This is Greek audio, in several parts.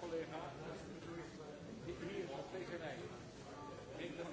collega, hier op deze rij. Ik denk dat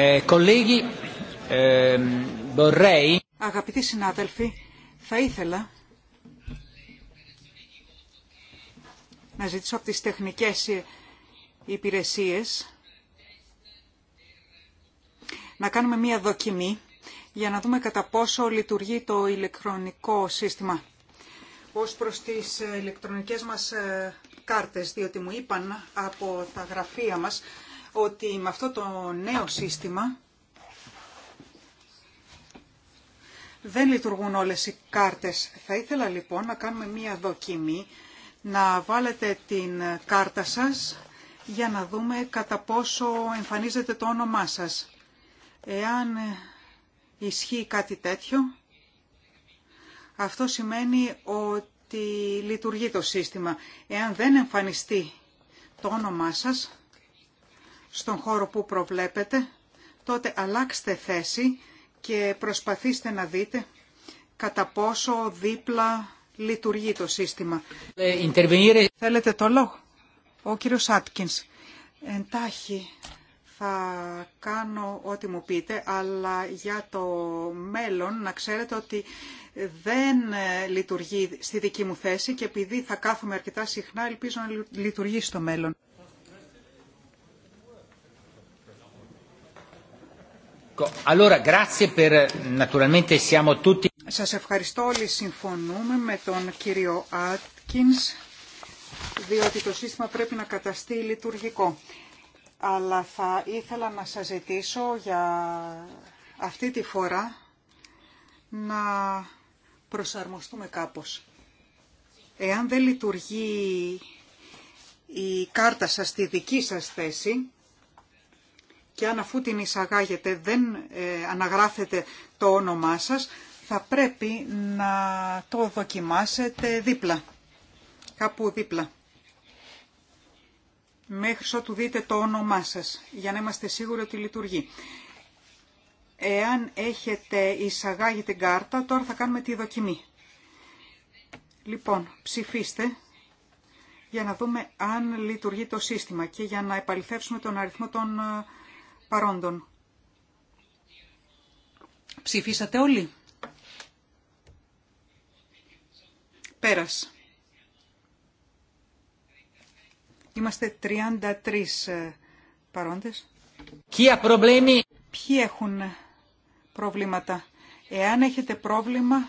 Ε, ε, Αγαπητοί συνάδελφοι, θα ήθελα να ζητήσω από τις τεχνικές υπηρεσίες να κάνουμε μία δοκιμή για να δούμε κατά πόσο λειτουργεί το ηλεκτρονικό σύστημα ως προς τις ηλεκτρονικές μας ε, κάρτες, διότι μου είπαν από τα γραφεία μας ότι με αυτό το νέο σύστημα δεν λειτουργούν όλες οι κάρτες. Θα ήθελα λοιπόν να κάνουμε μία δοκιμή, να βάλετε την κάρτα σας για να δούμε κατά πόσο εμφανίζεται το όνομά σας. Εάν ισχύει κάτι τέτοιο, αυτό σημαίνει ότι λειτουργεί το σύστημα. Εάν δεν εμφανιστεί το όνομά σας, στον χώρο που προβλέπετε, τότε αλλάξτε θέση και προσπαθήστε να δείτε κατά πόσο δίπλα λειτουργεί το σύστημα. Θέλετε το λόγο. Ο κύριος Άτκινς. Εντάχει θα κάνω ό,τι μου πείτε, αλλά για το μέλλον να ξέρετε ότι δεν λειτουργεί στη δική μου θέση και επειδή θα κάθομαι αρκετά συχνά ελπίζω να λειτουργεί στο μέλλον. Σας ευχαριστώ όλοι. Συμφωνούμε με τον κύριο Άτκινς, διότι το σύστημα πρέπει να καταστεί λειτουργικό. Αλλά θα ήθελα να σας ζητήσω για αυτή τη φορά να προσαρμοστούμε κάπως. Εάν δεν λειτουργεί η κάρτα σας στη δική σας θέση, και αν αφού την εισαγάγετε δεν ε, αναγράφετε το όνομά σας, θα πρέπει να το δοκιμάσετε δίπλα, κάπου δίπλα, μέχρι ότου δείτε το όνομά σας, για να είμαστε σίγουροι ότι λειτουργεί. Εάν έχετε εισαγάγει την κάρτα, τώρα θα κάνουμε τη δοκιμή. Λοιπόν, ψηφίστε για να δούμε αν λειτουργεί το σύστημα και για να επαληθεύσουμε τον αριθμό των ε, παρόντων. Ψηφίσατε όλοι. Πέρας. Είμαστε 33 ε, παρόντες. Ποιοι έχουν προβλήματα. Εάν έχετε πρόβλημα,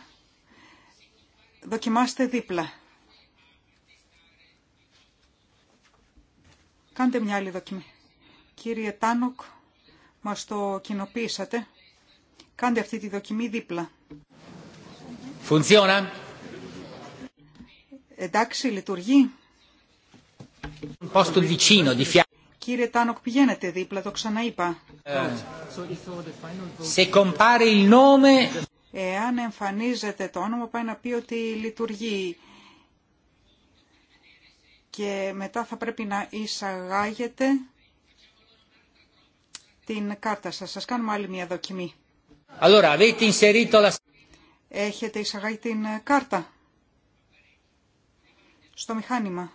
δοκιμάστε δίπλα. Κάντε μια άλλη δοκιμή. Κύριε Τάνοκ, μας το κοινοποίησατε. Κάντε αυτή τη δοκιμή δίπλα. Εντάξει, λειτουργεί. Κύριε Τάνοκ, πηγαίνετε δίπλα, το ξαναείπα. Ε, σε Εάν εμφανίζεται το όνομα, πάει να πει ότι λειτουργεί. Και μετά θα πρέπει να εισαγάγεται την κάρτα σας. Σας κάνουμε άλλη μια δοκιμή. Έχετε εισαγάγει την κάρτα στο μηχάνημα.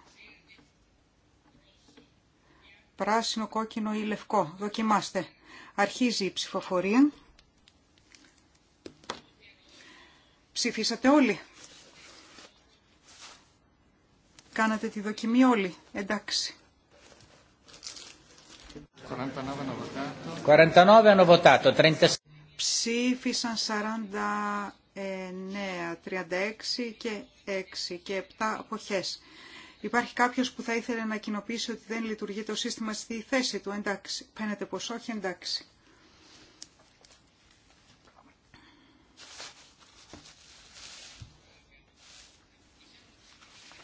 Πράσινο, κόκκινο ή λευκό. Δοκιμάστε. Αρχίζει η ψηφοφορία. Ψηφίσατε όλοι. Κάνατε τη δοκιμή όλοι. Εντάξει. 49 Ψήφισαν 49, 36 και 6 και 7 αποχέ. Υπάρχει κάποιος που θα ήθελε να κοινοποιήσει ότι δεν λειτουργεί το σύστημα στη θέση του. Εντάξει, φαίνεται πως όχι, εντάξει.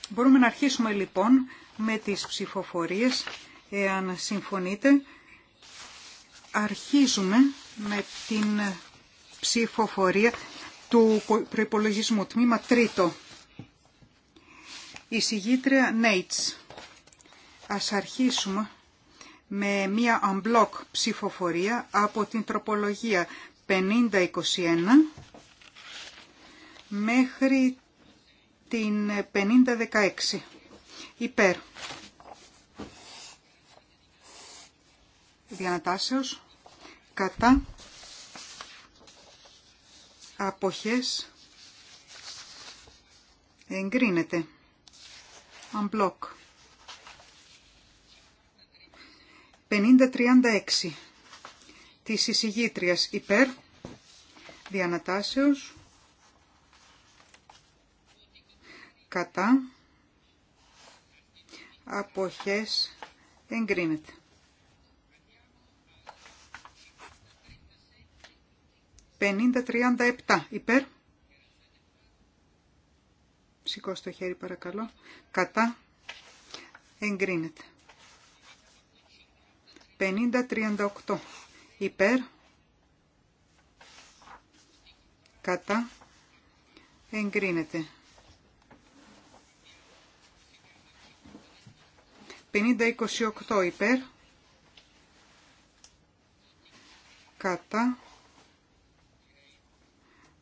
Μπορούμε να αρχίσουμε λοιπόν με τις ψηφοφορίες. Εάν συμφωνείτε, αρχίζουμε με την ψηφοφορία του προϋπολογισμού τμήμα τρίτο. Η συγγήτρια Νέιτς. Ας αρχίσουμε με μία unblock ψηφοφορία από την τροπολογία 5021 μέχρι την 5016. Υπέρ. διανατάσεως κατά αποχές εγκρίνεται. Unblock. 5036 της εισηγήτριας υπέρ διανατάσεως κατά αποχές εγκρίνεται. 50-37 υπέρ. Σηκώστε το χέρι παρακαλώ. Κατά. Εγκρίνεται. 50-38 υπέρ. Κατά. Εγκρίνεται. 50-28 υπέρ. Κατά.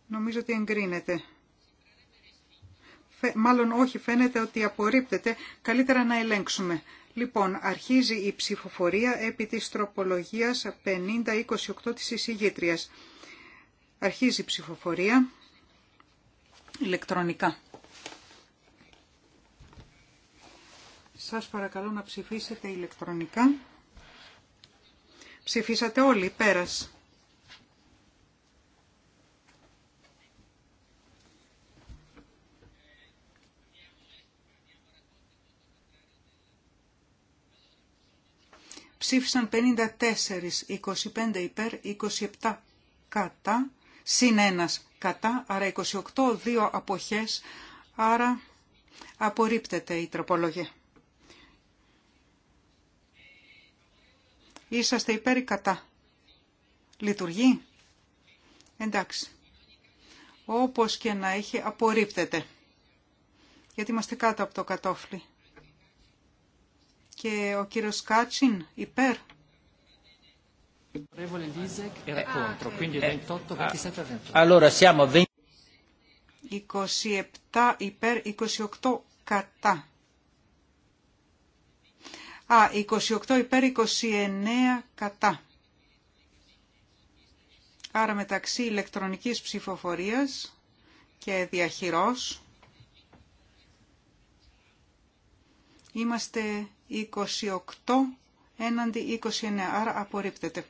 Νομίζω ότι εγκρίνεται. Μάλλον όχι, φαίνεται ότι απορρίπτεται. Καλύτερα να ελέγξουμε. Λοιπόν, αρχίζει η ψηφοφορία επί της τροπολογίας 50-28 της εισηγήτριας. Αρχίζει η ψηφοφορία ηλεκτρονικά. Σας παρακαλώ να ψηφίσετε ηλεκτρονικά. Ψηφίσατε όλοι, πέρας. Ψήφισαν 54, 25 υπέρ, 27 κατά, συν ένας κατά, άρα 28, δύο αποχές, άρα απορρίπτεται η τροπολογία. Είσαστε υπέρ ή κατά. Λειτουργεί. Εντάξει. Όπως και να έχει απορρίπτεται. Γιατί είμαστε κάτω από το κατόφλι και ο κύριος Κάτσιν υπέρ. 27 υπέρ 28 κατά. Α, 28 υπέρ 29 κατά. Άρα μεταξύ ηλεκτρονικής ψηφοφορίας και διαχειρός είμαστε 28 έναντι 29, άρα απορρίπτεται.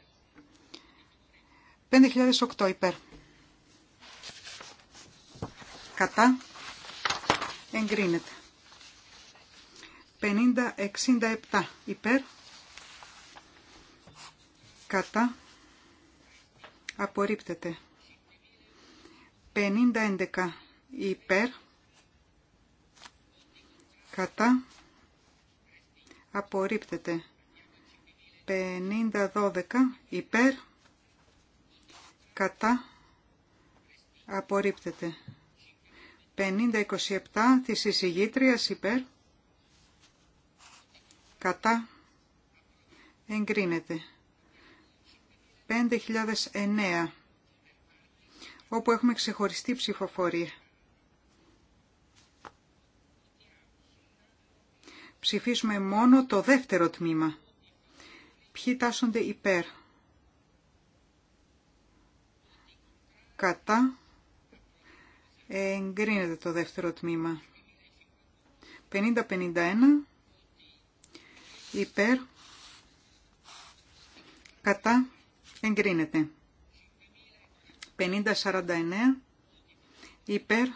5.008 υπέρ. Κατά. 50.67 υπέρ. Κατά. 50.11 υπέρ. Κατά απορριπτεται 5012 υπέρ κατά 5027 50-27 της εισηγήτριας υπέρ κατά εγκρίνεται. 5.009 όπου έχουμε ξεχωριστή ψηφοφορία. Ψηφίσουμε μόνο το δεύτερο τμήμα. Ποιοι τάσσονται υπέρ. Κατά. Εγκρίνεται το δεύτερο τμήμα. 50-51. Υπέρ. Κατά. Εγκρίνεται. 50-49. Υπέρ.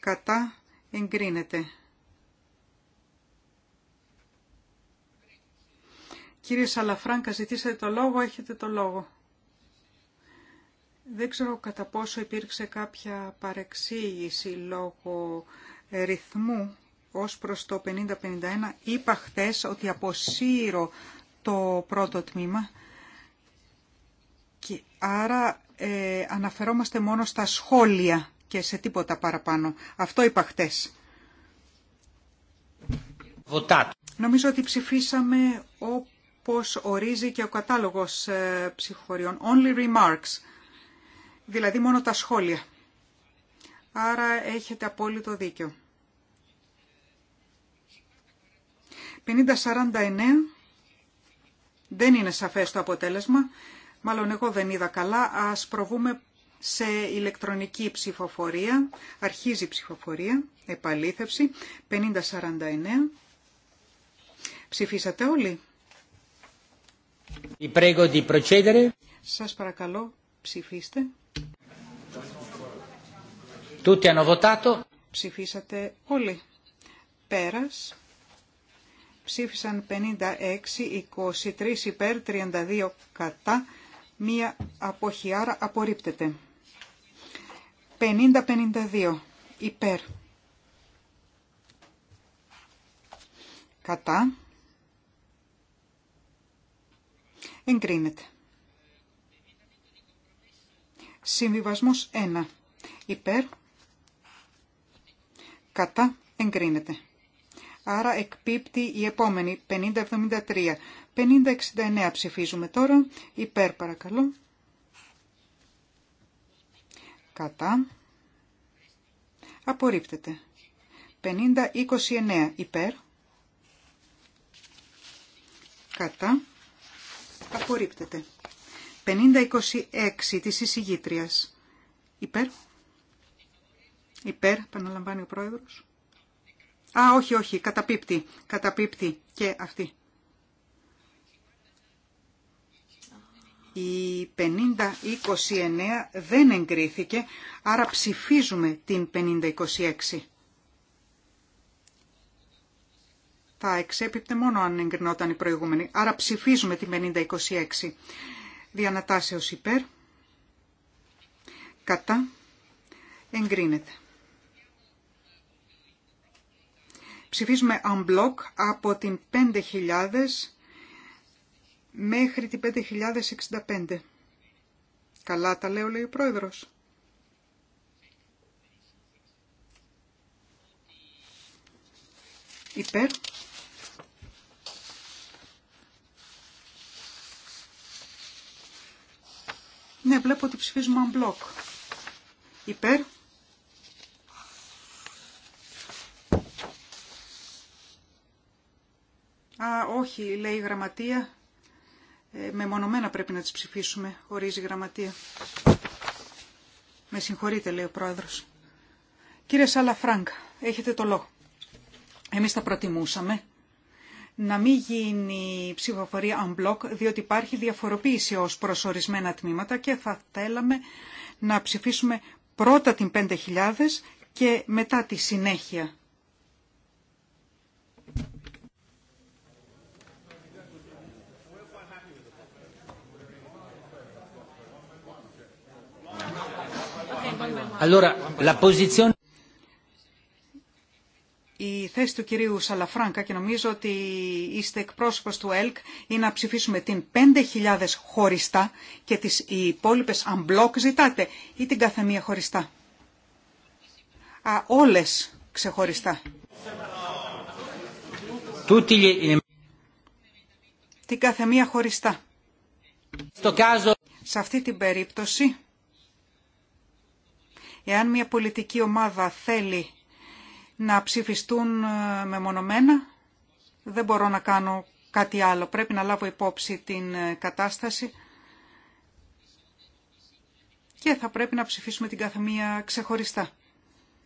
Κατά εγκρίνεται. Κύριε Σαλαφράνκα, ζητήσατε το λόγο, έχετε το λόγο. Δεν ξέρω κατά πόσο υπήρξε κάποια παρεξήγηση λόγω ρυθμού ως προς το 50-51. Είπα χθες ότι αποσύρω το πρώτο τμήμα και άρα ε, αναφερόμαστε μόνο στα σχόλια και σε τίποτα παραπάνω. Αυτό είπα χτες. Νομίζω ότι ψηφίσαμε όπως ορίζει και ο κατάλογος ε, ψηφοριών. Only remarks, δηλαδή μόνο τα σχόλια. Άρα έχετε απόλυτο δίκιο. 50-49 δεν είναι σαφές το αποτέλεσμα. Μάλλον εγώ δεν είδα καλά. Ας προβούμε σε ηλεκτρονική ψηφοφορία. Αρχίζει η ψηφοφορία, επαλήθευση, επαλήθευση, 50-49. Ψηφίσατε όλοι. Σας παρακαλώ, ψηφίστε. Tutti hanno Ψηφίσατε όλοι. Πέρας. Ψήφισαν 56, 23 υπέρ, 32 κατά. Μία αρα απορρίπτεται. 50-52 υπέρ. Κατά. Εγκρίνεται. Συμβιβασμός 1. Υπέρ. Κατά. Εγκρίνεται. Άρα εκπίπτει η επόμενη 50-73. 50-69 ψηφίζουμε τώρα. Υπέρ παρακαλώ κατά, απορρίπτεται. 50-29 υπέρ, κατά, απορρίπτεται. 50-26 της εισηγήτριας υπέρ, υπέρ, επαναλαμβάνει ο πρόεδρος. Α, όχι, όχι, καταπίπτει, καταπίπτει και αυτή. Η 5029 δεν εγκρίθηκε, άρα ψηφίζουμε την 5026. Θα εξέπιπτε μόνο αν εγκρινόταν η προηγούμενη. Άρα ψηφίζουμε την 5026. Διανατάσεως υπέρ. Κατά. Εγκρίνεται. Ψηφίζουμε unblock από την 5000 μέχρι την 5065. Καλά τα λέω, λέει ο πρόεδρος. Υπέρ. Ναι, βλέπω ότι ψηφίζουμε αν μπλοκ. Υπέρ. Α, όχι, λέει η γραμματεία. Ε, μεμονωμένα πρέπει να τις ψηφίσουμε, ορίζει η γραμματεία. Με συγχωρείτε, λέει ο πρόεδρος. Κύριε Σαλαφράγκα, έχετε το λόγο. Εμείς τα προτιμούσαμε να μην γίνει ψηφοφορία unblock, διότι υπάρχει διαφοροποίηση ως προσωρισμένα τμήματα και θα θέλαμε να ψηφίσουμε πρώτα την 5.000 και μετά τη συνέχεια Allora, Η θέση του κυρίου Σαλαφράνκα και νομίζω ότι είστε εκπρόσωπος του ΕΛΚ είναι να ψηφίσουμε την 5.000 χωριστά και τις υπόλοιπες αμπλόκ ζητάτε ή την καθεμία χωριστά. Α, όλες ξεχωριστά. Την καθεμία χωριστά. Σε αυτή την περίπτωση Εάν μια πολιτική ομάδα θέλει να ψηφιστούν ε, μεμονωμένα, δεν μπορώ να κάνω κάτι άλλο. Πρέπει να λάβω υπόψη την ε, κατάσταση και θα πρέπει να ψηφίσουμε την καθεμία ξεχωριστά.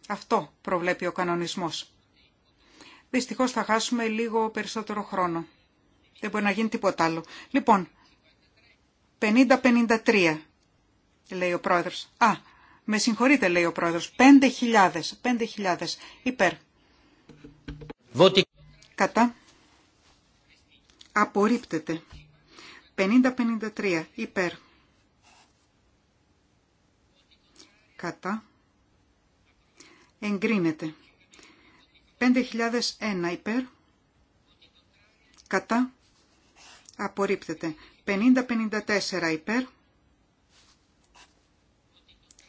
Αυτό προβλέπει ο κανονισμός. Δυστυχώς θα χάσουμε λίγο περισσότερο χρόνο. Δεν μπορεί να γίνει τίποτα άλλο. Λοιπόν, 50-53, λέει ο πρόεδρος. Α, με συγχωρείτε, λέει ο πρόεδρο. 5.000. 5.000. Υπέρ. Βοτι... Κατά. Απορρίπτεται. 50-53. Υπέρ. Κατά. Εγκρίνεται. 5.001 υπέρ. Κατά. Απορρίπτεται. 50-54 υπέρ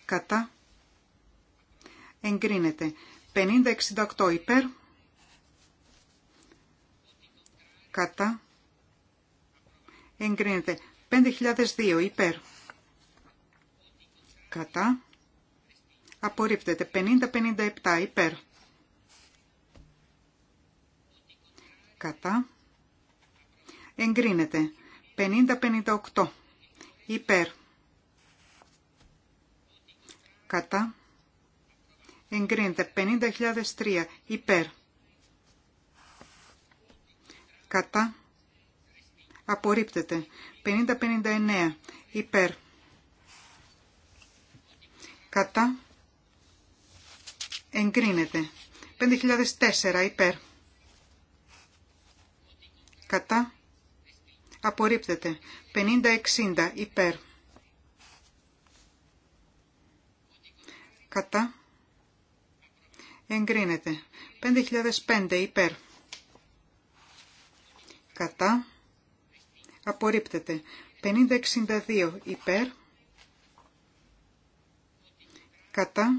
κατά 5068 υπέρ κατά εγκρίνεται. 5.002 υπέρ κατά απορρίπτεται. 50-57 υπέρ κατά εγκρίνεται. 50-58 υπέρ κατά εγκρίνεται 50.003 υπέρ κατά απορρίπτεται 50.59 υπέρ κατά εγκρίνεται 5.004 υπέρ κατά απορρίπτεται 50.60 υπέρ κατά εγκρίνεται. 5.005 υπέρ κατά απορρίπτεται. 50.62 υπέρ κατά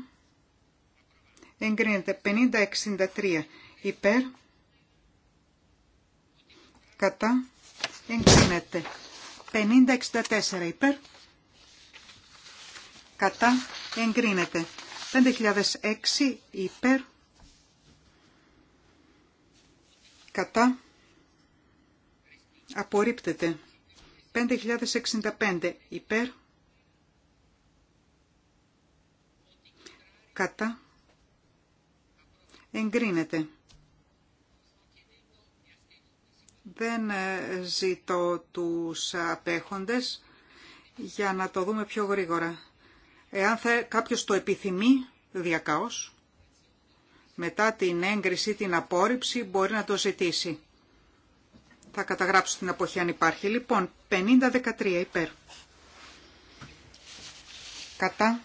εγκρίνεται. 50.63 υπέρ κατά εγκρίνεται. 50.64 υπέρ κατά εγκρίνεται. 5.006 υπέρ κατά απορρίπτεται 5.065 υπέρ κατά εγκρίνεται δεν ε, ζητώ τους απέχοντες για να το δούμε πιο γρήγορα Εάν κάποιο κάποιος το επιθυμεί διακάως, μετά την έγκριση, την απόρριψη, μπορεί να το ζητήσει. Θα καταγράψω την αποχή αν υπάρχει. Λοιπόν, 50-13 υπέρ. Κατά.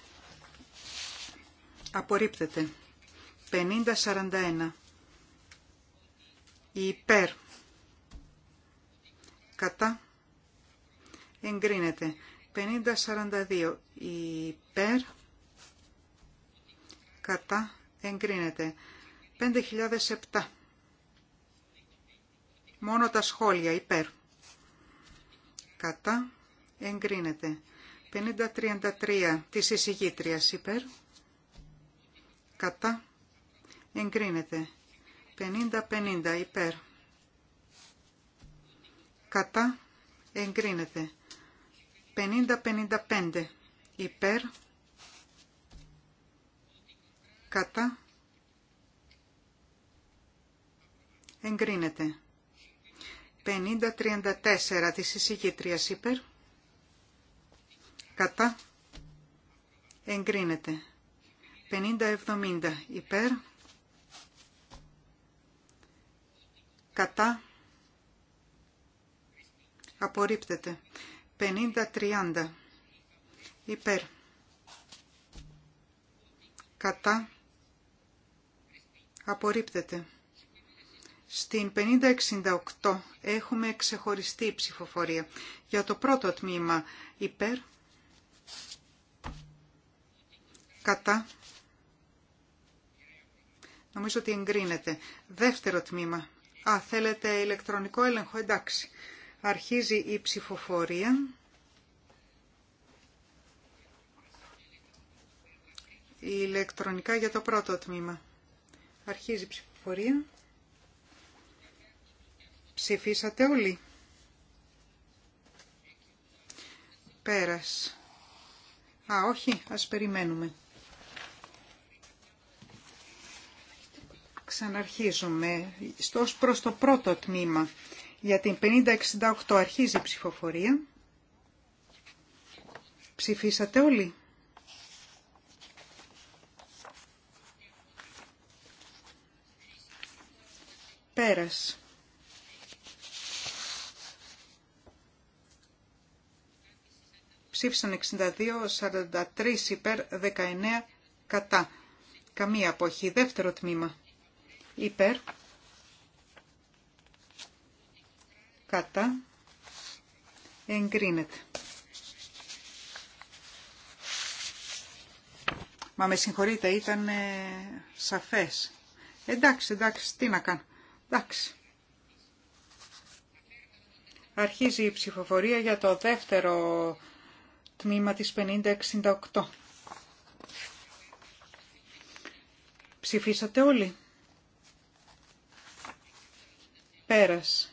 Απορρίπτεται. 50-41. Υπέρ. Κατά. Εγκρίνεται. 50-42 υπέρ κατά εγκρίνεται. 5.007 μόνο τα σχόλια υπέρ κατά εγκρίνεται. 50-33 της εισηγήτριας υπέρ κατά εγκρίνεται. 50-50 υπέρ κατά εγκρίνεται. 50-55 υπέρ κατά εγκρίνεται 50-34 της εισηγήτριας υπέρ κατά εγκρίνεται 50-70 υπέρ κατά απορρίπτεται 50-30 υπέρ κατά απορρίπτεται. Στην 50 68 έχουμε ξεχωριστή ψηφοφορία. Για το πρώτο τμήμα υπέρ, κατά, νομίζω ότι εγκρίνεται. Δεύτερο τμήμα. Α, θέλετε ηλεκτρονικό έλεγχο, εντάξει. Αρχίζει η ψηφοφορία. Η ηλεκτρονικά για το πρώτο τμήμα. Αρχίζει η ψηφοφορία. Ψηφίσατε όλοι. Πέρας. Α, όχι, ας περιμένουμε. Ξαναρχίζουμε. Στο προς το πρώτο τμήμα για την 5068 αρχίζει η ψηφοφορία. Ψηφίσατε όλοι. Πέρας. Ψήφισαν 62, 43 υπέρ, 19 κατά. Καμία αποχή. Δεύτερο τμήμα. Υπέρ. κατά εγκρίνεται. Μα με συγχωρείτε, ήταν σαφές. Εντάξει, εντάξει, τι να κάνω. Εντάξει. Αρχίζει η ψηφοφορία για το δεύτερο τμήμα της 5068. Ψηφίσατε όλοι. Πέρας.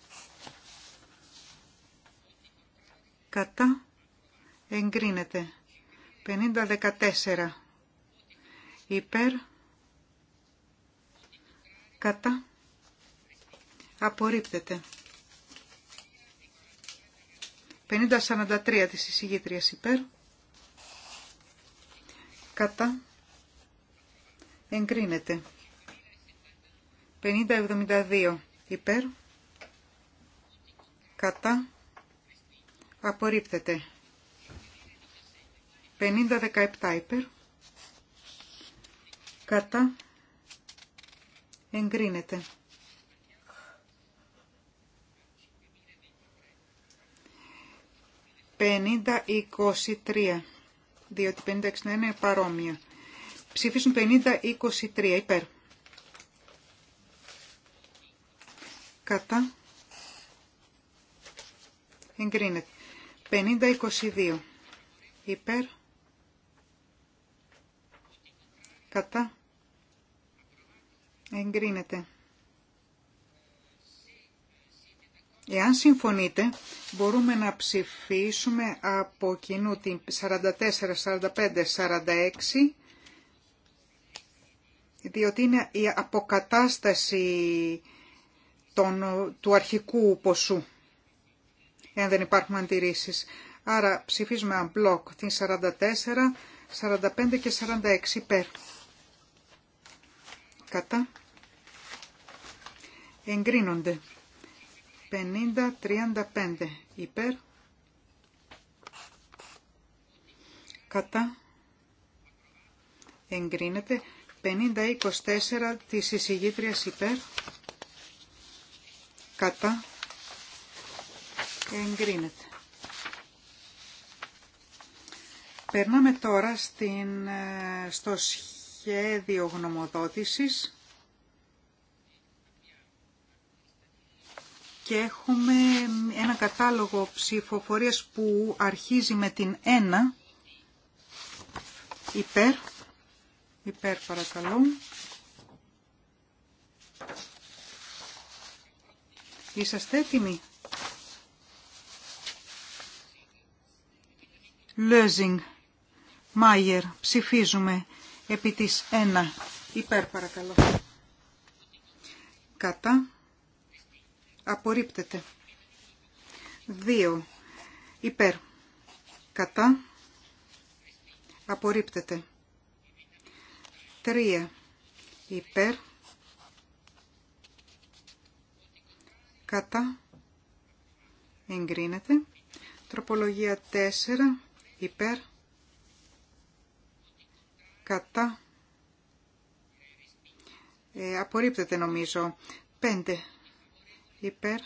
κατά εγκρίνεται. 50-14 υπέρ κατά απορρίπτεται. 50-43 της εισηγήτριας υπέρ κατά εγκρίνεται. 50-72 υπέρ κατά Απορρίπτεται. 50-17 υπέρ. Κατά. Εγκρίνεται. 50-23. Διότι 50 είναι παρόμοια. Ψηφίσουν 50-23 υπέρ. Κατά. Εγκρίνεται. 50-22 υπέρ κατά εγκρίνεται. Εάν συμφωνείτε, μπορούμε να ψηφίσουμε από κοινού την 44, 45, 46, διότι είναι η αποκατάσταση των, του αρχικού ποσού εάν δεν υπάρχουν αντιρρήσεις. Άρα ψηφίζουμε μπλοκ την 44, 45 και 46 υπέρ. Κατά. Εγκρίνονται. 50-35 υπέρ. Κατά. Εγκρίνεται. 50-24 της εισηγήτριας υπέρ. Κατά εγκρίνεται. Περνάμε τώρα ε, στο σχέδιο γνωμοδότησης και έχουμε ένα κατάλογο ψηφοφορίας που αρχίζει με την 1 υπέρ, υπέρ παρακαλώ, Είσαστε έτοιμοι. Λέζινγκ, Μάιερ, ψηφίζουμε επί της 1. Υπέρ παρακαλώ. Κατά. Απορρίπτεται. 2. Υπέρ. Κατά. Απορρίπτεται. 3. Υπέρ. Κατά. Εγκρίνεται. Τροπολογία 4 υπέρ κατά ε, απορρίπτεται νομίζω πέντε, υπέρ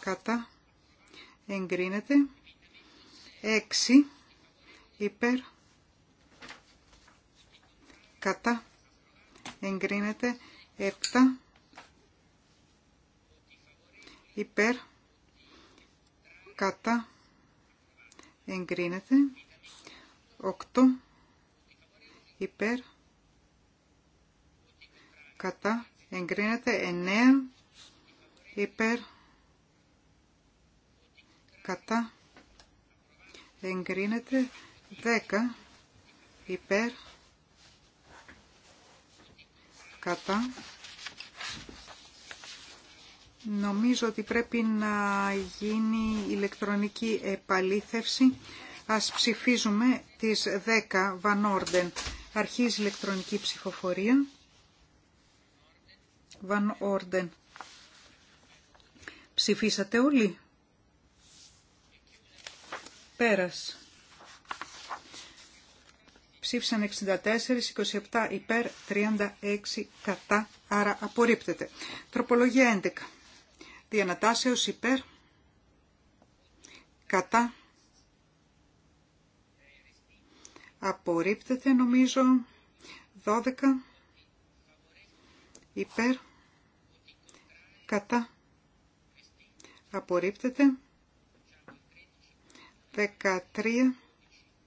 κατά εγκρίνεται έξι, υπέρ κατά εγκρίνεται έπτα, υπέρ κατά εγκρίνεται 8 υπέρ κατά εγκρίνεται 9 υπέρ κατά εγκρίνεται 10 υπέρ κατά Νομίζω ότι πρέπει να γίνει ηλεκτρονική επαλήθευση. Ας ψηφίζουμε τις 10 Orden. Αρχίζει ηλεκτρονική ψηφοφορία. Orden. Ψηφίσατε όλοι. Πέρας. Ψήφισαν 64, 27 υπέρ, 36 κατά, άρα απορρίπτεται. Τροπολογία 11. Διανατάσεως υπέρ. Κατά. Απορρίπτεται νομίζω. 12. Υπέρ. Κατά. Απορρίπτεται. 13.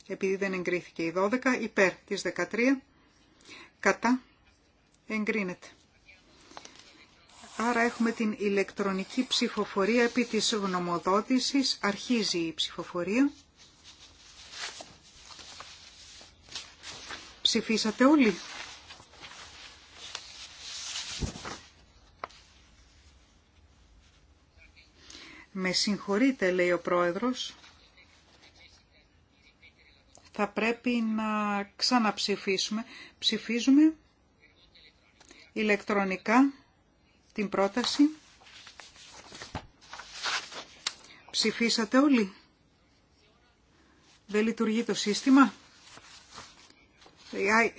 Επειδή δεν εγκρίθηκε η 12. Υπέρ της 13. Κατά. Εγκρίνεται. Άρα έχουμε την ηλεκτρονική ψηφοφορία επί της γνωμοδότησης. Αρχίζει η ψηφοφορία. Ψηφίσατε όλοι. Με συγχωρείτε, λέει ο πρόεδρος. Θα πρέπει να ξαναψηφίσουμε. Ψηφίζουμε ηλεκτρονικά την πρόταση. Ψηφίσατε όλοι. Δεν λειτουργεί το σύστημα. Ε,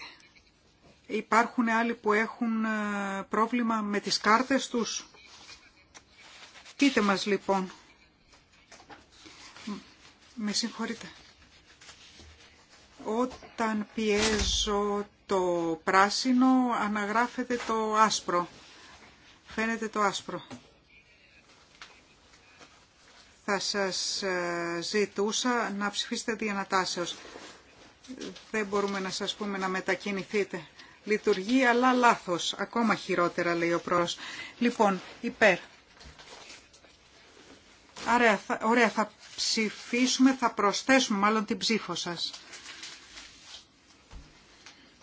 υπάρχουν άλλοι που έχουν ε, πρόβλημα με τις κάρτες τους. Πείτε μας λοιπόν. Με συγχωρείτε. Όταν πιέζω το πράσινο αναγράφεται το άσπρο φαίνεται το άσπρο. Θα σας ε, ζητούσα να ψηφίσετε διανατάσεως. Δεν μπορούμε να σας πούμε να μετακινηθείτε. Λειτουργεί αλλά λάθος. Ακόμα χειρότερα λέει ο πρόεδρος. Λοιπόν, υπέρ. Άρα, θα, ωραία, θα ψηφίσουμε, θα προσθέσουμε μάλλον την ψήφο σας.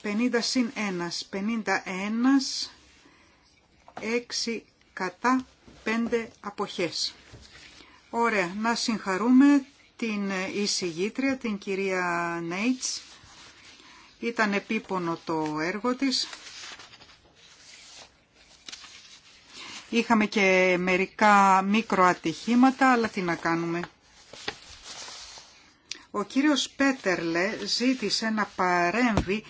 50 συν 1. 51 6 κατά 5 αποχές. Ωραία, να συγχαρούμε την εισηγήτρια, την κυρία Νέιτς. Ήταν επίπονο το έργο της. Είχαμε και μερικά μικροατυχήματα, αλλά τι να κάνουμε. Ο κύριος Πέτερλε ζήτησε να παρέμβει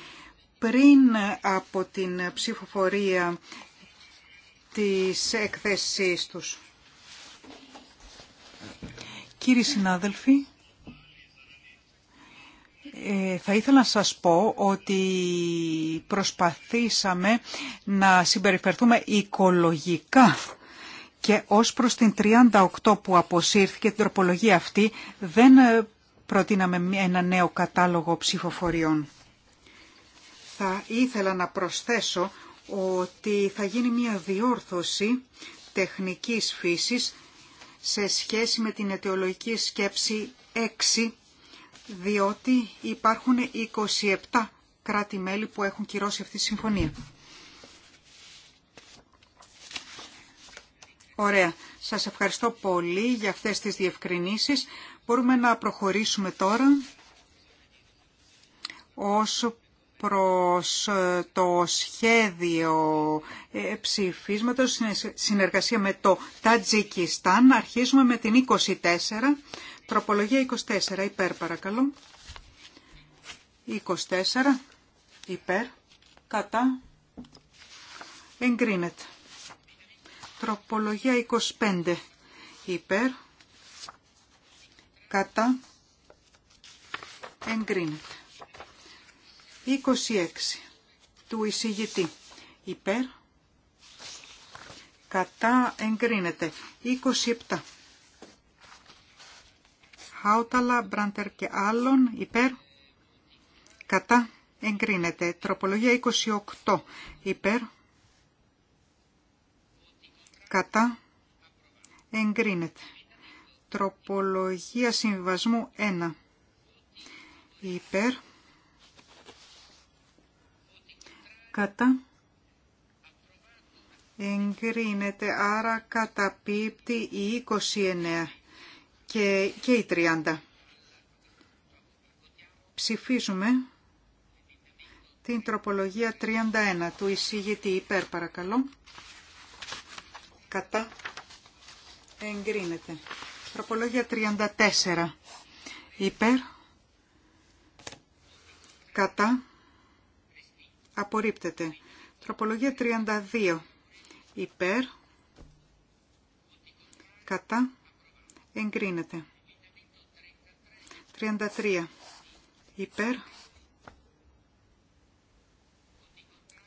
πριν από την ψηφοφορία της εκθέσεις τους. Κύριοι συνάδελφοι, ε, θα ήθελα να σας πω ότι προσπαθήσαμε να συμπεριφερθούμε οικολογικά και ως προς την 38 που αποσύρθηκε την τροπολογία αυτή δεν ε, προτείναμε ένα νέο κατάλογο ψηφοφοριών. Θα ήθελα να προσθέσω ότι θα γίνει μια διόρθωση τεχνικής φύσης σε σχέση με την αιτιολογική σκέψη 6, διότι υπάρχουν 27 κράτη-μέλη που έχουν κυρώσει αυτή τη συμφωνία. Ωραία. Σας ευχαριστώ πολύ για αυτές τις διευκρινήσεις. Μπορούμε να προχωρήσουμε τώρα ως προς ε, το σχέδιο ε, ψηφίσματος συνεργασία με το Τατζικιστάν. Αρχίζουμε με την 24, τροπολογία 24, υπέρ παρακαλώ. 24, υπέρ, κατά, εγκρίνεται. Τροπολογία 25, υπέρ, κατά, εγκρίνεται. 26 του εισηγητή υπέρ κατά εγκρίνεται 27 Χάουταλα, Μπραντερ και άλλων υπέρ κατά εγκρίνεται τροπολογία 28 υπέρ κατά εγκρίνεται τροπολογία συμβιβασμού 1 υπέρ κατά εγκρίνεται, άρα καταπίπτει η 29 και, και η 30. Ψηφίζουμε την τροπολογία 31 του εισηγητή υπέρ παρακαλώ. Κατά εγκρίνεται. Τροπολογία 34 υπέρ. Κατά Απορρίπτεται. Τροπολογία 32. Υπέρ. Κατά. Εγκρίνεται. 33. Υπέρ.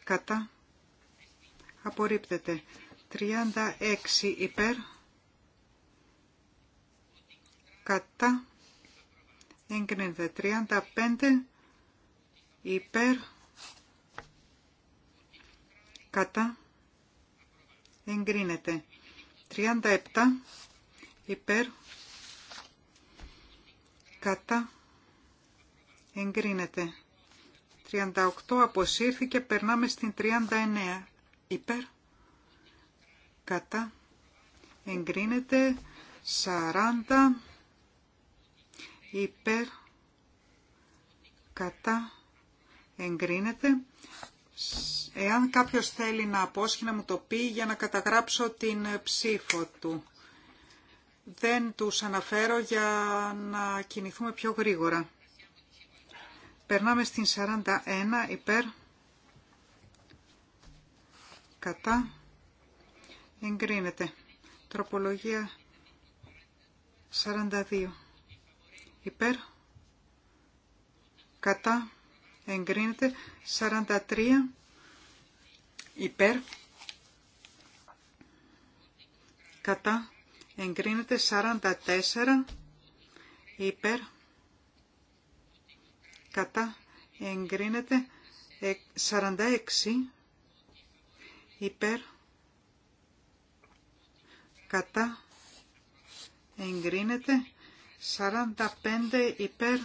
Κατά. Απορρίπτεται. 36. Υπέρ. Κατά. Εγκρίνεται. 35. Υπέρ κατά εγκρίνεται 37 υπέρ κατά εγκρίνεται 38 αποσύρθηκε περνάμε στην 39 υπέρ κατά εγκρίνεται 40 υπέρ κατά εγκρίνεται Εάν κάποιος θέλει να απόσχει να μου το πει για να καταγράψω την ψήφο του. Δεν του αναφέρω για να κινηθούμε πιο γρήγορα. Περνάμε στην 41 υπέρ. Κατά. Εγκρίνεται. Τροπολογία 42. Υπέρ. Κατά εγκρίνεται 43 υπέρ κατά εγκρίνεται 44 υπέρ κατά εγκρίνεται 46 ε, υπέρ κατά εγκρίνεται 45 υπέρ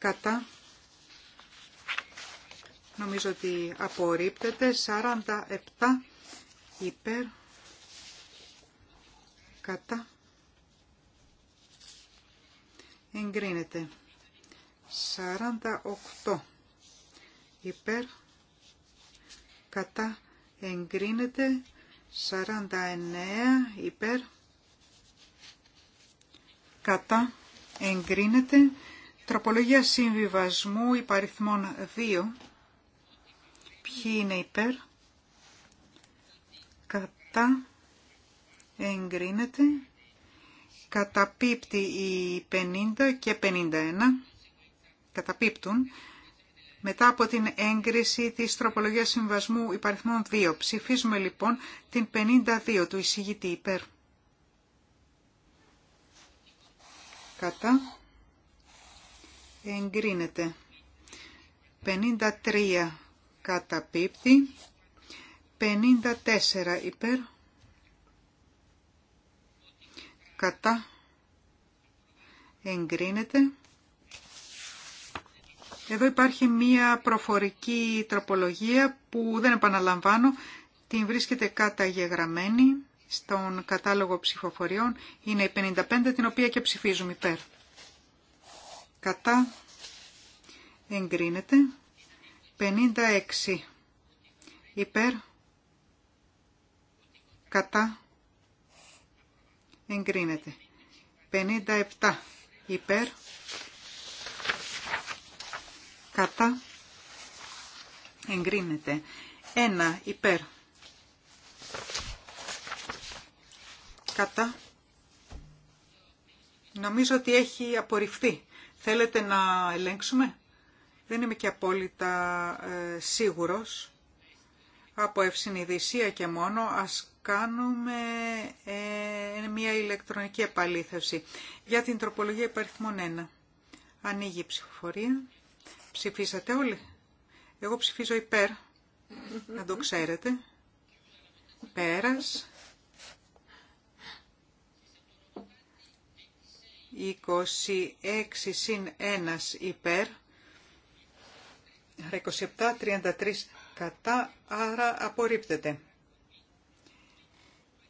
κατά νομίζω ότι απορρίπτεται 47 υπέρ κατά εγκρίνεται 48 υπέρ κατά εγκρίνεται 49 υπέρ κατά εγκρίνεται Τροπολογία συμβιβασμού υπαριθμών 2. Ποιοι είναι υπέρ. Κατά. Εγκρίνεται. Καταπίπτει η 50 και 51. Καταπίπτουν. Μετά από την έγκριση της τροπολογίας συμβασμού υπαριθμών 2. Ψηφίζουμε λοιπόν την 52 του εισηγητή υπέρ. Κατά εγκρίνεται. 53 καταπίπτει. 54 υπέρ. Κατά εγκρίνεται. Εδώ υπάρχει μία προφορική τροπολογία που δεν επαναλαμβάνω. Την βρίσκεται καταγεγραμμένη στον κατάλογο ψηφοφοριών. Είναι η 55 την οποία και ψηφίζουμε υπέρ κατά εγκρίνεται 56 υπέρ κατά εγκρίνεται 57 υπέρ κατά εγκρίνεται 1 υπέρ κατά νομίζω ότι έχει απορριφθεί Θέλετε να ελέγξουμε. Δεν είμαι και απόλυτα ε, σίγουρος. Από ευσυνειδησία και μόνο ας κάνουμε ε, μια ηλεκτρονική επαλήθευση. Για την τροπολογία υπαριθμών 1. Ανοίγει η ψηφοφορία. Ψηφίσατε όλοι. Εγώ ψηφίζω υπέρ. Να το ξέρετε. Πέρας. 26 συν 1 υπέρ, 27, 33 κατά, άρα απορρίπτεται.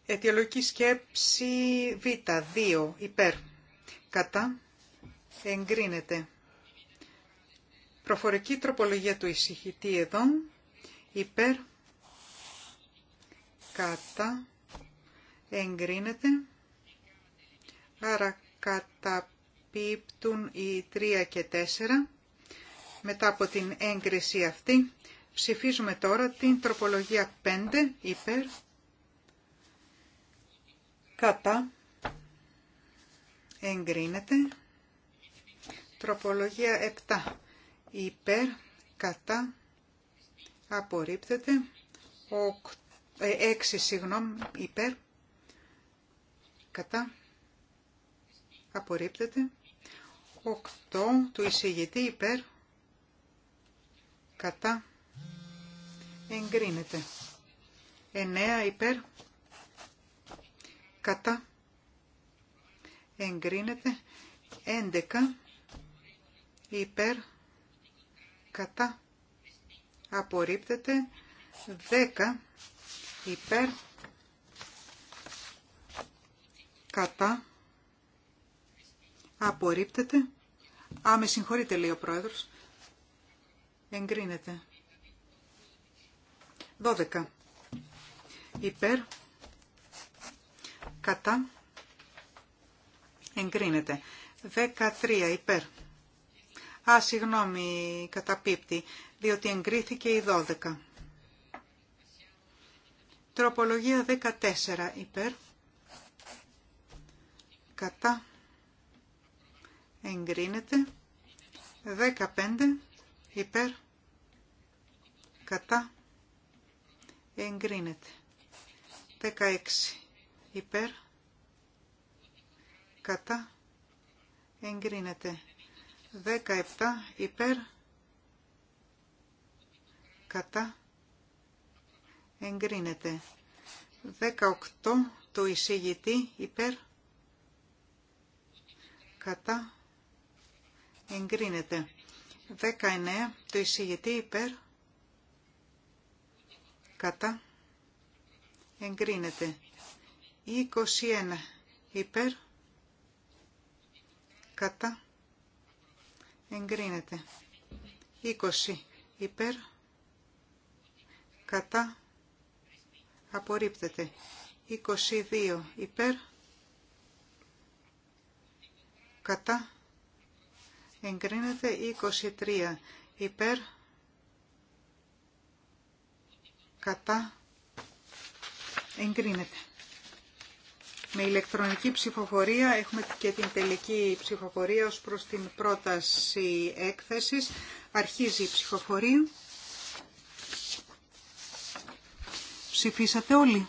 Αιτιολογική σκέψη Β, 2 υπέρ, κατά, εγκρίνεται. Προφορική τροπολογία του ησυχητή εδώ, υπέρ, κατά, εγκρίνεται. Άρα καταπίπτουν οι 3 και 4. Μετά από την έγκριση αυτή ψηφίζουμε τώρα την τροπολογία 5 υπέρ κατά εγκρίνεται. Τροπολογία 7 υπέρ κατά απορρίπτεται. 6 ε, συγγνώμη υπέρ κατά απορρίπτεται. 8 του εισηγητή υπέρ κατά εγκρίνεται. 9 υπέρ κατά εγκρίνεται. 11 υπέρ κατά απορρίπτεται. 10 υπέρ κατά Απορρίπτεται. Α, με συγχωρείτε, λέει ο πρόεδρος. Εγκρίνεται. 12. Υπέρ. Κατά. Εγκρίνεται. 13. Υπέρ. Α, συγγνώμη, καταπίπτει, διότι εγκρίθηκε η 12. Τροπολογία 14. Υπέρ. Κατά εγκρίνεται 15 υπέρ κατά εγκρίνεται 16 υπέρ κατά εγκρίνεται 17 υπέρ κατά εγκρίνεται 18 του εισηγητή υπέρ κατά εγκρίνεται. 19 το εισηγητή υπέρ κατά εγκρίνεται. 21 υπέρ κατά εγκρίνεται. 20 υπέρ κατά απορρίπτεται. 22 υπέρ κατά Εγκρίνεται 23 υπέρ κατά εγκρίνεται. Με ηλεκτρονική ψηφοφορία έχουμε και την τελική ψηφοφορία ως προς την πρόταση έκθεσης. Αρχίζει η ψηφοφορία. Ψηφίσατε όλοι.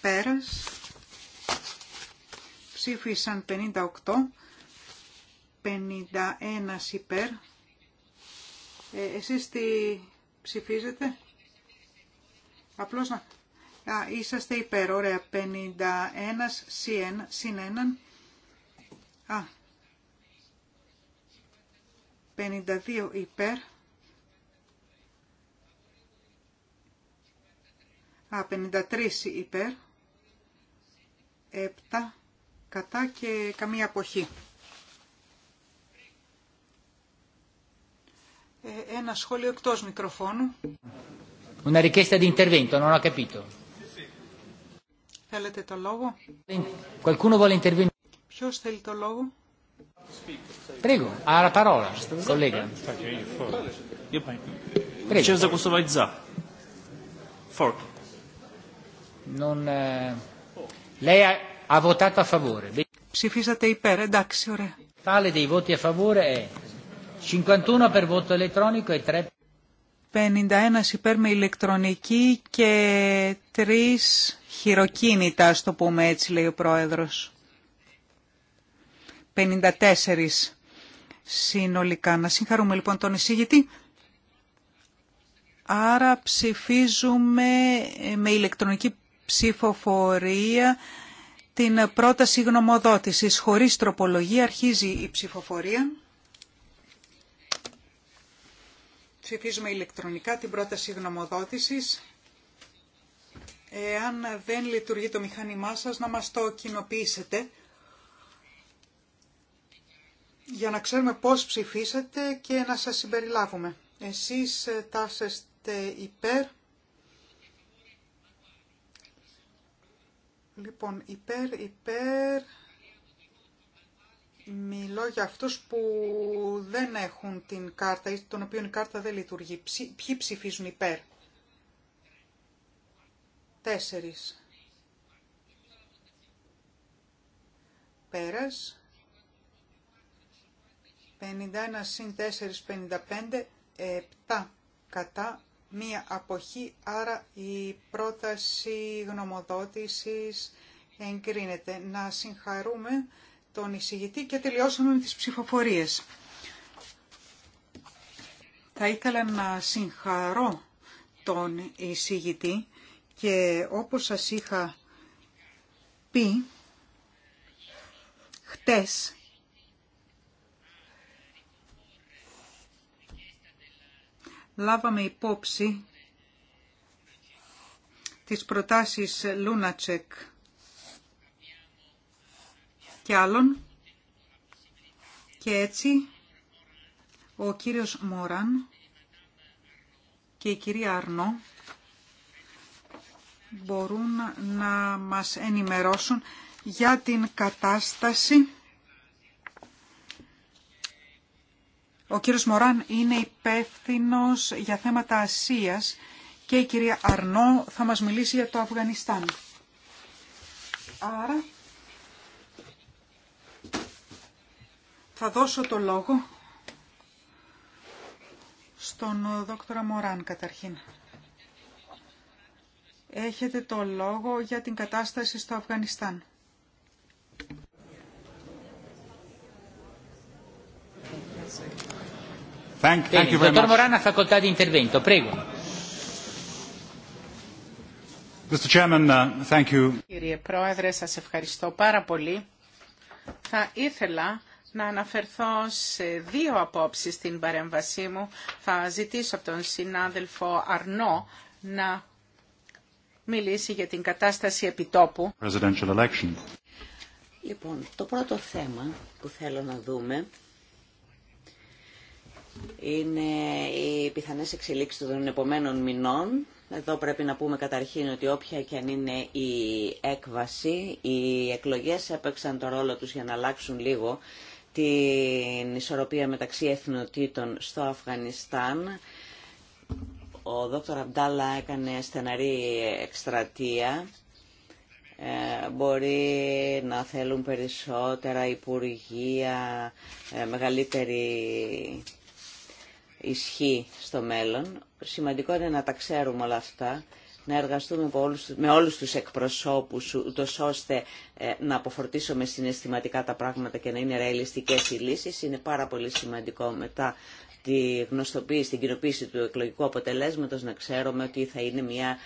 Πέρας ψήφισαν 58, 51 υπέρ. Ε, εσείς τι ψηφίζετε. Απλώς να... Α, είσαστε υπέρ, ωραία. 51 συν, συν 1. Α, 52 υπέρ. Α, 53 υπέρ. 7 κατά και καμία αποχή. Ένα σχόλιο εκτός μικροφώνου. Una richiesta di intervento, non ho capito. Θέλετε το λόγο. Qualcuno vuole intervenire. Ποιος θέλει το λόγο. Prego, ha la parola, collega. Prego. da questo vai za. Non, lei ha, Ha votato a favore. Ψηφίσατε υπέρ, εντάξει, ωραία. Tale dei voti a favore è 51 per voto elettronico e 3 51 υπέρ με ηλεκτρονική και 3 χειροκίνητα, α το πούμε έτσι, λέει ο πρόεδρος. 54 συνολικά. Να συγχαρούμε λοιπόν τον εισήγητη. Άρα ψηφίζουμε με ηλεκτρονική ψηφοφορία την πρόταση γνωμοδότησης χωρίς τροπολογία. Αρχίζει η ψηφοφορία. Ψηφίζουμε ηλεκτρονικά την πρόταση γνωμοδότησης. Εάν δεν λειτουργεί το μηχάνημά σας, να μας το κοινοποιήσετε για να ξέρουμε πώς ψηφίσατε και να σας συμπεριλάβουμε. Εσείς ε, τάσεστε υπέρ. Λοιπόν, υπέρ, υπέρ, μιλώ για αυτούς που δεν έχουν την κάρτα ή των οποίων η τον οποίο η καρτα δεν λειτουργεί. Ποιοι ψηφίζουν υπέρ. Τέσσερις. Πέρας. 51 συν 4, 55, 7 κατά μία αποχή, άρα η πρόταση γνωμοδότησης εγκρίνεται. Να συγχαρούμε τον εισηγητή και τελειώσαμε με τις ψηφοφορίες. Θα ήθελα να συγχαρώ τον εισηγητή και όπως σας είχα πει χτες λάβαμε υπόψη τις προτάσεις Λούνατσεκ και άλλων και έτσι ο κύριος Μόραν και η κυρία Αρνό μπορούν να μας ενημερώσουν για την κατάσταση Ο κύριος Μωράν είναι υπεύθυνο για θέματα Ασίας και η κυρία Αρνό θα μας μιλήσει για το Αφγανιστάν. Άρα θα δώσω το λόγο στον δόκτωρα Μωράν καταρχήν. Έχετε το λόγο για την κατάσταση στο Αφγανιστάν. Κύριε Πρόεδρε, σα ευχαριστώ πάρα πολύ. Θα ήθελα να αναφερθώ σε δύο απόψεις στην παρέμβασή μου. Θα ζητήσω από τον συνάδελφο Αρνό να μιλήσει για την κατάσταση επιτόπου. Λοιπόν, το πρώτο θέμα που θέλω να δούμε είναι οι πιθανές εξελίξεις των επομένων μηνών. Εδώ πρέπει να πούμε καταρχήν ότι όποια και αν είναι η έκβαση, οι εκλογές έπαιξαν το ρόλο τους για να αλλάξουν λίγο την ισορροπία μεταξύ εθνοτήτων στο Αφγανιστάν. Ο δόκτωρ Αμπτάλα έκανε στεναρή εκστρατεία. Ε, μπορεί να θέλουν περισσότερα υπουργεία, ε, μεγαλύτερη ισχύ στο μέλλον. Σημαντικό είναι να τα ξέρουμε όλα αυτά, να εργαστούμε με όλους τους εκπροσώπους, ούτως ώστε ε, να αποφορτήσουμε συναισθηματικά τα πράγματα και να είναι ρεαλιστικές οι λύσεις. Είναι πάρα πολύ σημαντικό μετά τη γνωστοποίηση, την κοινοποίηση του εκλογικού αποτελέσματος να ξέρουμε ότι θα είναι μια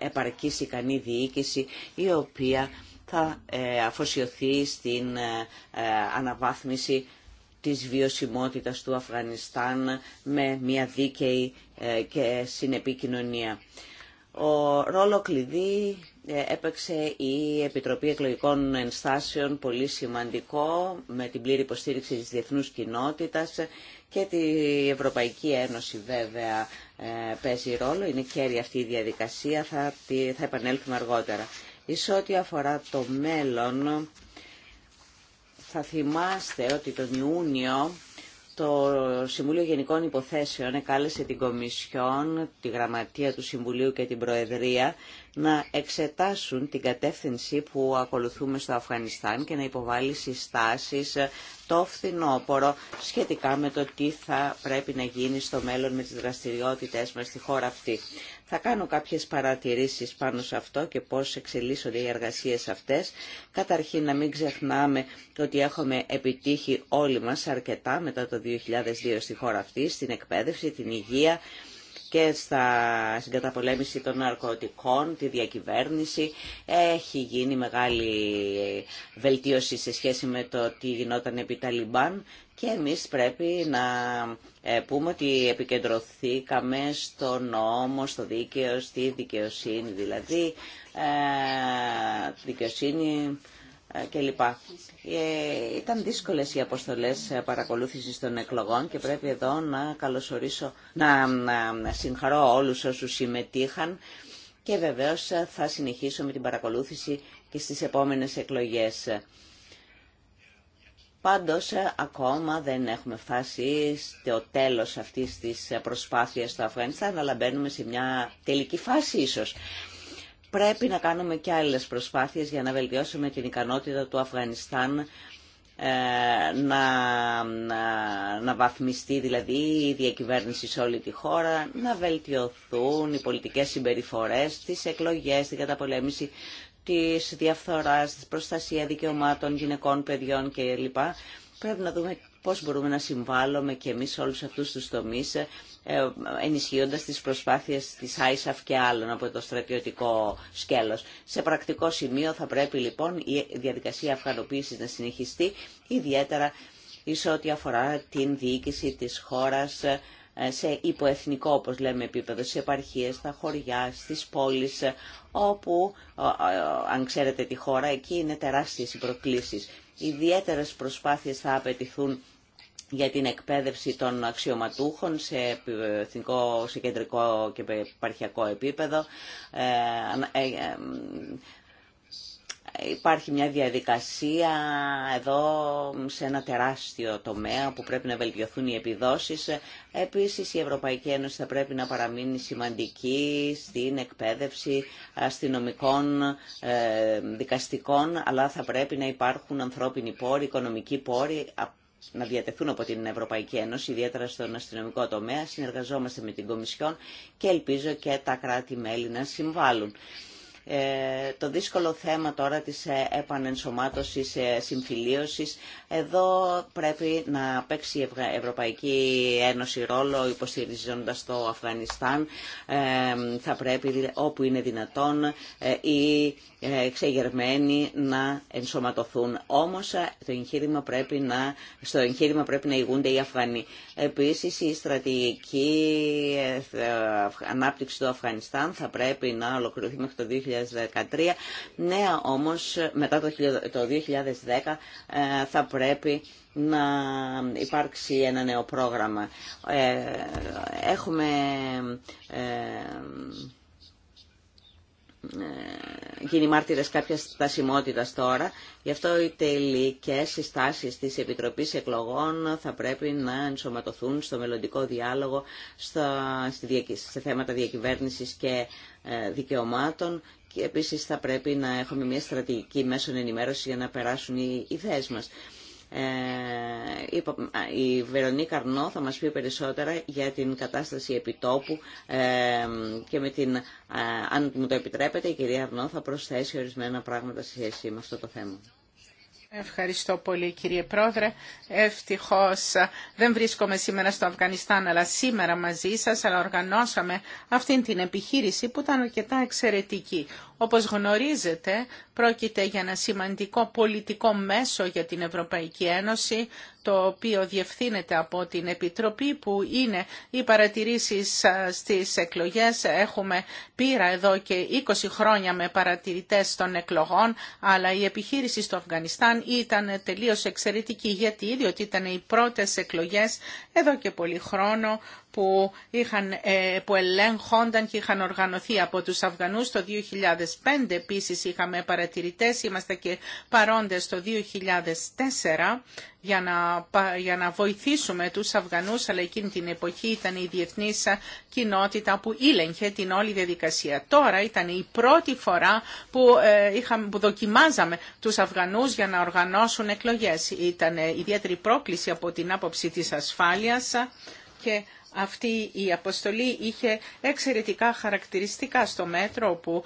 ε, επαρκής ικανή διοίκηση η οποία θα ε, αφοσιωθεί στην αναβάθμιση της βιωσιμότητας του Αφγανιστάν με μια δίκαιη ε, και συνεπή κοινωνία. Ο ρόλο κλειδί ε, έπαιξε η Επιτροπή Εκλογικών Ενστάσεων, πολύ σημαντικό, με την πλήρη υποστήριξη της διεθνούς κοινότητας και η Ευρωπαϊκή Ένωση βέβαια ε, παίζει ρόλο, είναι κέρια αυτή η διαδικασία, θα, θα επανέλθουμε αργότερα. Εις ό,τι αφορά το μέλλον, θα θυμάστε ότι τον Ιούνιο το Συμβούλιο Γενικών Υποθέσεων εκάλεσε την Κομισιόν, τη Γραμματεία του Συμβουλίου και την Προεδρία να εξετάσουν την κατεύθυνση που ακολουθούμε στο Αφγανιστάν και να υποβάλει συστάσεις το φθινόπορο σχετικά με το τι θα πρέπει να γίνει στο μέλλον με τις δραστηριότητες μας στη χώρα αυτή. Θα κάνω κάποιες παρατηρήσεις πάνω σε αυτό και πώς εξελίσσονται οι εργασίες αυτές. Καταρχήν να μην ξεχνάμε ότι έχουμε επιτύχει όλοι μας αρκετά μετά το 2002 στη χώρα αυτή, στην εκπαίδευση, την υγεία, και στα, στην καταπολέμηση των ναρκωτικών, τη διακυβέρνηση. Έχει γίνει μεγάλη βελτίωση σε σχέση με το τι γινόταν επί Ταλιμπάν και εμείς πρέπει να ε, πούμε ότι επικεντρωθήκαμε στο νόμο, στο δίκαιο, στη δικαιοσύνη δηλαδή. Ε, δικαιοσύνη ε, κλπ. Ε, ήταν δύσκολες οι αποστολές ε, παρακολούθησης των εκλογών και πρέπει εδώ να καλωσορίσω, να, να συγχαρώ όλους όσους συμμετείχαν και βεβαίως θα συνεχίσω με την παρακολούθηση και στις επόμενες εκλογές. Πάντως, ακόμα δεν έχουμε φτάσει στο τέλος αυτής της προσπάθειας στο Αφγανιστάν, αλλά μπαίνουμε σε μια τελική φάση ίσως πρέπει να κάνουμε και άλλες προσπάθειες για να βελτιώσουμε την ικανότητα του Αφγανιστάν ε, να, να, βαθμιστεί δηλαδή η διακυβέρνηση σε όλη τη χώρα, να βελτιωθούν οι πολιτικές συμπεριφορές, τις εκλογές, την καταπολέμηση της διαφθοράς, της προστασία δικαιωμάτων γυναικών, παιδιών κλπ. Πρέπει να δούμε πώς μπορούμε να συμβάλλουμε και εμείς σε όλους αυτούς τους τομείς ε, ενισχύοντας τις προσπάθειες της ISAF και άλλων από το στρατιωτικό σκέλος. Σε πρακτικό σημείο θα πρέπει λοιπόν η διαδικασία αυγανοποίησης να συνεχιστεί, ιδιαίτερα ίσως ό,τι αφορά την διοίκηση της χώρας ε, σε υποεθνικό όπως λέμε επίπεδο, σε επαρχίες, στα χωριά, στις πόλεις, ε, όπου αν ξέρετε τη χώρα εκεί είναι τεράστιες οι προκλήσεις. Ιδιαίτερες προσπάθειες θα απαιτηθούν για την εκπαίδευση των αξιωματούχων σε, εθνικό, σε κεντρικό και επαρχιακό επίπεδο. Ε, ε, ε, υπάρχει μια διαδικασία εδώ σε ένα τεράστιο τομέα που πρέπει να βελτιωθούν οι επιδόσεις. Επίσης η Ευρωπαϊκή Ένωση θα πρέπει να παραμείνει σημαντική στην εκπαίδευση αστυνομικών δικαστικών, αλλά θα πρέπει να υπάρχουν ανθρώπινοι πόροι, οικονομικοί πόροι να διατεθούν από την Ευρωπαϊκή Ένωση, ιδιαίτερα στον αστυνομικό τομέα. Συνεργαζόμαστε με την Κομισιόν και ελπίζω και τα κράτη-μέλη να συμβάλλουν. Ε, το δύσκολο θέμα τώρα της ε, επανενσωμάτωσης ε, συμφιλίωσης, εδώ πρέπει να παίξει η Ευρωπαϊκή Ένωση ρόλο υποστηρίζοντας το Αφγανιστάν. Θα πρέπει όπου είναι δυνατόν οι εξεγερμένοι να ενσωματωθούν. Όμως το εγχείρημα πρέπει να, στο εγχείρημα πρέπει να ηγούνται οι Αφγανοί. Επίσης η στρατηγική ανάπτυξη του Αφγανιστάν θα πρέπει να ολοκληρωθεί μέχρι το 2013. Νέα όμως μετά το 2010 ε, θα πρέπει να υπάρξει ένα νέο πρόγραμμα. Ε, έχουμε ε, γίνει μάρτυρες κάποια στασιμότητα τώρα. Γι' αυτό οι τελικές συστάσεις της Επιτροπής Εκλογών θα πρέπει να ενσωματωθούν στο μελλοντικό διάλογο στα, στη, σε θέματα διακυβέρνησης και δικαιωμάτων και επίσης θα πρέπει να έχουμε μια στρατηγική μέσων ενημέρωση για να περάσουν οι ιδέες μας. Ε, η Βερονίκα Αρνό θα μας πει περισσότερα για την κατάσταση επιτόπου ε, και με την, αν μου το επιτρέπετε, η κυρία Αρνό θα προσθέσει ορισμένα πράγματα σε σχέση με αυτό το θέμα. Ευχαριστώ πολύ κύριε Πρόεδρε. Ευτυχώς ε, δεν βρίσκομαι σήμερα στο Αφγανιστάν αλλά σήμερα μαζί σας αλλά οργανώσαμε αυτή την επιχείρηση που ήταν αρκετά εξαιρετική. Όπως γνωρίζετε, πρόκειται για ένα σημαντικό πολιτικό μέσο για την Ευρωπαϊκή Ένωση, το οποίο διευθύνεται από την Επιτροπή που είναι οι παρατηρήσεις στις εκλογές. Έχουμε πείρα εδώ και 20 χρόνια με παρατηρητές των εκλογών, αλλά η επιχείρηση στο Αφγανιστάν ήταν τελείως εξαιρετική. Γιατί, ήδη ότι ήταν οι πρώτες εκλογές εδώ και πολύ χρόνο που, είχαν, ε, που ελέγχονταν και είχαν οργανωθεί από τους Αφγανούς. Το 2005 επίσης είχαμε παρατηρητές, είμαστε και παρόντες το 2004 για να, για να βοηθήσουμε τους Αφγανούς, αλλά εκείνη την εποχή ήταν η διεθνής κοινότητα που ήλεγχε την όλη διαδικασία. Τώρα ήταν η πρώτη φορά που, ε, είχαμε, δοκιμάζαμε τους Αφγανούς για να οργανώσουν εκλογές. Ήταν ε, ιδιαίτερη πρόκληση από την άποψη της ασφάλειας και αυτή η αποστολή είχε εξαιρετικά χαρακτηριστικά στο μέτρο που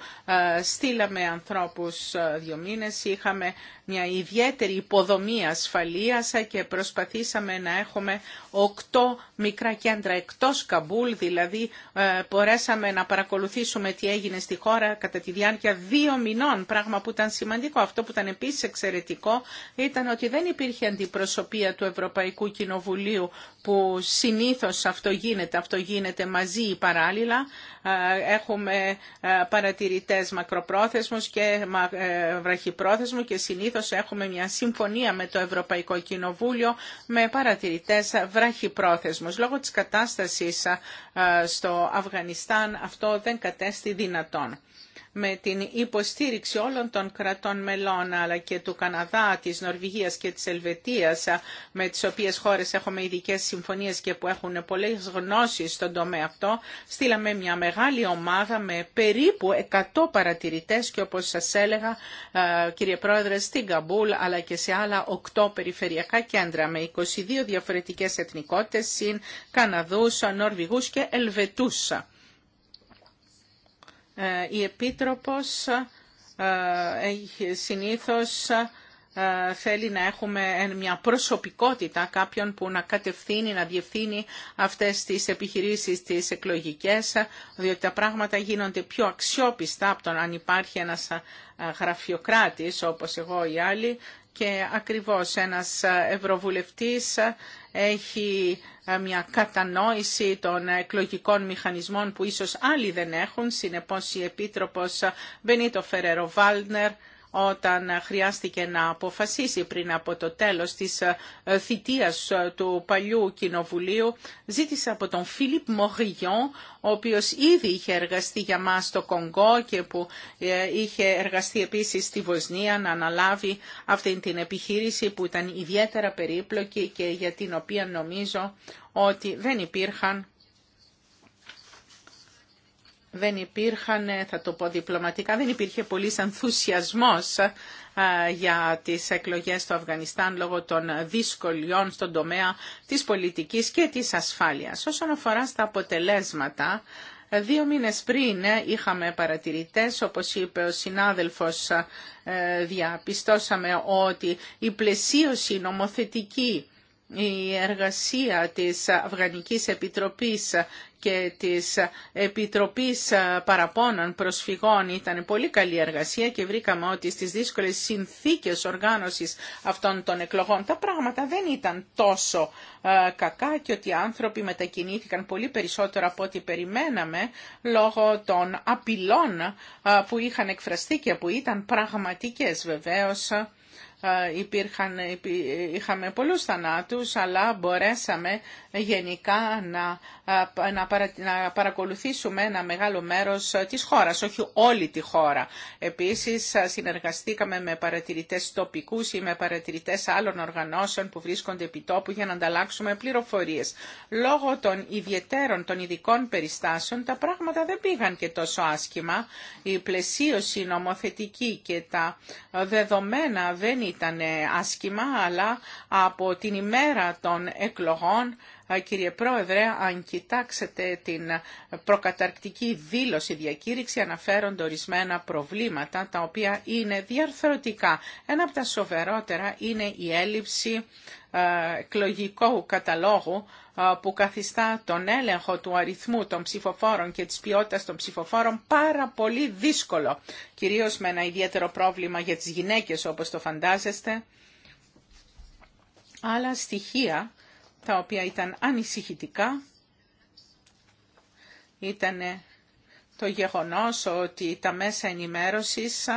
ε, στείλαμε ανθρώπους ε, δύο μήνες, είχαμε μια ιδιαίτερη υποδομή ασφαλείας και προσπαθήσαμε να έχουμε οκτώ μικρά κέντρα εκτός Καμπούλ, δηλαδή ε, μπορέσαμε να παρακολουθήσουμε τι έγινε στη χώρα κατά τη διάρκεια δύο μηνών, πράγμα που ήταν σημαντικό. Αυτό που ήταν επίσης εξαιρετικό ήταν ότι δεν υπήρχε αντιπροσωπεία του Ευρωπαϊκού Κοινοβουλίου που συνήθως αυτό γίνεται, αυτό γίνεται μαζί ή παράλληλα. Ε, έχουμε ε, παρατηρητές μακροπρόθεσμους και βραχυπρόθεσμους και συνήθως έχουμε μια συμφωνία με το Ευρωπαϊκό Κοινοβούλιο με παρατηρητές βραχυπρόθεσμους. Λόγω της κατάστασης στο Αφγανιστάν αυτό δεν κατέστη δυνατόν με την υποστήριξη όλων των κρατών μελών αλλά και του Καναδά, της Νορβηγίας και της Ελβετίας με τις οποίες χώρες έχουμε ειδικέ συμφωνίες και που έχουν πολλές γνώσεις στον τομέα αυτό. Στείλαμε μια μεγάλη ομάδα με περίπου 100 παρατηρητές και όπως σας έλεγα κύριε Πρόεδρε στην Καμπούλ αλλά και σε άλλα 8 περιφερειακά κέντρα με 22 διαφορετικές εθνικότητες συν Καναδούς, Νορβηγούς και Ελβετούς. Ε, η Επίτροπος ε, συνήθως ε, θέλει να έχουμε μια προσωπικότητα κάποιον που να κατευθύνει, να διευθύνει αυτές τις επιχειρήσεις τις εκλογικές, διότι τα πράγματα γίνονται πιο αξιόπιστα από τον αν υπάρχει ένας γραφειοκράτης όπως εγώ ή άλλοι και ακριβώς ένας ευρωβουλευτής έχει ε, μια κατανόηση των εκλογικών μηχανισμών που ίσως άλλοι δεν έχουν. Συνεπώς η Επίτροπος Μπενίτο Φερέρο όταν χρειάστηκε να αποφασίσει πριν από το τέλος της ε, θητείας ε, του παλιού κοινοβουλίου, ζήτησε από τον Φίλιπ Μοριγιόν, ο οποίος ήδη είχε εργαστεί για μας στο Κονγκό και που ε, είχε εργαστεί επίσης στη Βοσνία να αναλάβει αυτή την επιχείρηση που ήταν ιδιαίτερα περίπλοκη και για την οποία νομίζω ότι δεν υπήρχαν δεν υπήρχαν, θα το πω διπλωματικά, δεν υπήρχε πολύς ενθουσιασμός για τις εκλογές στο Αφγανιστάν λόγω των δυσκολιών στον τομέα της πολιτικής και της ασφάλειας. Όσον αφορά στα αποτελέσματα, Δύο μήνες πριν είχαμε παρατηρητές, όπως είπε ο συνάδελφος, ε, διαπιστώσαμε ότι η πλαισίωση νομοθετική η εργασία της Αυγανικής Επιτροπής και της Επιτροπής Παραπώνων Προσφυγών ήταν πολύ καλή εργασία και βρήκαμε ότι στις δύσκολες συνθήκες οργάνωσης αυτών των εκλογών τα πράγματα δεν ήταν τόσο ε, κακά και ότι οι άνθρωποι μετακινήθηκαν πολύ περισσότερο από ό,τι περιμέναμε λόγω των απειλών ε, που είχαν εκφραστεί και που ήταν πραγματικές βεβαίως ε, υπήρχαν, είχαμε πολλούς θανάτους, αλλά μπορέσαμε γενικά να, ε, να, παρακολουθήσουμε ένα μεγάλο μέρος της χώρας, όχι όλη τη χώρα. Επίσης, ε, συνεργαστήκαμε με παρατηρητές τοπικούς ή με παρατηρητές άλλων οργανώσεων που βρίσκονται επί τόπου για να ανταλλάξουμε πληροφορίες. Λόγω των ιδιαιτέρων των ειδικών περιστάσεων, τα πράγματα δεν πήγαν και τόσο άσχημα. Η πλαισίωση νομοθετική και τα δεδομένα δεν ήταν ε, άσχημα, αλλά από την ημέρα των εκλογών κύριε Πρόεδρε, αν κοιτάξετε την προκαταρκτική δήλωση διακήρυξη αναφέρονται ορισμένα προβλήματα τα οποία είναι διαρθρωτικά. Ένα από τα σοβερότερα είναι η έλλειψη ε, εκλογικού καταλόγου ε, που καθιστά τον έλεγχο του αριθμού των ψηφοφόρων και της ποιότητας των ψηφοφόρων πάρα πολύ δύσκολο, κυρίως με ένα ιδιαίτερο πρόβλημα για τις γυναίκες όπως το φαντάζεστε. Άλλα στοιχεία τα οποία ήταν ανησυχητικά ήταν το γεγονός ότι τα μέσα ενημέρωσης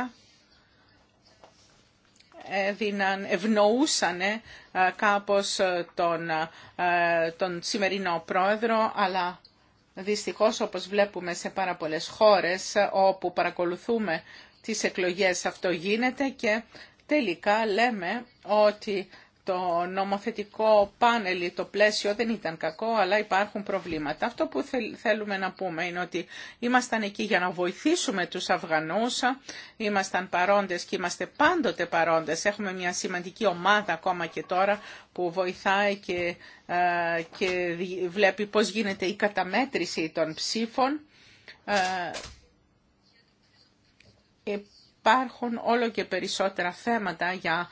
έδιναν, ε, ευνοούσαν ε, κάπως ε, τον, τον σημερινό πρόεδρο, αλλά δυστυχώς όπως βλέπουμε σε πάρα πολλές χώρες όπου παρακολουθούμε τις εκλογές αυτό γίνεται και τελικά λέμε ότι το νομοθετικό πάνελ, το πλαίσιο δεν ήταν κακό, αλλά υπάρχουν προβλήματα. Αυτό που θέλουμε να πούμε είναι ότι ήμασταν εκεί για να βοηθήσουμε τους Αφγανούς, ήμασταν παρόντες και είμαστε πάντοτε παρόντες. Έχουμε μια σημαντική ομάδα ακόμα και τώρα που βοηθάει και, ε, και βλέπει πώς γίνεται η καταμέτρηση των ψήφων ε, υπάρχουν όλο και περισσότερα θέματα για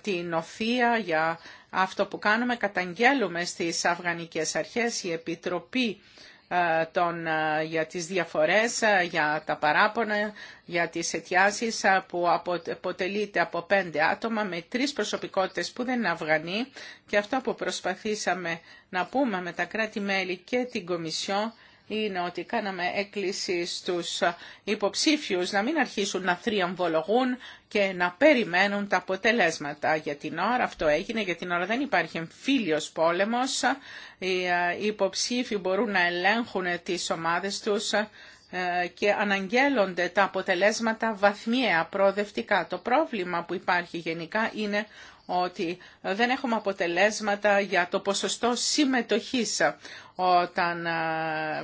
την οθεία, για αυτό που κάνουμε. Καταγγέλουμε στις αφγανικές αρχές η Επιτροπή των, για τις διαφορές, για τα παράπονα, για τις αιτιάσεις που αποτελείται από πέντε άτομα με τρεις προσωπικότητες που δεν είναι Αφγανοί και αυτό που προσπαθήσαμε να πούμε με τα κράτη-μέλη και την Κομισιόν, είναι ότι κάναμε έκκληση στους υποψήφιους να μην αρχίσουν να θριαμβολογούν και να περιμένουν τα αποτελέσματα. Για την ώρα αυτό έγινε, για την ώρα δεν υπάρχει φίλιος πόλεμος. Οι ε, υποψήφοι μπορούν να ελέγχουν τις ομάδες τους ε, και αναγγέλλονται τα αποτελέσματα βαθμιαία προοδευτικά. Το πρόβλημα που υπάρχει γενικά είναι ότι δεν έχουμε αποτελέσματα για το ποσοστό συμμετοχής όταν ε,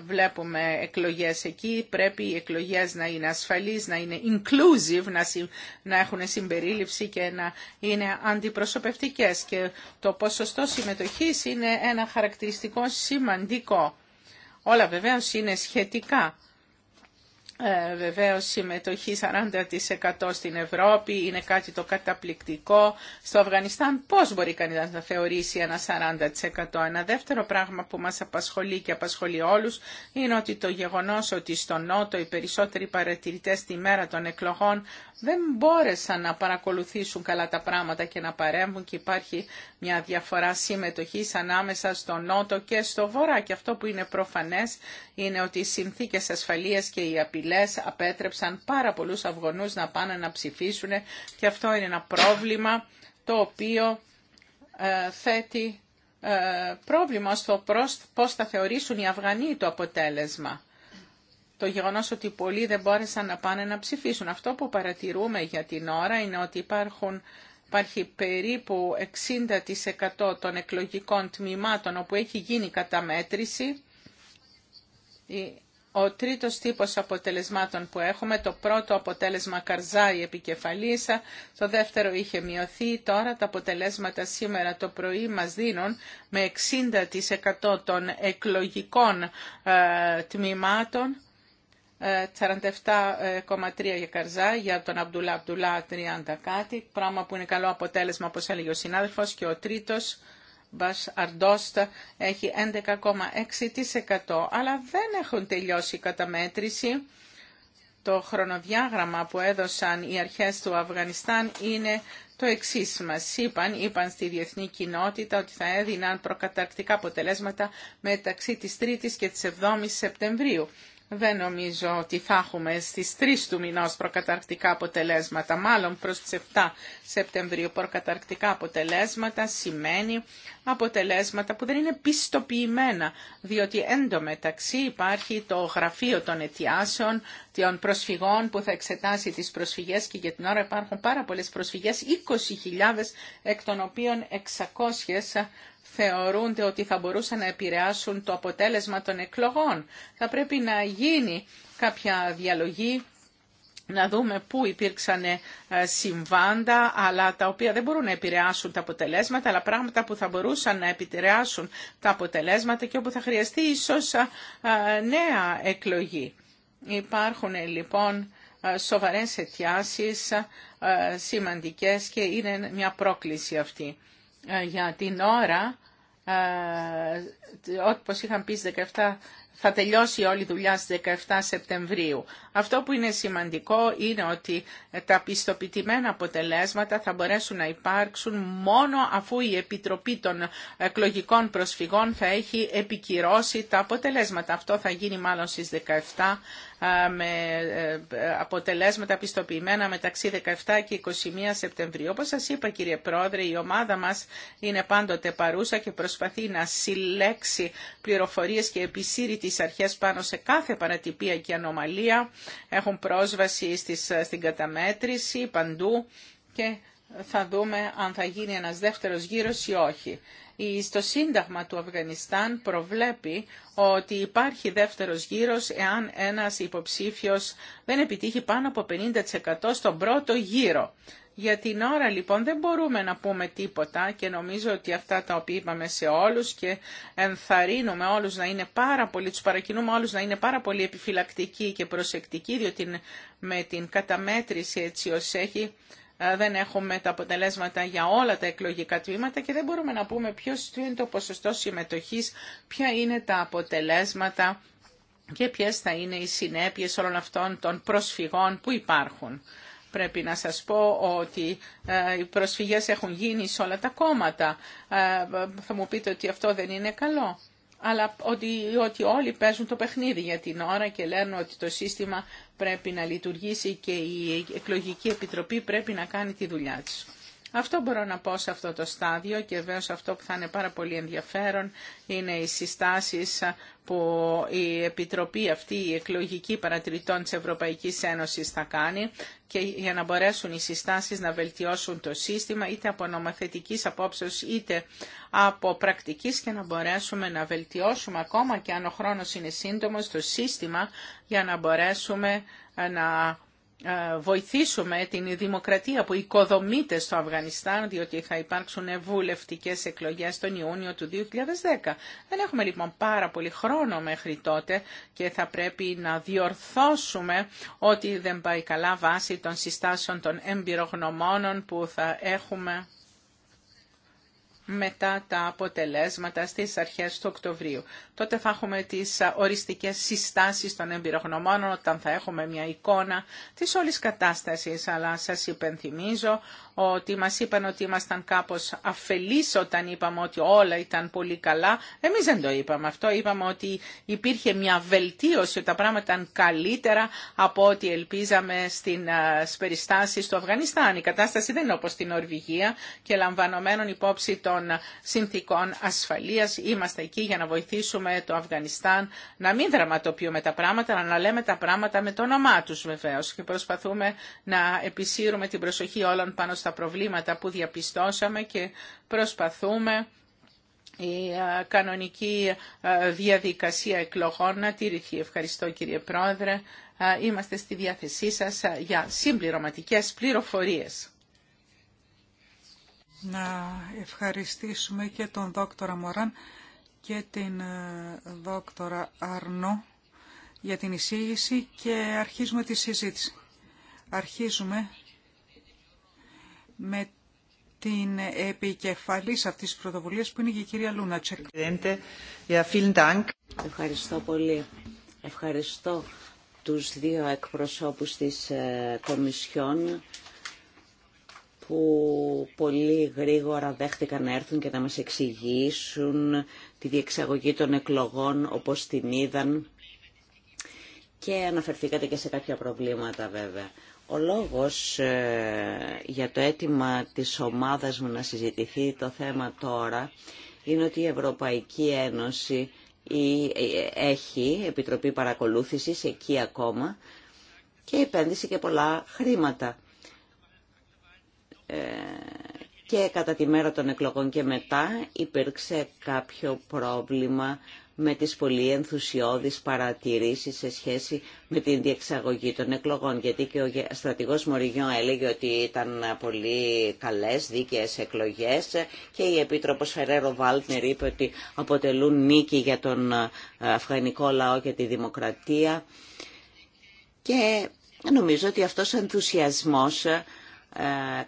βλέπουμε εκλογές εκεί. Πρέπει οι εκλογές να είναι ασφαλείς, να είναι inclusive, να έχουν συμπερίληψη και να είναι αντιπροσωπευτικές. Και το ποσοστό συμμετοχής είναι ένα χαρακτηριστικό σημαντικό. Όλα βεβαίως είναι σχετικά ε, βεβαίως συμμετοχή 40% στην Ευρώπη είναι κάτι το καταπληκτικό. Στο Αφγανιστάν πώς μπορεί κανείς να θεωρήσει ένα 40%. Ένα δεύτερο πράγμα που μας απασχολεί και απασχολεί όλους είναι ότι το γεγονός ότι στο Νότο οι περισσότεροι παρατηρητές τη μέρα των εκλογών δεν μπόρεσαν να παρακολουθήσουν καλά τα πράγματα και να παρέμβουν και υπάρχει μια διαφορά συμμετοχής ανάμεσα στο Νότο και στο Βορρά. Και αυτό που είναι προφανές είναι ότι οι συνθήκες ασφαλείας και η απειλή απειλές απέτρεψαν πάρα πολλούς αυγονούς να πάνε να ψηφίσουν και αυτό είναι ένα πρόβλημα το οποίο ε, θέτει ε, πρόβλημα στο προς, πώς θα θεωρήσουν οι Αυγανοί το αποτέλεσμα. Το γεγονός ότι πολλοί δεν μπόρεσαν να πάνε να ψηφίσουν. Αυτό που παρατηρούμε για την ώρα είναι ότι υπάρχουν υπάρχει περίπου 60% των εκλογικών τμήματων όπου έχει γίνει καταμέτρηση. Ο τρίτος τύπος αποτελεσμάτων που έχουμε, το πρώτο αποτέλεσμα Καρζάη επικεφαλίσα, το δεύτερο είχε μειωθεί, τώρα τα αποτελέσματα σήμερα το πρωί μας δίνουν με 60% των εκλογικών ε, τμήματων, 47,3 ε, για Καρζά, για τον Αμπτουλά Αμπτουλά 30 κάτι, πράγμα που είναι καλό αποτέλεσμα όπως έλεγε ο συνάδελφος και ο τρίτος Μπας Αρντόστα έχει 11,6% αλλά δεν έχουν τελειώσει η καταμέτρηση. Το χρονοδιάγραμμα που έδωσαν οι αρχές του Αφγανιστάν είναι το εξή μα είπαν, είπαν στη διεθνή κοινότητα ότι θα έδιναν προκαταρκτικά αποτελέσματα μεταξύ της 3ης και της 7ης Σεπτεμβρίου. Δεν νομίζω ότι θα έχουμε στις 3 του μηνός προκαταρκτικά αποτελέσματα, μάλλον προς τις 7 Σεπτεμβρίου προκαταρκτικά αποτελέσματα σημαίνει αποτελέσματα που δεν είναι πιστοποιημένα, διότι εντωμεταξύ υπάρχει το γραφείο των αιτιάσεων, των προσφυγών που θα εξετάσει τις προσφυγές και για την ώρα υπάρχουν πάρα πολλές προσφυγές, 20.000 εκ των οποίων 600 θεωρούνται ότι θα μπορούσαν να επηρεάσουν το αποτέλεσμα των εκλογών. Θα πρέπει να γίνει κάποια διαλογή, να δούμε πού υπήρξαν ε, συμβάντα, αλλά τα οποία δεν μπορούν να επηρεάσουν τα αποτελέσματα, αλλά πράγματα που θα μπορούσαν να επηρεάσουν τα αποτελέσματα και όπου θα χρειαστεί ίσως νέα εκλογή. Υπάρχουν ε, λοιπόν σοβαρές αιτιάσεις σημαντικές και είναι μια πρόκληση αυτή. Ε, για την ώρα, ε, όπως είχαν πει 17, θα τελειώσει όλη η δουλειά στις 17 Σεπτεμβρίου. Αυτό που είναι σημαντικό είναι ότι ε, τα πιστοποιημένα αποτελέσματα θα μπορέσουν να υπάρξουν μόνο αφού η Επιτροπή των Εκλογικών Προσφυγών θα έχει επικυρώσει τα αποτελέσματα. Αυτό θα γίνει μάλλον στις 17 με ε, ε, αποτελέσματα πιστοποιημένα μεταξύ 17 και 21 Σεπτεμβρίου. Όπως σας είπα κύριε Πρόεδρε, η ομάδα μας είναι πάντοτε παρούσα και προσπαθεί να συλλέξει πληροφορίες και επισύρει τις αρχές πάνω σε κάθε παρατυπία και ανομαλία. Έχουν πρόσβαση στις, ε, στην καταμέτρηση παντού και θα δούμε αν θα γίνει ένας δεύτερος γύρος ή όχι στο Σύνταγμα του Αφγανιστάν προβλέπει ότι υπάρχει δεύτερος γύρος εάν ένας υποψήφιος δεν επιτύχει πάνω από 50% στον πρώτο γύρο. Για την ώρα λοιπόν δεν μπορούμε να πούμε τίποτα και νομίζω ότι αυτά τα οποία είπαμε σε όλους και ενθαρρύνουμε όλους να είναι πάρα πολύ, τους παρακινούμε όλους να είναι πάρα πολύ επιφυλακτικοί και προσεκτικοί διότι με την καταμέτρηση έτσι ως έχει ε, δεν έχουμε τα αποτελέσματα για όλα τα εκλογικά τμήματα και δεν μπορούμε να πούμε ποιος είναι το ποσοστό συμμετοχής, ποια είναι τα αποτελέσματα και ποιες θα είναι οι συνέπειες όλων αυτών των προσφυγών που υπάρχουν. Πρέπει να σας πω ότι ε, οι προσφυγές έχουν γίνει σε όλα τα κόμματα. Ε, θα μου πείτε ότι αυτό δεν είναι καλό αλλά ότι, όλοι παίζουν το παιχνίδι για την ώρα και λένε ότι το σύστημα πρέπει να λειτουργήσει και η εκλογική επιτροπή πρέπει να κάνει τη δουλειά της. Αυτό μπορώ να πω σε αυτό το στάδιο και βέβαια αυτό που θα είναι πάρα πολύ ενδιαφέρον είναι οι συστάσεις που η Επιτροπή αυτή, η εκλογική παρατηρητών της Ευρωπαϊκής Ένωσης θα κάνει και για να μπορέσουν οι συστάσεις να βελτιώσουν το σύστημα είτε από νομοθετικής απόψεως είτε από πρακτικής και να μπορέσουμε να βελτιώσουμε ακόμα και αν ο χρόνος είναι σύντομος το σύστημα για να μπορέσουμε να ε, βοηθήσουμε την δημοκρατία που οικοδομείται στο Αφγανιστάν, διότι θα υπάρξουν βουλευτικέ εκλογέ τον Ιούνιο του 2010. Δεν έχουμε λοιπόν πάρα πολύ χρόνο μέχρι τότε και θα πρέπει να διορθώσουμε ότι δεν πάει καλά βάσει των συστάσεων των εμπειρογνωμόνων που θα έχουμε μετά τα αποτελέσματα στις αρχές του Οκτωβρίου. Τότε θα έχουμε τις οριστικές συστάσεις των εμπειρογνωμόνων όταν θα έχουμε μια εικόνα της όλης κατάστασης, αλλά σας υπενθυμίζω ότι μας είπαν ότι ήμασταν κάπως αφελείς όταν είπαμε ότι όλα ήταν πολύ καλά. Εμείς δεν το είπαμε αυτό. Είπαμε ότι υπήρχε μια βελτίωση, ότι τα πράγματα ήταν καλύτερα από ό,τι ελπίζαμε στην ε, περιστάσει του Αφγανιστάν. Η κατάσταση δεν είναι όπως στην Νορβηγία και λαμβανομένων υπόψη των συνθήκων ασφαλείας. Είμαστε εκεί για να βοηθήσουμε το Αφγανιστάν να μην δραματοποιούμε τα πράγματα, αλλά να λέμε τα πράγματα με το όνομά τους βεβαίω και προσπαθούμε να επισύρουμε την προσοχή όλων πάνω στα προβλήματα που διαπιστώσαμε και προσπαθούμε η κανονική διαδικασία εκλογών να τηρηθεί. Ευχαριστώ κύριε Πρόεδρε. Είμαστε στη διάθεσή σας για συμπληρωματικές πληροφορίες. Να ευχαριστήσουμε και τον δόκτορα Μωράν και την δόκτορα Αρνό για την εισήγηση και αρχίζουμε τη συζήτηση. Αρχίζουμε με την επικεφαλής αυτής της πρωτοβουλίας που είναι η κυρία Λούνατσεκ. Ευχαριστώ πολύ. Ευχαριστώ τους δύο εκπροσώπους της ε, Κομισιόν που πολύ γρήγορα δέχτηκαν να έρθουν και να μας εξηγήσουν τη διεξαγωγή των εκλογών όπως την είδαν και αναφερθήκατε και σε κάποια προβλήματα βέβαια. Ο λόγος ε, για το αίτημα της ομάδας μου να συζητηθεί το θέμα τώρα είναι ότι η Ευρωπαϊκή Ένωση ε, έχει Επιτροπή Παρακολούθησης εκεί ακόμα και επένδυσε και πολλά χρήματα. Ε, και κατά τη μέρα των εκλογών και μετά υπήρξε κάποιο πρόβλημα με τις πολύ ενθουσιώδεις παρατηρήσεις σε σχέση με την διεξαγωγή των εκλογών. Γιατί και ο στρατηγός Μοριγιό έλεγε ότι ήταν πολύ καλές, δίκαιες εκλογές και η Επίτροπος Φερέρο Βάλτνερ είπε ότι αποτελούν νίκη για τον ε, αφγανικό λαό και τη δημοκρατία. Και νομίζω ότι αυτός ο ενθουσιασμός ε,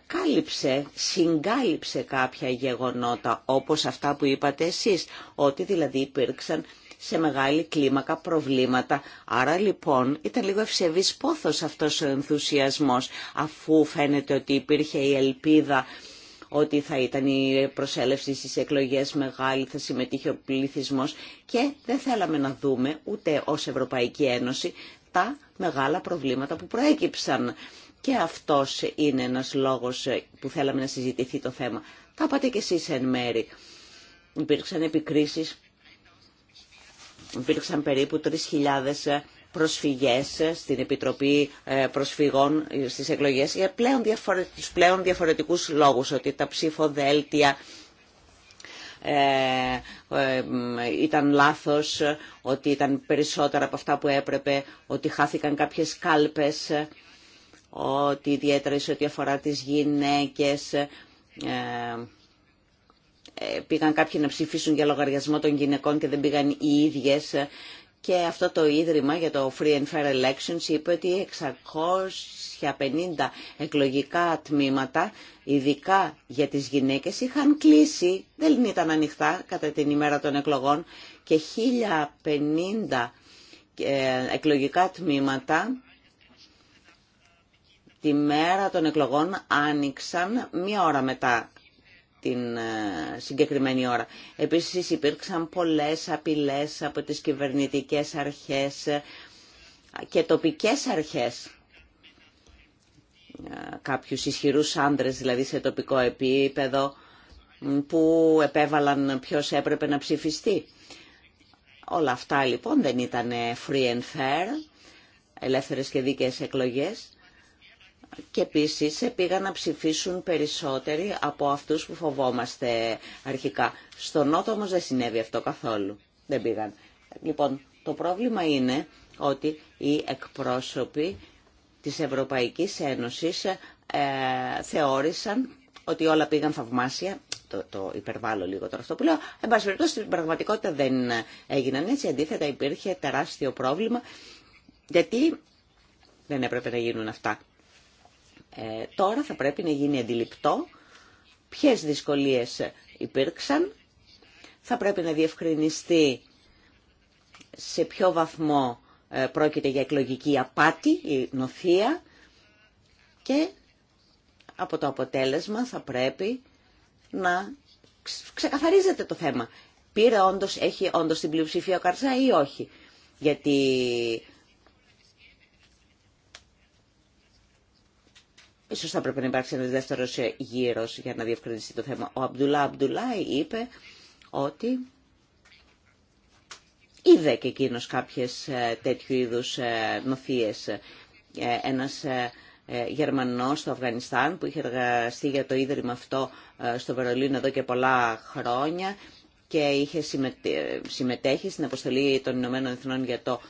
κάλυψε, συγκάλυψε κάποια γεγονότα όπως αυτά που είπατε εσείς, ότι δηλαδή υπήρξαν σε μεγάλη κλίμακα προβλήματα. Άρα λοιπόν ήταν λίγο ευσεβής πόθος αυτός ο ενθουσιασμός, αφού φαίνεται ότι υπήρχε η ελπίδα ότι θα ήταν η προσέλευση στις εκλογές μεγάλη, θα συμμετείχε ο πληθυσμός και δεν θέλαμε να δούμε ούτε ως Ευρωπαϊκή Ένωση τα μεγάλα προβλήματα που προέκυψαν και αυτός είναι ένας λόγος ε, που θέλαμε να συζητηθεί το θέμα. Τα πάτε κι εσείς εν μέρη. Υπήρξαν επικρίσεις, υπήρξαν περίπου 3.000 ε, προσφυγές ε, στην Επιτροπή Προσφυγών στις εκλογές για πλέον πλέον διαφορετικούς λόγους, ότι τα ψηφοδέλτια ήταν λάθος, ότι ήταν περισσότερα από αυτά που έπρεπε, ότι χάθηκαν κάποιες κάλπες ότι ιδιαίτερα σε ό,τι αφορά τις γυναίκες ε, ε, πήγαν κάποιοι να ψηφίσουν για λογαριασμό των γυναικών και δεν πήγαν οι ίδιες και αυτό το Ίδρυμα για το Free and Fair Elections είπε ότι 650 εκλογικά τμήματα, ειδικά για τις γυναίκες, είχαν κλείσει, δεν ήταν ανοιχτά κατά την ημέρα των εκλογών και 1050 ε, εκλογικά τμήματα τη μέρα των εκλογών άνοιξαν μία ώρα μετά την ε, συγκεκριμένη ώρα. Επίσης υπήρξαν πολλές απειλές από τις κυβερνητικές αρχές και τοπικές αρχές. Ε, κάποιους ισχυρούς άντρες δηλαδή σε τοπικό επίπεδο που επέβαλαν ποιος έπρεπε να ψηφιστεί. Όλα αυτά λοιπόν δεν ήταν free and fair, ελεύθερες και δίκαιες εκλογές και επίσης ε, πήγαν να ψηφίσουν περισσότεροι από αυτούς που φοβόμαστε αρχικά. Στο Νότο όμως δεν συνέβη αυτό καθόλου. Δεν πήγαν. Λοιπόν, το πρόβλημα είναι ότι οι εκπρόσωποι της Ευρωπαϊκής Ένωσης ε, θεώρησαν ότι όλα πήγαν θαυμάσια. Το, το υπερβάλλω λίγο τώρα αυτό που λέω. Εν πάση περιπτώσει, στην πραγματικότητα δεν έγιναν έτσι. Αντίθετα, υπήρχε τεράστιο πρόβλημα. Γιατί δεν έπρεπε να γίνουν αυτά. Ε, τώρα θα πρέπει να γίνει αντιληπτό ποιες δυσκολίες υπήρξαν, θα πρέπει να διευκρινιστεί σε ποιο βαθμό ε, πρόκειται για εκλογική απάτη ή νοθεία και από το αποτέλεσμα θα πρέπει να ξεκαθαρίζεται το θέμα. Πήρε όντως, έχει όντως την πλειοψηφία ο ή όχι. Γιατί Ίσως θα πρέπει να υπάρξει ένα δεύτερο γύρο για να διευκρινιστεί το θέμα. Ο Αμπτουλά Αμπτουλάη είπε ότι είδε και εκείνο κάποιες ε, τέτοιου είδους ε, νοθείες. Ε, ένας Γερμανός στο Αφγανιστάν που είχε εργαστεί για το ίδρυμα αυτό στο Βερολίνο εδώ και πολλά χρόνια και είχε συμμετέχει στην αποστολή των Ηνωμένων Εθνών για το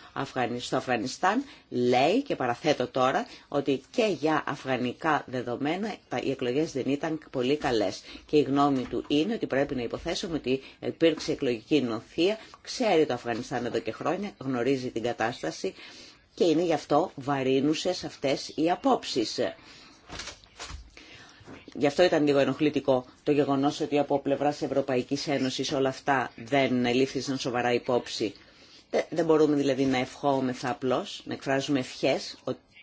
στο Αφγανιστάν, λέει και παραθέτω τώρα ότι και για αφγανικά δεδομένα οι εκλογές δεν ήταν πολύ καλές. Και η γνώμη του είναι ότι πρέπει να υποθέσουμε ότι υπήρξε εκλογική νοθεία, ξέρει το Αφγανιστάν εδώ και χρόνια, γνωρίζει την κατάσταση και είναι γι' αυτό βαρύνουσες αυτές οι απόψεις. Γι' αυτό ήταν λίγο ενοχλητικό το γεγονός ότι από πλευράς Ευρωπαϊκή Ένωση όλα αυτά δεν λήφθησαν σοβαρά υπόψη. Ε, δεν μπορούμε δηλαδή να ευχόμεθα απλώ, να εκφράζουμε ευχέ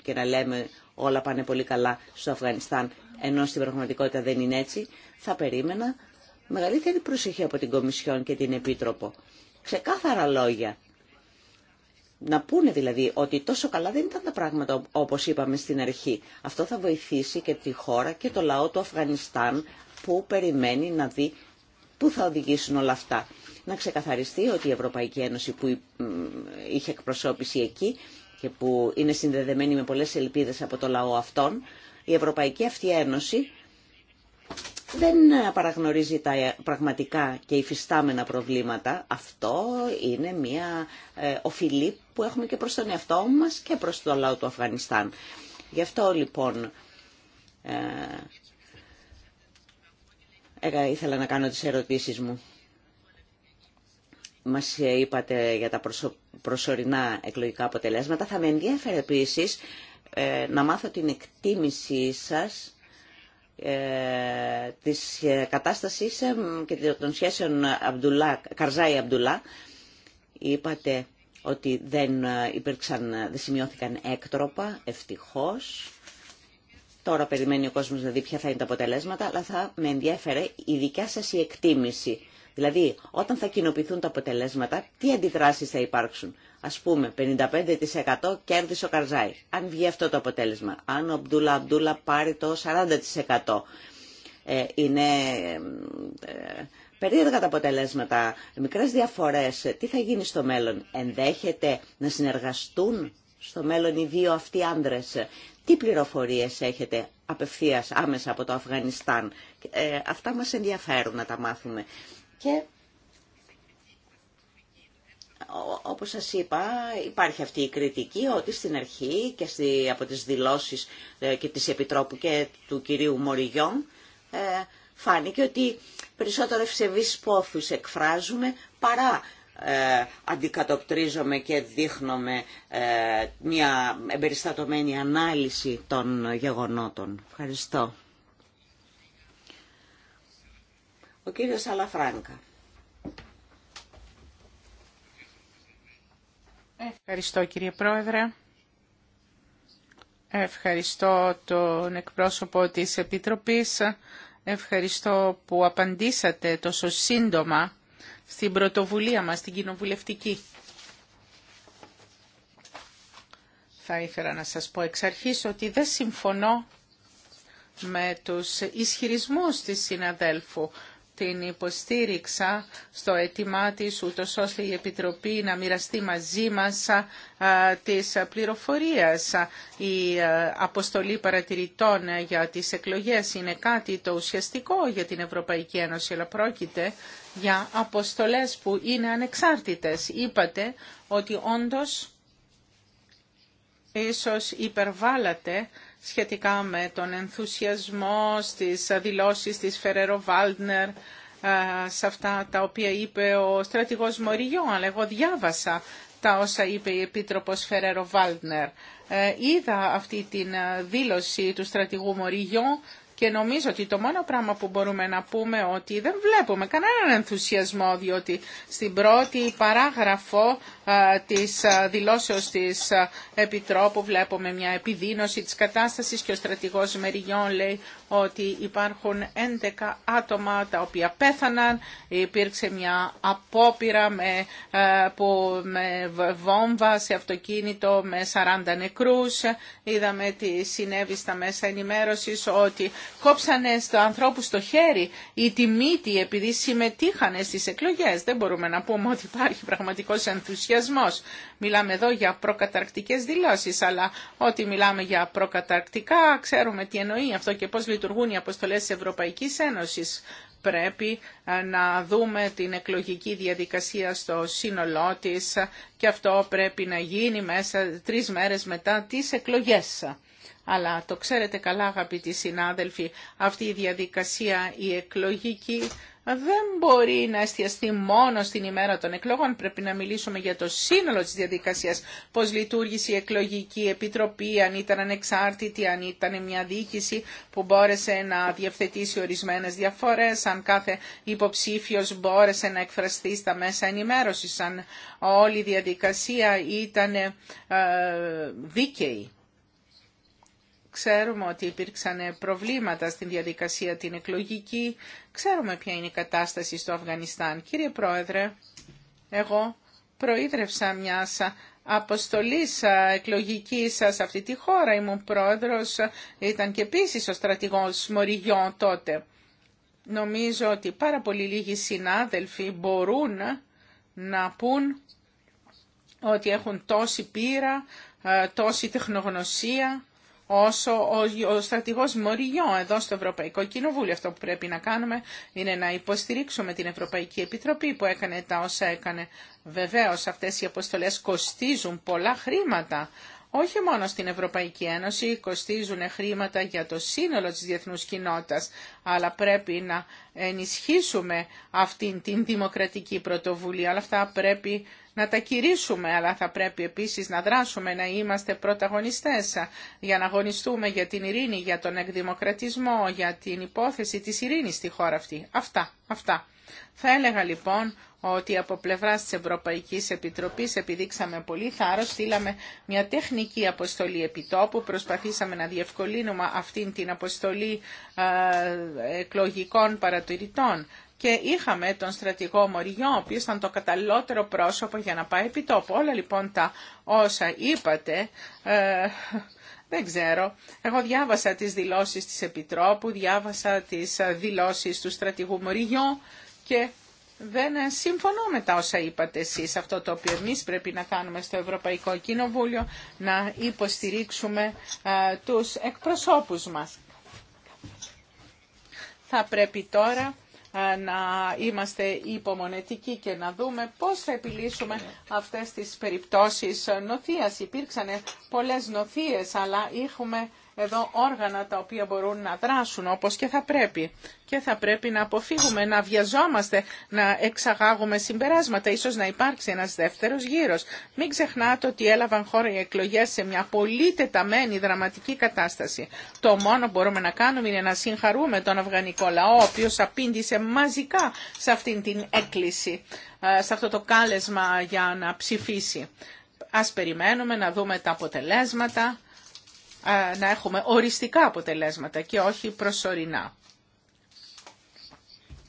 και να λέμε όλα πάνε πολύ καλά στο Αφγανιστάν, ενώ στην πραγματικότητα δεν είναι έτσι. Θα περίμενα μεγαλύτερη προσοχή από την Κομισιόν και την Επίτροπο. Ξεκάθαρα λόγια να πούνε δηλαδή ότι τόσο καλά δεν ήταν τα πράγματα όπως είπαμε στην αρχή. Αυτό θα βοηθήσει και τη χώρα και το λαό του Αφγανιστάν που περιμένει να δει πού θα οδηγήσουν όλα αυτά. Να ξεκαθαριστεί ότι η Ευρωπαϊκή Ένωση που είχε εκπροσώπηση εκεί και που είναι συνδεδεμένη με πολλές ελπίδες από το λαό αυτών, η Ευρωπαϊκή αυτή Ένωση δεν παραγνωρίζει τα ε, πραγματικά και υφιστάμενα προβλήματα. Αυτό είναι μια ε, οφειλή που έχουμε και προς τον εαυτό μας και προς το λαό του Αφγανιστάν. Γι' αυτό λοιπόν ε, ε ήθελα να κάνω τις ερωτήσεις μου. Μας είπατε για τα προσωρινά εκλογικά αποτελέσματα. Θα με ενδιαφέρει επίσης να μάθω την εκτίμησή σας ε, της κατάστασης ε, και των σχέσεων Αμπτουλά, Καρζάη Αμπτουλά είπατε ότι δεν, ε, υπήρξαν, δεν σημειώθηκαν έκτροπα, ευτυχώς. Τώρα περιμένει ο κόσμος να δει ποια θα είναι τα αποτελέσματα, αλλά θα με ενδιέφερε η δικιά σας η εκτίμηση. Δηλαδή, όταν θα κοινοποιηθούν τα αποτελέσματα, τι αντιδράσεις θα υπάρξουν. Ας πούμε, 55% κέρδισε ο Καρζάη. Αν βγει αυτό το αποτέλεσμα, αν ο Αμπτούλα Αμπτούλα πάρει το 40%. Ε, είναι ε, περίεργα τα αποτελέσματα, μικρές διαφορές. Τι θα γίνει στο μέλλον. Ενδέχεται να συνεργαστούν στο μέλλον οι δύο αυτοί άνδρες. Τι πληροφορίες έχετε απευθείας άμεσα από το Αφγανιστάν. Ε, αυτά μας ενδιαφέρουν να τα μάθουμε. Και όπως σας είπα υπάρχει αυτή η κριτική ότι στην αρχή και στη, από τις δηλώσεις ε, και της Επιτρόπου και του κυρίου Μοριγιόν ε, φάνηκε ότι περισσότερο ευσεβείς πόθους εκφράζουμε παρά ε, αντικατοπτρίζομαι και δείχνομαι ε, μια εμπεριστατωμένη ανάλυση των γεγονότων. Ευχαριστώ. Ο κύριος Αλαφράνκα. Ευχαριστώ κύριε Πρόεδρε. Ευχαριστώ τον εκπρόσωπο της Επιτροπής. Ευχαριστώ που απαντήσατε τόσο σύντομα στην πρωτοβουλία μας, την κοινοβουλευτική. Θα ήθελα να σας πω εξ αρχής ότι δεν συμφωνώ με τους ισχυρισμούς της συναδέλφου την υποστήριξα στο αίτημά της, ούτως ώστε η Επιτροπή να μοιραστεί μαζί μας της πληροφορίας. Η ε, αποστολή παρατηρητών ε, για τις εκλογές είναι κάτι το ουσιαστικό για την Ευρωπαϊκή Ένωση, αλλά πρόκειται για αποστολές που είναι ανεξάρτητες. Είπατε ότι όντως ίσως υπερβάλλατε σχετικά με τον ενθουσιασμό στις δηλώσεις της Φερέρο Βάλτνερ σε αυτά τα οποία είπε ο στρατηγός Μοριγιό, αλλά εγώ διάβασα τα όσα είπε η Επίτροπος Φερέρο Βάλτνερ. Ε, είδα αυτή την δήλωση του στρατηγού Μοριγιό και νομίζω ότι το μόνο πράγμα που μπορούμε να πούμε ότι δεν βλέπουμε κανέναν ενθουσιασμό διότι στην πρώτη παράγραφο ε, της ε, δηλώσεως της ε, Επιτρόπου βλέπουμε μια επιδείνωση της κατάστασης και ο στρατηγός Μεριγιόν λέει ότι υπάρχουν 11 άτομα τα οποία πέθαναν, υπήρξε μια απόπειρα με, ε, με βόμβα σε αυτοκίνητο με 40 νεκρούς, είδαμε τι συνέβη στα μέσα ενημέρωσης ότι κόψανε στο ανθρώπου στο χέρι ή τη μύτη επειδή συμμετείχανε στις εκλογές. Δεν μπορούμε να πούμε ότι υπάρχει πραγματικός ενθουσιασμός. Μιλάμε εδώ για προκαταρκτικές δηλώσεις, αλλά ότι μιλάμε για προκαταρκτικά ξέρουμε τι εννοεί αυτό και πώς λειτουργεί λειτουργούν οι αποστολές της Ευρωπαϊκής Ένωσης. Πρέπει ε, να δούμε την εκλογική διαδικασία στο σύνολό της και αυτό πρέπει να γίνει μέσα τρεις μέρες μετά τις εκλογές. Αλλά το ξέρετε καλά αγαπητοί συνάδελφοι, αυτή η διαδικασία η εκλογική δεν μπορεί να εστιαστεί μόνο στην ημέρα των εκλογών. Πρέπει να μιλήσουμε για το σύνολο της διαδικασίας, πώς λειτουργήσε η εκλογική επιτροπή, αν ήταν ανεξάρτητη, αν ήταν μια διοίκηση που μπόρεσε να διευθετήσει ορισμένες διαφορές, αν κάθε υποψήφιος μπόρεσε να εκφραστεί στα μέσα ενημέρωσης, αν όλη η διαδικασία ήταν ε, δίκαιη. Ξέρουμε ότι υπήρξαν προβλήματα στην διαδικασία την εκλογική. Ξέρουμε ποια είναι η κατάσταση στο Αφγανιστάν. Κύριε Πρόεδρε, εγώ προείδρευσα μια αποστολής εκλογική σε αυτή τη χώρα. Ήμουν πρόεδρος, ήταν και επίση ο στρατηγός μοριγιών τότε. Νομίζω ότι πάρα πολύ λίγοι συνάδελφοι μπορούν να πούν ότι έχουν τόση πείρα, ε, τόση τεχνογνωσία όσο ο, ο στρατηγός Μοριγιό εδώ στο Ευρωπαϊκό Κοινοβούλιο. Αυτό που πρέπει να κάνουμε είναι να υποστηρίξουμε την Ευρωπαϊκή Επιτροπή που έκανε τα όσα έκανε. Βεβαίως αυτές οι αποστολές κοστίζουν πολλά χρήματα, όχι μόνο στην Ευρωπαϊκή Ένωση κοστίζουν χρήματα για το σύνολο της διεθνούς κοινότητας, αλλά πρέπει να ενισχύσουμε αυτήν την δημοκρατική πρωτοβουλία. Αλλά αυτά πρέπει να τα κηρύσουμε, αλλά θα πρέπει επίσης να δράσουμε, να είμαστε πρωταγωνιστές για να αγωνιστούμε για την ειρήνη, για τον εκδημοκρατισμό, για την υπόθεση της ειρήνης στη χώρα αυτή. Αυτά, αυτά. Θα έλεγα λοιπόν ότι από πλευρά τη Ευρωπαϊκή Επιτροπή επιδείξαμε πολύ θάρρο, στείλαμε μια τεχνική αποστολή επιτόπου, προσπαθήσαμε να διευκολύνουμε αυτήν την αποστολή ε, εκλογικών παρατηρητών και είχαμε τον στρατηγό Μοριό, ο οποίος ήταν το καταλληλότερο πρόσωπο για να πάει επί τόπου. Όλα λοιπόν τα όσα είπατε, ε, δεν ξέρω. Εγώ διάβασα τις δηλώσεις της Επιτρόπου, διάβασα τις ε, δηλώσεις του στρατηγού Μοριγιό και δεν ε, συμφωνώ με τα όσα είπατε εσείς. Αυτό το οποίο εμείς πρέπει να κάνουμε στο Ευρωπαϊκό Κοινοβούλιο, να υποστηρίξουμε τους εκπροσώπους μας. Θα πρέπει τώρα ε, να είμαστε υπομονετικοί και να δούμε πώς θα επιλύσουμε αυτές τις περιπτώσεις νοθείας. Υπήρξαν πολλές νοθείες, αλλά έχουμε εδώ όργανα τα οποία μπορούν να δράσουν όπως και θα πρέπει. Και θα πρέπει να αποφύγουμε, να βιαζόμαστε, να εξαγάγουμε συμπεράσματα. Ίσως να υπάρξει ένας δεύτερος γύρος. Μην ξεχνάτε ότι έλαβαν χώρα οι εκλογές σε μια πολύ τεταμένη δραματική κατάσταση. Το μόνο που μπορούμε να κάνουμε είναι να συγχαρούμε τον αφγανικό λαό, ο οποίος απήντησε μαζικά σε αυτήν την έκκληση, ε, σε αυτό το κάλεσμα για να ψηφίσει. Ας περιμένουμε να δούμε τα αποτελέσματα να έχουμε οριστικά αποτελέσματα και όχι προσωρινά.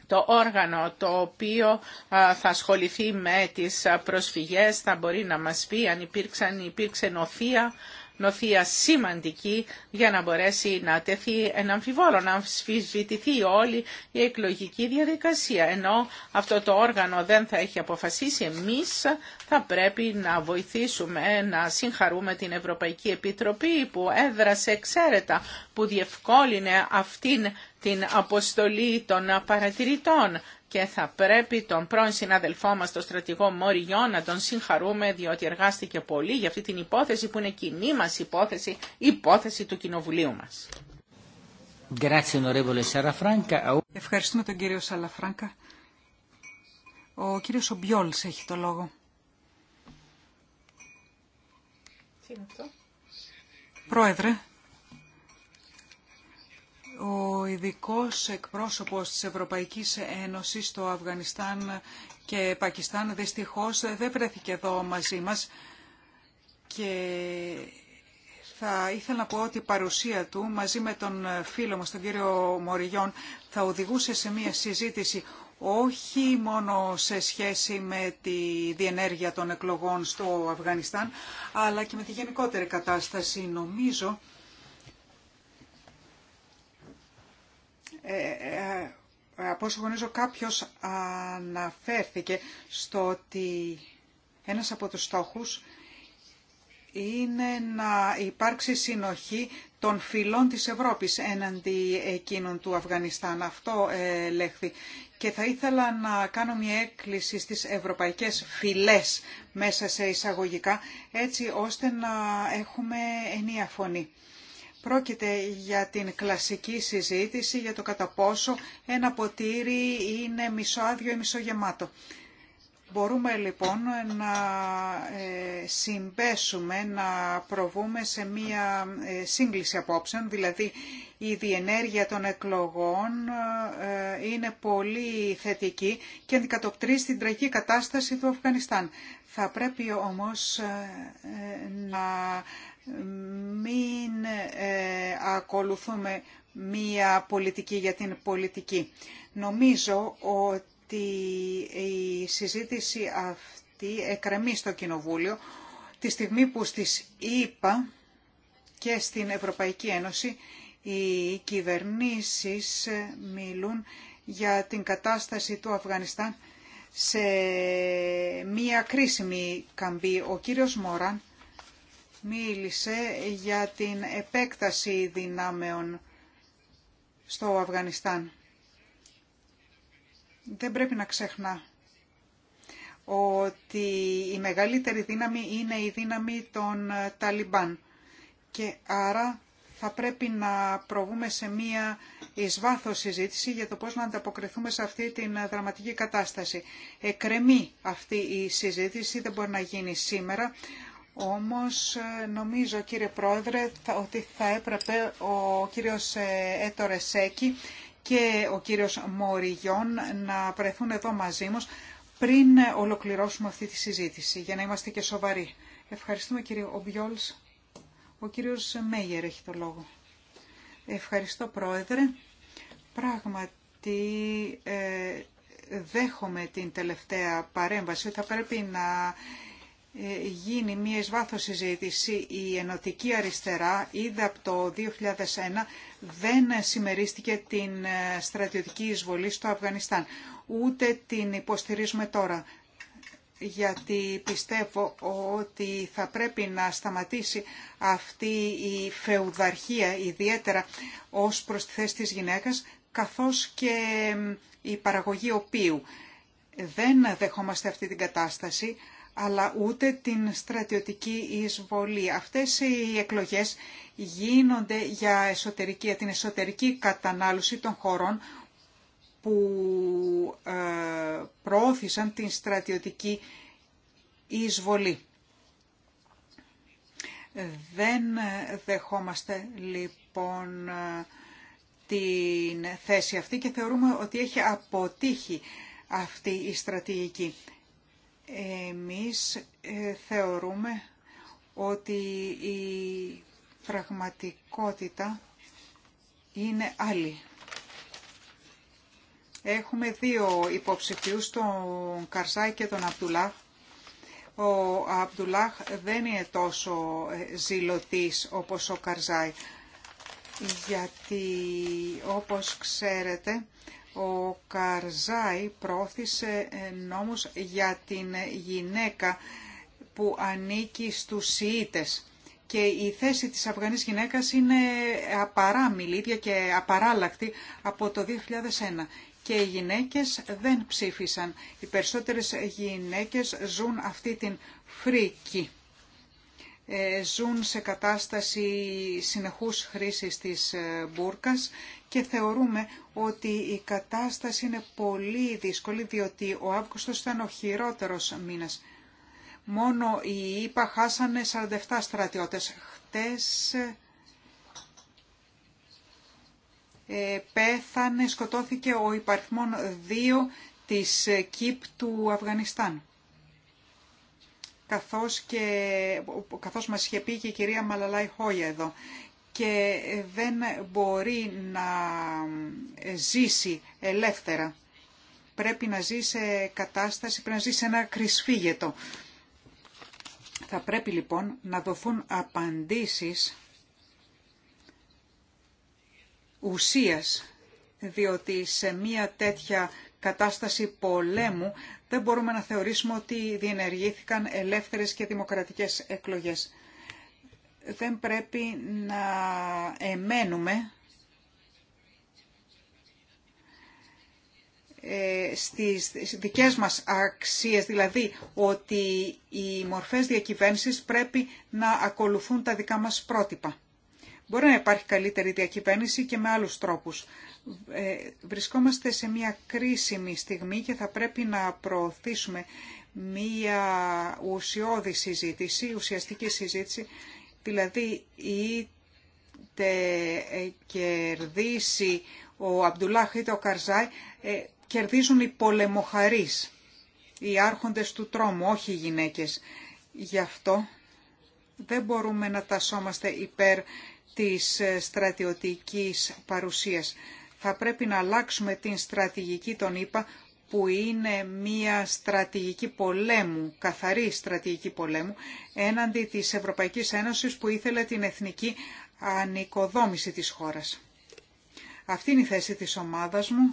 Το όργανο το οποίο θα ασχοληθεί με τις προσφυγές θα μπορεί να μας πει αν υπήρξαν, υπήρξε νοθεία νοθεία σημαντική για να μπορέσει να τεθεί ένα αμφιβόλο, να αμφισβητηθεί όλη η εκλογική διαδικασία. Ενώ αυτό το όργανο δεν θα έχει αποφασίσει, εμείς θα πρέπει να βοηθήσουμε, να συγχαρούμε την Ευρωπαϊκή Επιτροπή που έδρασε εξαίρετα, που διευκόλυνε αυτήν την αποστολή των παρατηρητών και θα πρέπει τον πρώην συναδελφό μας, τον στρατηγό Μοριό, να τον συγχαρούμε διότι εργάστηκε πολύ για αυτή την υπόθεση που είναι κοινή μας υπόθεση, υπόθεση του Κοινοβουλίου μας. Ευχαριστούμε τον κύριο Σαλαφράγκα. Ο κύριος Ομπιόλς έχει το λόγο. Τι είναι αυτό? Πρόεδρε, ο ειδικό εκπρόσωπος της Ευρωπαϊκής Ένωσης στο Αφγανιστάν και Πακιστάν δυστυχώς δεν βρέθηκε εδώ μαζί μας και θα ήθελα να πω ότι η παρουσία του μαζί με τον φίλο μας, τον κύριο Μοριγιόν, θα οδηγούσε σε μια συζήτηση όχι μόνο σε σχέση με τη διενέργεια των εκλογών στο Αφγανιστάν, αλλά και με τη γενικότερη κατάσταση. Νομίζω Ε, ε, ε, από όσο γνωρίζω κάποιος αναφέρθηκε στο ότι ένας από τους στόχους είναι να υπάρξει συνοχή των φυλών της Ευρώπης έναντι εκείνων του Αφγανιστάν. Αυτό λέχθη. Και θα ήθελα να κάνω μια έκκληση στις ευρωπαϊκές φυλές μέσα σε εισαγωγικά, έτσι ώστε να έχουμε ενία φωνή. Πρόκειται για την κλασική συζήτηση για το κατά πόσο ένα ποτήρι είναι μισοάδιο ή μισογεμάτο. Μπορούμε λοιπόν να ε, συμπέσουμε, να προβούμε σε μία ε, σύγκληση απόψεων, δηλαδή η διενέργεια των εκλογών ε, είναι πολύ θετική και αντικατοπτρίζει την τραγική κατάσταση του Αφγανιστάν. Θα πρέπει όμως να μην ε, ακολουθούμε μία πολιτική για την πολιτική. Νομίζω ότι η συζήτηση αυτή εκρεμεί στο Κοινοβούλιο τη στιγμή που στις ΗΠΑ και στην Ευρωπαϊκή Ένωση οι κυβερνήσεις μιλούν για την κατάσταση του Αφγανιστάν σε μία κρίσιμη καμπή. Ο κύριος Μόραν μίλησε για την επέκταση δυνάμεων στο Αφγανιστάν. Δεν πρέπει να ξεχνά ότι η μεγαλύτερη δύναμη είναι η δύναμη των Ταλιμπάν και άρα θα πρέπει να προβούμε σε μία εις βάθος συζήτηση για το πώς να ανταποκριθούμε σε αυτή την δραματική κατάσταση. Εκρεμεί αυτή η συζήτηση, δεν μπορεί να γίνει σήμερα, όμως ε, νομίζω κύριε Πρόεδρε ότι θα έπρεπε ο κύριος ε, Έτορε Σέκη και ο κύριος Μοριγιόν να βρεθούν εδώ μαζί μας πριν ε, ολοκληρώσουμε αυτή τη συζήτηση για να είμαστε και σοβαροί. Ευχαριστούμε κύριε Ομπιόλς. Ο κύριος Μέγερ έχει το λόγο. Ευχαριστώ Πρόεδρε. Πράγματι ε, δέχομαι την τελευταία παρέμβαση. Θα πρέπει να ε, γίνει μία εις βάθος συζήτηση η ενωτική αριστερά είδα από το 2001 δεν συμμερίστηκε την ε, στρατιωτική εισβολή στο Αφγανιστάν. Ούτε την υποστηρίζουμε τώρα γιατί πιστεύω ότι θα πρέπει να σταματήσει αυτή η φεουδαρχία ιδιαίτερα ως προς τη θέση της γυναίκας καθώς και η παραγωγή οποίου. Δεν δεχόμαστε αυτή την κατάσταση αλλά ούτε την στρατιωτική εισβολή. Αυτές οι εκλογές γίνονται για, εσωτερική, για την εσωτερική κατανάλωση των χωρών που ε, προώθησαν την στρατιωτική εισβολή. Δεν δεχόμαστε λοιπόν την θέση αυτή και θεωρούμε ότι έχει αποτύχει αυτή η στρατηγική. Εμείς ε, θεωρούμε ότι η πραγματικότητα είναι άλλη. Έχουμε δύο υποψηφίους, τον Καρσάη και τον Απτουλάχ. Ο Απτουλάχ δεν είναι τόσο ε, ζηλωτής όπως ο Καρζάη, γιατί όπως ξέρετε ο Καρζάη πρόθυσε νόμους για την γυναίκα που ανήκει στους Σιήτες. Και η θέση της Αφγανής γυναίκας είναι απαράμιλη, ίδια και απαράλλακτη από το 2001 και οι γυναίκες δεν ψήφισαν. Οι περισσότερες γυναίκες ζουν αυτή την φρίκη. Ε, ζουν σε κατάσταση συνεχούς χρήσης της ε, μπούρκας και θεωρούμε ότι η κατάσταση είναι πολύ δύσκολη διότι ο Αύγουστος ήταν ο χειρότερος μήνας. Μόνο οι ΙΠΑ χάσανε 47 στρατιώτες. Χτες ε, πέθανε, σκοτώθηκε ο υπαριθμόν 2 της ΚΥΠ του Αφγανιστάν. Καθώς, και, καθώς μας είχε πει και η κυρία Μαλαλάη Χόγια εδώ και δεν μπορεί να ζήσει ελεύθερα. Πρέπει να ζει σε κατάσταση, πρέπει να ζει σε ένα κρυσφύγετο. Θα πρέπει λοιπόν να δοθούν απαντήσεις ουσίας, διότι σε μία τέτοια κατάσταση πολέμου δεν μπορούμε να θεωρήσουμε ότι διενεργήθηκαν ελεύθερες και δημοκρατικές εκλογές δεν πρέπει να εμένουμε ε, στις δικές μας αξίες, δηλαδή ότι οι μορφές διακυβέρνησης πρέπει να ακολουθούν τα δικά μας πρότυπα. Μπορεί να υπάρχει καλύτερη διακυβέρνηση και με άλλους τρόπους. Ε, βρισκόμαστε σε μια κρίσιμη στιγμή και θα πρέπει να προωθήσουμε μια ουσιώδη συζήτηση, ουσιαστική συζήτηση Δηλαδή είτε ε, κερδίσει ο Αμπτουλάχ είτε ο Καρζάι, ε, κερδίζουν οι πολεμοχαρείς, οι άρχοντες του τρόμου, όχι οι γυναίκες. Γι' αυτό δεν μπορούμε να τασόμαστε υπέρ της ε, στρατιωτικής παρουσίας. Θα πρέπει να αλλάξουμε την στρατηγική τον ΗΠΑ που είναι μια στρατηγική πολέμου, καθαρή στρατηγική πολέμου, έναντι της Ευρωπαϊκής Ένωσης που ήθελε την εθνική ανοικοδόμηση της χώρας. Αυτή είναι η θέση της ομάδας μου.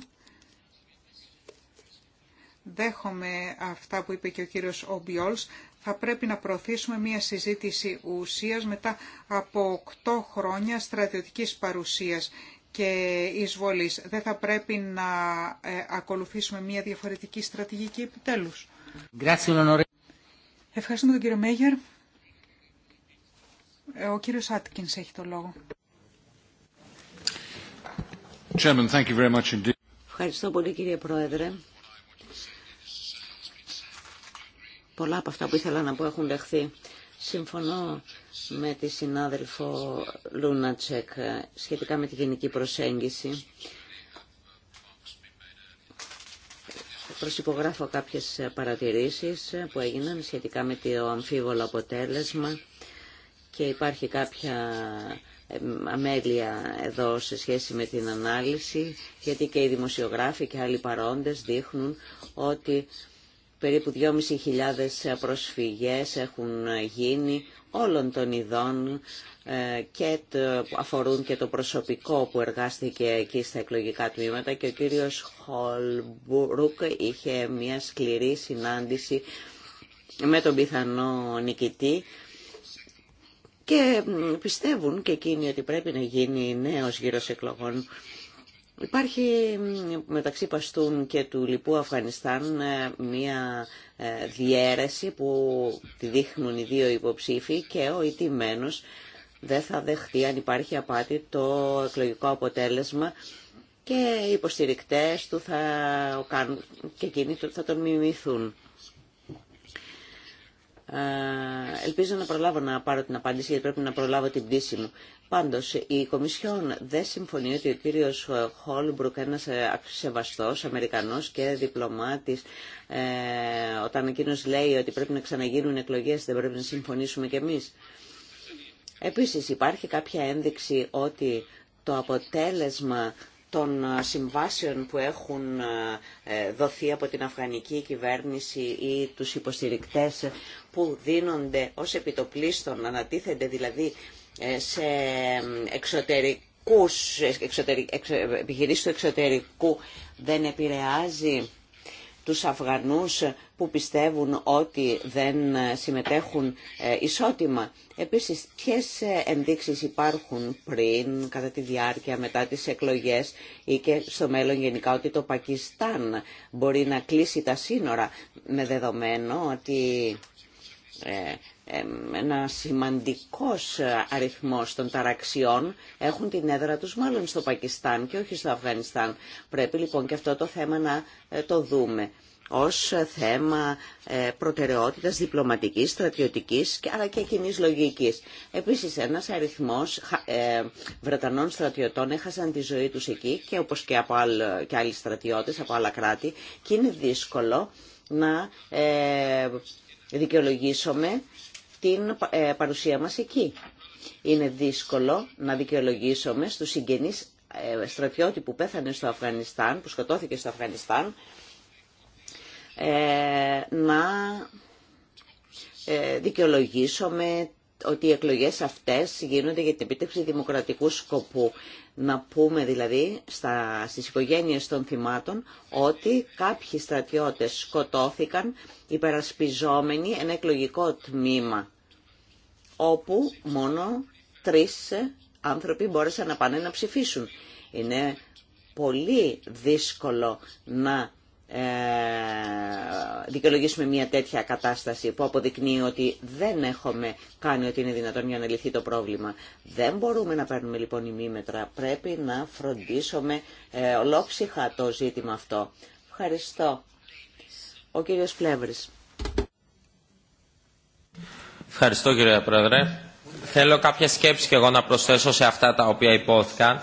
Δέχομαι αυτά που είπε και ο κύριος Ομπιόλς. Θα πρέπει να προωθήσουμε μια συζήτηση ουσίας μετά από 8 χρόνια στρατιωτικής παρουσίας και εισβολής. Δεν θα πρέπει να ε, ακολουθήσουμε μια διαφορετική στρατηγική επιτέλους. Ευχαριστούμε τον κύριο Μέγερ. Ε, ο κύριος Άτκινς έχει το λόγο. Ευχαριστώ πολύ κύριε Πρόεδρε. Πολλά από αυτά που ήθελα να πω έχουν λεχθεί. Συμφωνώ με τη συνάδελφο Λούνατσεκ σχετικά με τη γενική προσέγγιση. Προσυπογράφω κάποιες παρατηρήσεις που έγιναν σχετικά με το αμφίβολο αποτέλεσμα και υπάρχει κάποια αμέλεια εδώ σε σχέση με την ανάλυση γιατί και οι δημοσιογράφοι και άλλοι παρόντες δείχνουν ότι Περίπου 2.500 προσφυγές έχουν γίνει όλων των ειδών ε, και αφορούν και το προσωπικό που εργάστηκε εκεί στα εκλογικά τμήματα και ο κύριος Χολμπουρούκ είχε μια σκληρή συνάντηση με τον πιθανό νικητή και πιστεύουν και εκείνοι ότι πρέπει να γίνει νέος γύρος εκλογών Υπάρχει μεταξύ Παστούν και του λοιπού Αφγανιστάν ε, μία ε, διέρεση που τη δείχνουν οι δύο υποψήφοι και ο ιτημένος δεν θα δεχτεί αν υπάρχει απάτη το εκλογικό αποτέλεσμα και οι υποστηρικτές του θα, κάνουν, και εκείνοι θα τον μιμηθούν. Ε, ελπίζω να προλάβω να πάρω την απάντηση γιατί πρέπει να προλάβω την πτήση μου. Πάντως, η Κομισιόν δεν συμφωνεί ότι ο κύριο Χόλμπρουκ, ένα ε, σεβαστό Αμερικανός και διπλωμάτη ε, όταν εκείνο λέει ότι πρέπει να ξαναγίνουν εκλογές, δεν πρέπει να συμφωνήσουμε κι εμεί. Επίσης, υπάρχει κάποια ένδειξη ότι το αποτέλεσμα των ε, συμβάσεων που έχουν ε, δοθεί από την αφγανική κυβέρνηση ή τους υποστηρικτές που δίνονται ως επιτοπλίστων, ανατίθενται δηλαδή ε, σε εξωτερικούς, εξωτερικ, επιχειρήσεις του εξωτερικού, δεν επηρεάζει τους Αφγανούς που πιστεύουν ότι δεν συμμετέχουν ε, ισότιμα. Επίσης, ποιες ε, ενδείξεις υπάρχουν πριν, κατά τη διάρκεια, μετά τις εκλογές ή και στο μέλλον γενικά ότι το Πακιστάν μπορεί να κλείσει τα σύνορα με δεδομένο ότι ε, ένα σημαντικός αριθμός των ταραξιών έχουν την έδρα τους μάλλον στο Πακιστάν και όχι στο Αφγανιστάν. Πρέπει λοιπόν και αυτό το θέμα να ε, το δούμε ως θέμα ε, προτεραιότητας διπλωματικής, στρατιωτικής αλλά και κοινή λογικής. Επίσης ένας αριθμός Βρετανών στρατιωτών έχασαν τη ζωή τους εκεί και όπως και, από και άλλοι στρατιώτες από άλλα κράτη και είναι δύσκολο να δικαιολογήσουμε την ε, παρουσία μας εκεί. Είναι δύσκολο να δικαιολογήσουμε στους συγγενείς ε, στρατιώτη που πέθανε στο Αφγανιστάν, που σκοτώθηκε στο Αφγανιστάν, ε, να δικαιολογήσουμε ότι οι εκλογές αυτές γίνονται για την επίτευξη δημοκρατικού σκοπού. Να πούμε δηλαδή στα, στις οικογένειες των θυμάτων ότι κάποιοι στρατιώτες σκοτώθηκαν υπερασπιζόμενοι ένα εκλογικό τμήμα όπου μόνο τρεις άνθρωποι μπόρεσαν να πάνε να ψηφίσουν. Είναι πολύ δύσκολο να ε, δικαιολογήσουμε μια τέτοια κατάσταση που αποδεικνύει ότι δεν έχουμε κάνει ότι είναι δυνατόν για να λυθεί το πρόβλημα. Δεν μπορούμε να παίρνουμε λοιπόν ημίμετρα. Πρέπει να φροντίσουμε ε, ολόψυχα το ζήτημα αυτό. Ευχαριστώ. Ο κύριος Πλεύρης. Ευχαριστώ κύριε Πρόεδρε. Θέλω κάποια σκέψη και εγώ να προσθέσω σε αυτά τα οποία υπόθηκαν.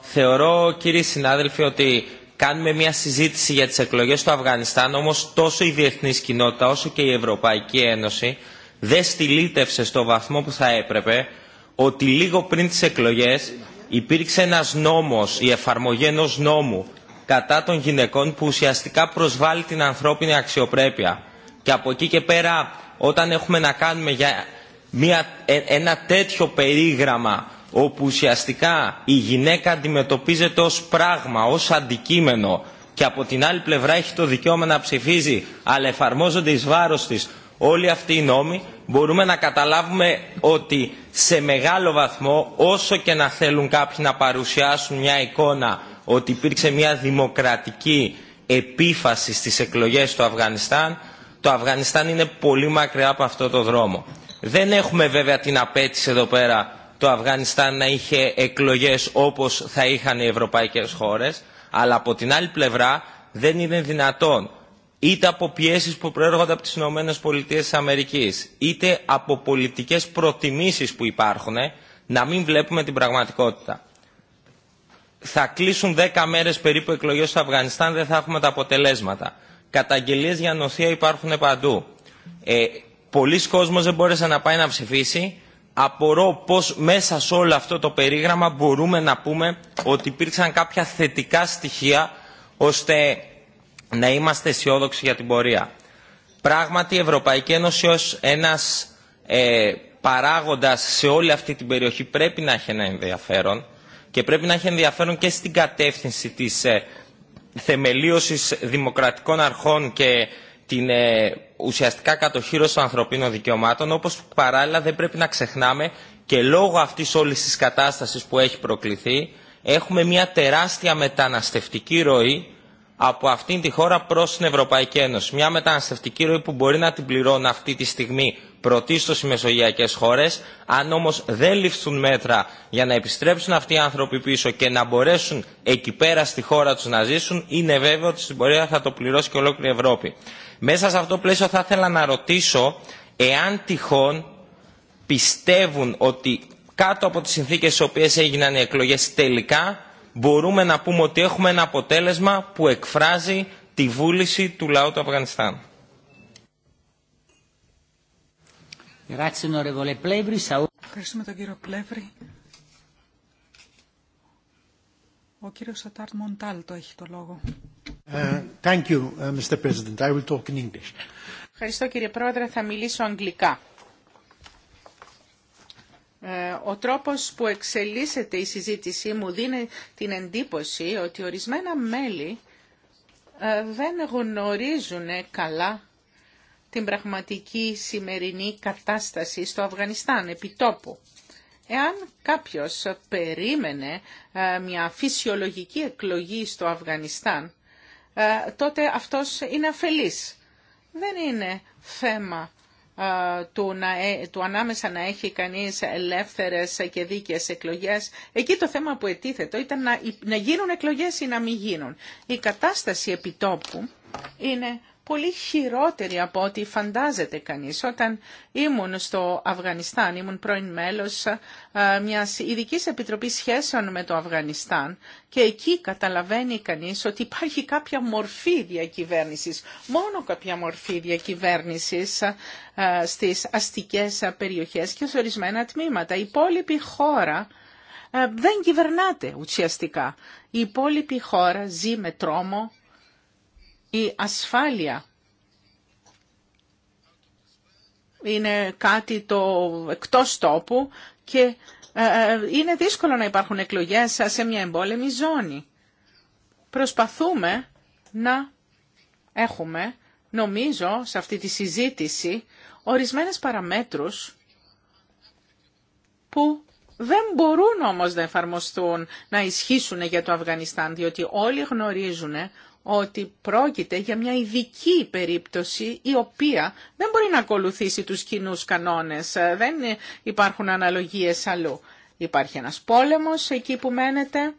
Θεωρώ κύριοι συνάδελφοι ότι κάνουμε μια συζήτηση για τις εκλογές στο Αφγανιστάν, όμως τόσο η διεθνής κοινότητα όσο και η Ευρωπαϊκή Ένωση δεν στυλίτευσε στο βαθμό που θα έπρεπε ότι λίγο πριν τις εκλογές υπήρξε ένας νόμος, η εφαρμογή ενός νόμου κατά των γυναικών που ουσιαστικά προσβάλλει την ανθρώπινη αξιοπρέπεια. Και από εκεί και πέρα όταν έχουμε να κάνουμε για μια, ε, ένα τέτοιο περίγραμμα όπου ουσιαστικά η γυναίκα αντιμετωπίζεται ως πράγμα, ως αντικείμενο και από την άλλη πλευρά έχει το δικαίωμα να ψηφίζει, αλλά εφαρμόζονται εις βάρος της όλοι αυτοί οι νόμοι, μπορούμε να καταλάβουμε ότι σε μεγάλο βαθμό όσο και να θέλουν κάποιοι να παρουσιάσουν μια εικόνα ότι υπήρξε μια δημοκρατική επίφαση στις εκλογές του Αφγανιστάν, το Αφγανιστάν είναι πολύ μακριά από αυτό το δρόμο. Δεν έχουμε βέβαια την απέτηση εδώ πέρα το Αφγανιστάν να είχε εκλογές όπως θα είχαν οι ευρωπαϊκές χώρες, αλλά από την άλλη πλευρά δεν είναι δυνατόν είτε από πιέσεις που προέρχονται από τις ΗΠΑ, Αμερικής, είτε από πολιτικές προτιμήσεις που υπάρχουν, να μην βλέπουμε την πραγματικότητα. Θα κλείσουν 10 μέρες περίπου εκλογές στο Αφγανιστάν, δεν θα έχουμε τα αποτελέσματα. Καταγγελίες για νοθεία υπάρχουν παντού. Ε, πολλοί κόσμος δεν μπόρεσαν να πάει να ψηφίσει απορώ πώς μέσα σε όλο αυτό το περίγραμμα μπορούμε να πούμε ότι υπήρξαν κάποια θετικά στοιχεία ώστε να είμαστε αισιόδοξοι για την πορεία. Πράγματι η Ευρωπαϊκή Ένωση ως ένας ε, παράγοντας σε όλη αυτή την περιοχή πρέπει να έχει ένα ενδιαφέρον και πρέπει να έχει ενδιαφέρον και στην κατεύθυνση της ε, θεμελίωσης δημοκρατικών αρχών και την ε, ουσιαστικά κατοχήρωση των ανθρωπίνων δικαιωμάτων, όπως παράλληλα δεν πρέπει να ξεχνάμε και λόγω αυτής όλης της κατάστασης που έχει προκληθεί, έχουμε μια τεράστια μεταναστευτική ροή από αυτήν τη χώρα προς την Ευρωπαϊκή Ένωση. Μια μεταναστευτική ροή που μπορεί να την πληρώνουν αυτή τη στιγμή πρωτίστως οι μεσογειακές χώρες. Αν όμως δεν ληφθούν μέτρα για να επιστρέψουν αυτοί οι άνθρωποι πίσω και να μπορέσουν εκεί πέρα στη χώρα τους να ζήσουν, είναι βέβαιο ότι στην πορεία θα το πληρώσει και ολόκληρη η Ευρώπη. Μέσα σε αυτό το πλαίσιο θα ήθελα να ρωτήσω εάν τυχόν πιστεύουν ότι κάτω από τις συνθήκες στις οποίες έγιναν οι εκλογές τελικά μπορούμε να πούμε ότι έχουμε ένα αποτέλεσμα που εκφράζει τη βούληση του λαού του Αφγανιστάν. Ευχαριστούμε τον κύριο Πλεύρη. Ο κύριος Σατάρτ Μοντάλτο το έχει το λόγο. Ε, ε, Ευχαριστώ κύριε Πρόεδρε, θα μιλήσω αγγλικά. Ε, ο τρόπος που εξελίσσεται η συζήτησή μου δίνει την εντύπωση ότι ορισμένα μέλη δεν γνωρίζουν καλά την πραγματική σημερινή κατάσταση στο Αφγανιστάν, επιτόπου. Εάν κάποιος περίμενε ε, μια φυσιολογική εκλογή στο Αφγανιστάν, ε, τότε αυτός είναι αφελής. Δεν είναι θέμα ε, του, ανάμεσα να έχει κανείς ελεύθερες και δίκαιες εκλογές. Εκεί το θέμα που ετίθετο ήταν να, γίνουν εκλογές ή να μην γίνουν. Η κατάσταση επιτόπου είναι πολύ χειρότερη από ό,τι φαντάζεται κανείς. Όταν ήμουν στο Αφγανιστάν, ήμουν πρώην μέλος ε, μιας ειδική επιτροπής σχέσεων με το Αφγανιστάν και εκεί καταλαβαίνει κανείς ότι υπάρχει κάποια μορφή διακυβέρνησης, μόνο κάποια μορφή διακυβέρνησης ε, στις αστικές περιοχές και σε ορισμένα τμήματα. Η υπόλοιπη χώρα ε, δεν κυβερνάται ουσιαστικά. Η υπόλοιπη χώρα ζει με τρόμο, η ασφάλεια είναι κάτι το εκτός τόπου και ε, ε, είναι δύσκολο να υπάρχουν εκλογές σε μια εμπόλεμη ζώνη. Προσπαθούμε να έχουμε, νομίζω, σε αυτή τη συζήτηση, ορισμένες παραμέτρους που δεν μπορούν όμως να εφαρμοστούν, να ισχύσουν για το Αφγανιστάν, διότι όλοι γνωρίζουν ότι πρόκειται για μια ειδική περίπτωση η οποία δεν μπορεί να ακολουθήσει τους κοινού κανόνες. Ε, δεν υπάρχουν αναλογίες αλλού. Υπάρχει ένας πόλεμος εκεί που μένετε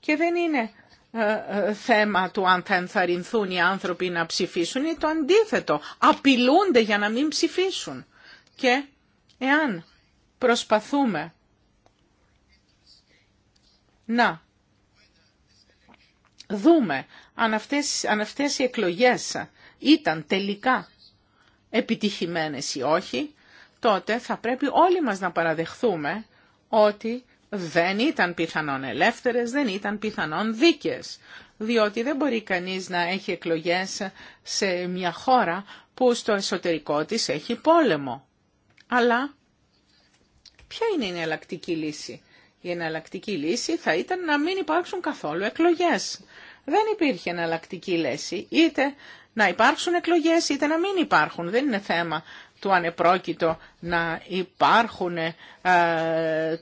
και δεν είναι ε, ε, θέμα του αν θα ενθαρρυνθούν οι άνθρωποι να ψηφίσουν ή το αντίθετο. Απειλούνται για να μην ψηφίσουν. Και εάν προσπαθούμε να δούμε αν αυτές, αν αυτές οι εκλογές ήταν τελικά επιτυχημένες ή όχι, τότε θα πρέπει όλοι μας να παραδεχθούμε ότι δεν ήταν πιθανόν ελεύθερες, δεν ήταν πιθανόν δίκες, διότι δεν μπορεί κανείς να έχει εκλογές σε μια χώρα που στο εσωτερικό της έχει πόλεμο. Αλλά ποια είναι η εναλλακτική λύση. Η εναλλακτική λύση θα ήταν να μην υπάρξουν καθόλου εκλογές δεν υπήρχε εναλλακτική λέση. Είτε να υπάρξουν εκλογές είτε να μην υπάρχουν. Δεν είναι θέμα του ανεπρόκειτο να υπάρχουν ε,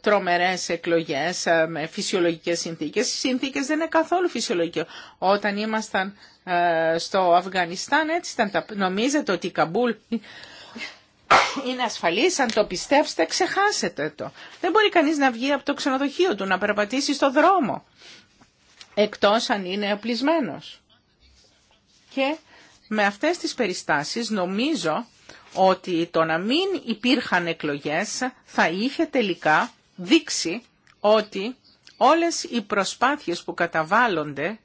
τρομερές εκλογές ε, με φυσιολογικές συνθήκες. Οι συνθήκες δεν είναι καθόλου φυσιολογικές. Όταν ήμασταν ε, στο Αφγανιστάν έτσι ήταν τα... νομίζετε ότι η Καμπούλ είναι ασφαλής, αν το πιστεύσετε, ξεχάσετε το. Δεν μπορεί κανείς να βγει από το ξενοδοχείο του, να περπατήσει στο δρόμο εκτός αν είναι απλισμένος Και με αυτές τις περιστάσεις νομίζω ότι το να μην υπήρχαν εκλογές θα είχε τελικά δείξει ότι όλες οι προσπάθειες που καταβάλλονται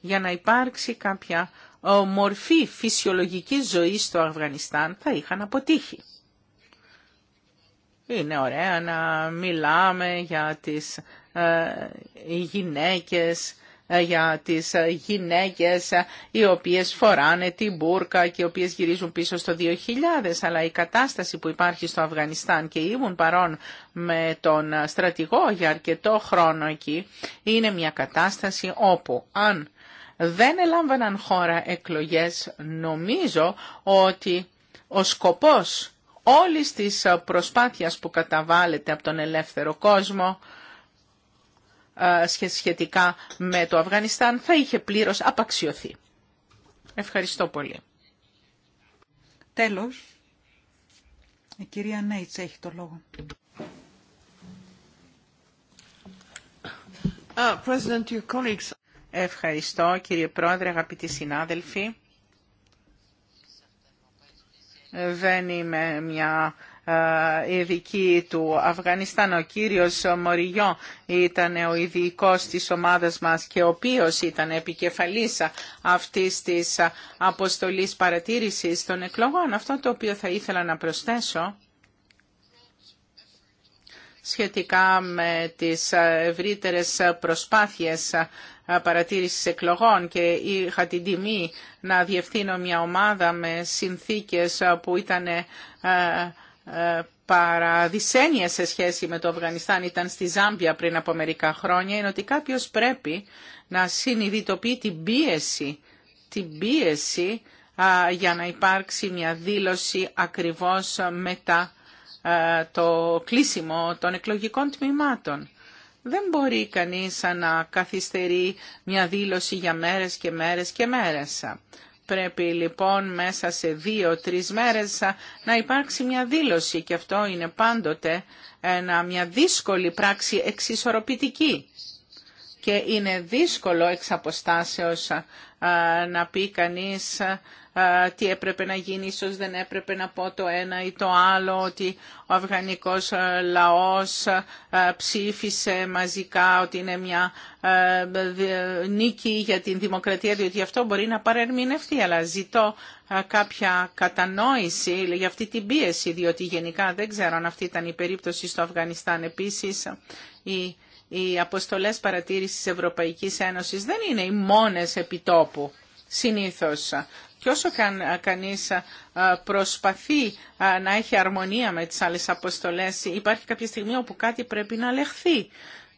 για να υπάρξει κάποια ε, μορφή φυσιολογικής ζωή στο Αφγανιστάν θα είχαν αποτύχει. Είναι ωραία να μιλάμε για τις ε, οι γυναίκες, ε, για τις ε, γυναίκες οι οποίες φοράνε την μπουρκα και οι οποίες γυρίζουν πίσω στο 2000 αλλά η κατάσταση που υπάρχει στο Αφγανιστάν και ήμουν παρόν με τον στρατηγό για αρκετό χρόνο εκεί είναι μια κατάσταση όπου αν δεν ελάμβαναν χώρα εκλογές νομίζω ότι ο σκοπός όλης της προσπάθειας που καταβάλλεται από τον ελεύθερο κόσμο ε, σχετικά με το Αφγανιστάν θα είχε πλήρως απαξιωθεί. Ευχαριστώ πολύ. Τέλος, η κυρία Νέιτς έχει το λόγο. Uh, President, your colleagues. Ευχαριστώ κύριε Πρόεδρε, αγαπητοί συνάδελφοι. Δεν είμαι μια ειδική του Αφγανιστάν. Ο κύριος Μοριγιό ήταν ο ειδικό της ομάδας μας και ο οποίος ήταν επικεφαλής αυτής της αποστολής παρατήρησης των εκλογών. Αυτό το οποίο θα ήθελα να προσθέσω σχετικά με τις ευρύτερες προσπάθειες παρατήρησης εκλογών και είχα την τιμή να διευθύνω μια ομάδα με συνθήκες που ήταν ε, ε, παραδυσένεια σε σχέση με το Αφγανιστάν ήταν στη Ζάμπια πριν από μερικά χρόνια είναι ότι κάποιος πρέπει να συνειδητοποιεί την πίεση, την πίεση για να υπάρξει μια δήλωση ακριβώς μετά ε, το κλείσιμο των εκλογικών τμήματων. Δεν μπορεί κανείς να καθυστερεί μια δήλωση για μέρες και μέρες και μέρες. Πρέπει λοιπόν μέσα σε δύο-τρεις μέρες να υπάρξει μια δήλωση και αυτό είναι πάντοτε μια δύσκολη πράξη εξισορροπητική. Και είναι δύσκολο εξ αποστάσεως να πει κανείς τι έπρεπε να γίνει, ίσως δεν έπρεπε να πω το ένα ή το άλλο, ότι ο αφγανικός ε, λαός ε, ψήφισε μαζικά ότι είναι μια ε, νίκη για την δημοκρατία, διότι αυτό μπορεί να παρερμηνευτεί, αλλά ζητώ κάποια κατανόηση για αυτή την πίεση, διότι γενικά δεν ξέρω αν αυτή ήταν η περίπτωση στο Αφγανιστάν επίσης, οι αποστολές παρατήρησης Ευρωπαϊκής Ένωσης δεν είναι οι μόνες επιτόπου συνήθως. Και όσο καν κανείς προσπαθεί να έχει αρμονία με τις άλλες αποστολές, υπάρχει κάποια στιγμή όπου κάτι πρέπει να λεχθεί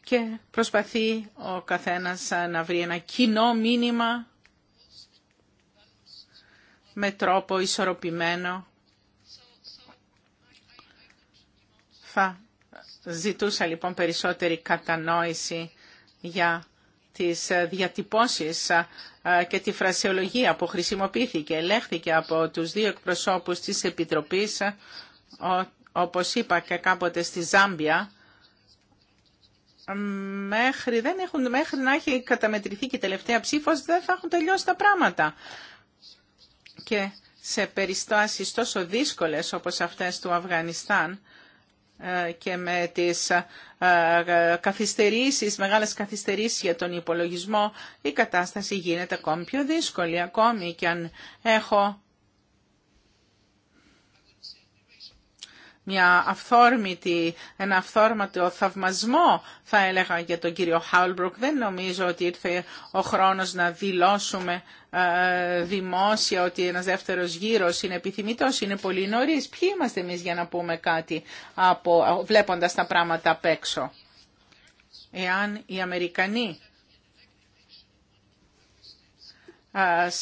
και προσπαθεί ο καθένας να βρει ένα κοινό μήνυμα με τρόπο ισορροπημένο. Θα ζητούσα λοιπόν περισσότερη κατανόηση για τις διατυπώσεις και τη φρασιολογία που χρησιμοποιήθηκε. Ελέγχθηκε από τους δύο εκπροσώπους της Επιτροπής, όπως είπα και κάποτε στη Ζάμπια, μέχρι, δεν έχουν, μέχρι να έχει καταμετρηθεί και η τελευταία ψήφος δεν θα έχουν τελειώσει τα πράγματα. Και σε περιστάσεις τόσο δύσκολες όπως αυτές του Αφγανιστάν, ε, και με τις ε, καθυστερήσεις, μεγάλες καθυστερήσεις για τον υπολογισμό, η κατάσταση γίνεται ακόμη πιο δύσκολη. Ακόμη και αν έχω μια αυθόρμητη, ένα αυθόρματο θαυμασμό θα έλεγα για τον κύριο Χάουλμπρουκ. Δεν νομίζω ότι ήρθε ο χρόνος να δηλώσουμε ε, δημόσια ότι ένας δεύτερος γύρος είναι επιθυμητός, είναι πολύ νωρίς. Ποιοι είμαστε εμείς για να πούμε κάτι από, βλέποντας τα πράγματα απ' έξω. Εάν οι Αμερικανοί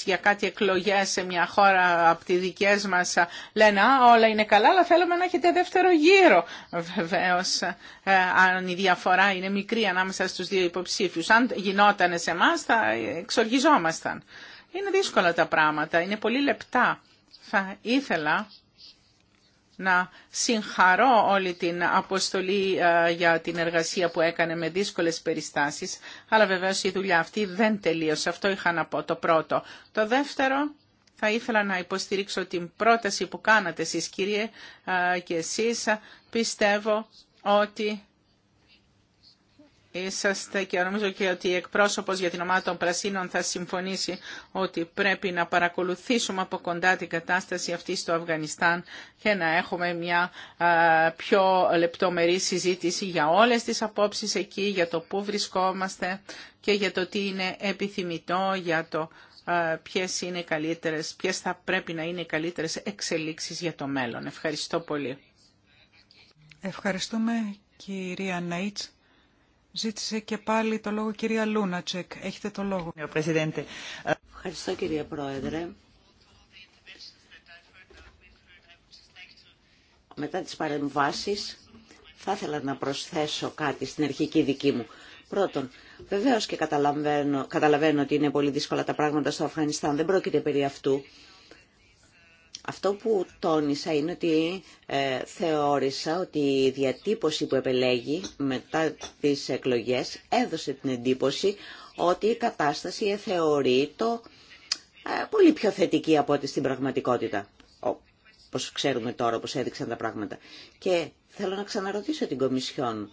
για κάτι εκλογές σε μια χώρα από τις δικές μας λένε όλα είναι καλά, αλλά θέλουμε να έχετε δεύτερο γύρο». Βεβαίως, ε, αν η διαφορά είναι μικρή ανάμεσα στους δύο υποψήφιους. Αν γινόταν σε εμά θα εξοργιζόμασταν. Είναι δύσκολα τα πράγματα, είναι πολύ λεπτά. Θα ήθελα να συγχαρώ όλη την αποστολή ε, για την εργασία που έκανε με δύσκολες περιστάσεις, αλλά βεβαίως η δουλειά αυτή δεν τελείωσε. Αυτό είχα να πω το πρώτο. Το δεύτερο, θα ήθελα να υποστηρίξω την πρόταση που κάνατε εσείς κύριε ε, και εσείς. Πιστεύω ότι είσαστε και νομίζω και ότι η εκπρόσωπος για την ομάδα των Πρασίνων θα συμφωνήσει ότι πρέπει να παρακολουθήσουμε από κοντά την κατάσταση αυτή στο Αφγανιστάν και να έχουμε μια πιο λεπτομερή συζήτηση για όλες τις απόψεις εκεί, για το πού βρισκόμαστε και για το τι είναι επιθυμητό, για το ποιες, είναι καλύτερες, ποιε θα πρέπει να είναι οι καλύτερες εξελίξεις για το μέλλον. Ευχαριστώ πολύ. Ευχαριστούμε κυρία Νέιτς. Ζήτησε και πάλι το λόγο κυρία Λούνατσεκ. Έχετε το λόγο. Ευχαριστώ κυρία Πρόεδρε. Μετά τις παρεμβάσεις θα ήθελα να προσθέσω κάτι στην αρχική δική μου. Πρώτον, βεβαίως και καταλαβαίνω, καταλαβαίνω ότι είναι πολύ δύσκολα τα πράγματα στο Αφγανιστάν. Δεν πρόκειται περί αυτού. Αυτό που τόνισα είναι ότι ε, θεώρησα ότι η διατύπωση που επελέγει μετά τις εκλογές έδωσε την εντύπωση ότι η κατάσταση θεωρεί το ε, πολύ πιο θετική από ό,τι στην πραγματικότητα. Όπως ξέρουμε τώρα, όπως έδειξαν τα πράγματα. Και θέλω να ξαναρωτήσω την Κομισιόν.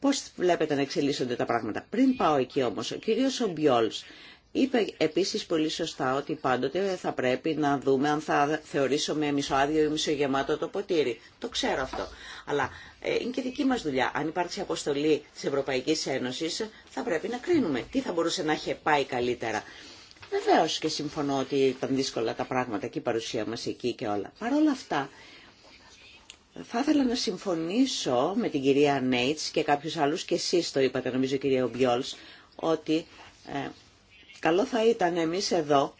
Πώς βλέπετε να εξελίσσονται τα πράγματα. Πριν πάω εκεί όμως, ο κύριος Ομπιόλς Είπε επίσης πολύ σωστά ότι πάντοτε θα πρέπει να δούμε αν θα θεωρήσουμε μισοάδιο ή μισογεμάτο το ποτήρι. Το ξέρω αυτό. Αλλά ε, είναι και δική μας δουλειά. Αν υπάρξει αποστολή της Ευρωπαϊκής Ένωσης θα πρέπει να κρίνουμε τι θα μπορούσε να είχε πάει καλύτερα. Βεβαίω και συμφωνώ ότι ήταν δύσκολα τα πράγματα και η παρουσία μας εκεί και όλα. Παρ' όλα αυτά θα ήθελα να συμφωνήσω με την κυρία Νέιτς και κάποιους άλλους και εσείς το είπατε νομίζω κυρία Ομπιόλς ότι... Ε, καλό θα ήταν εμείς εδώ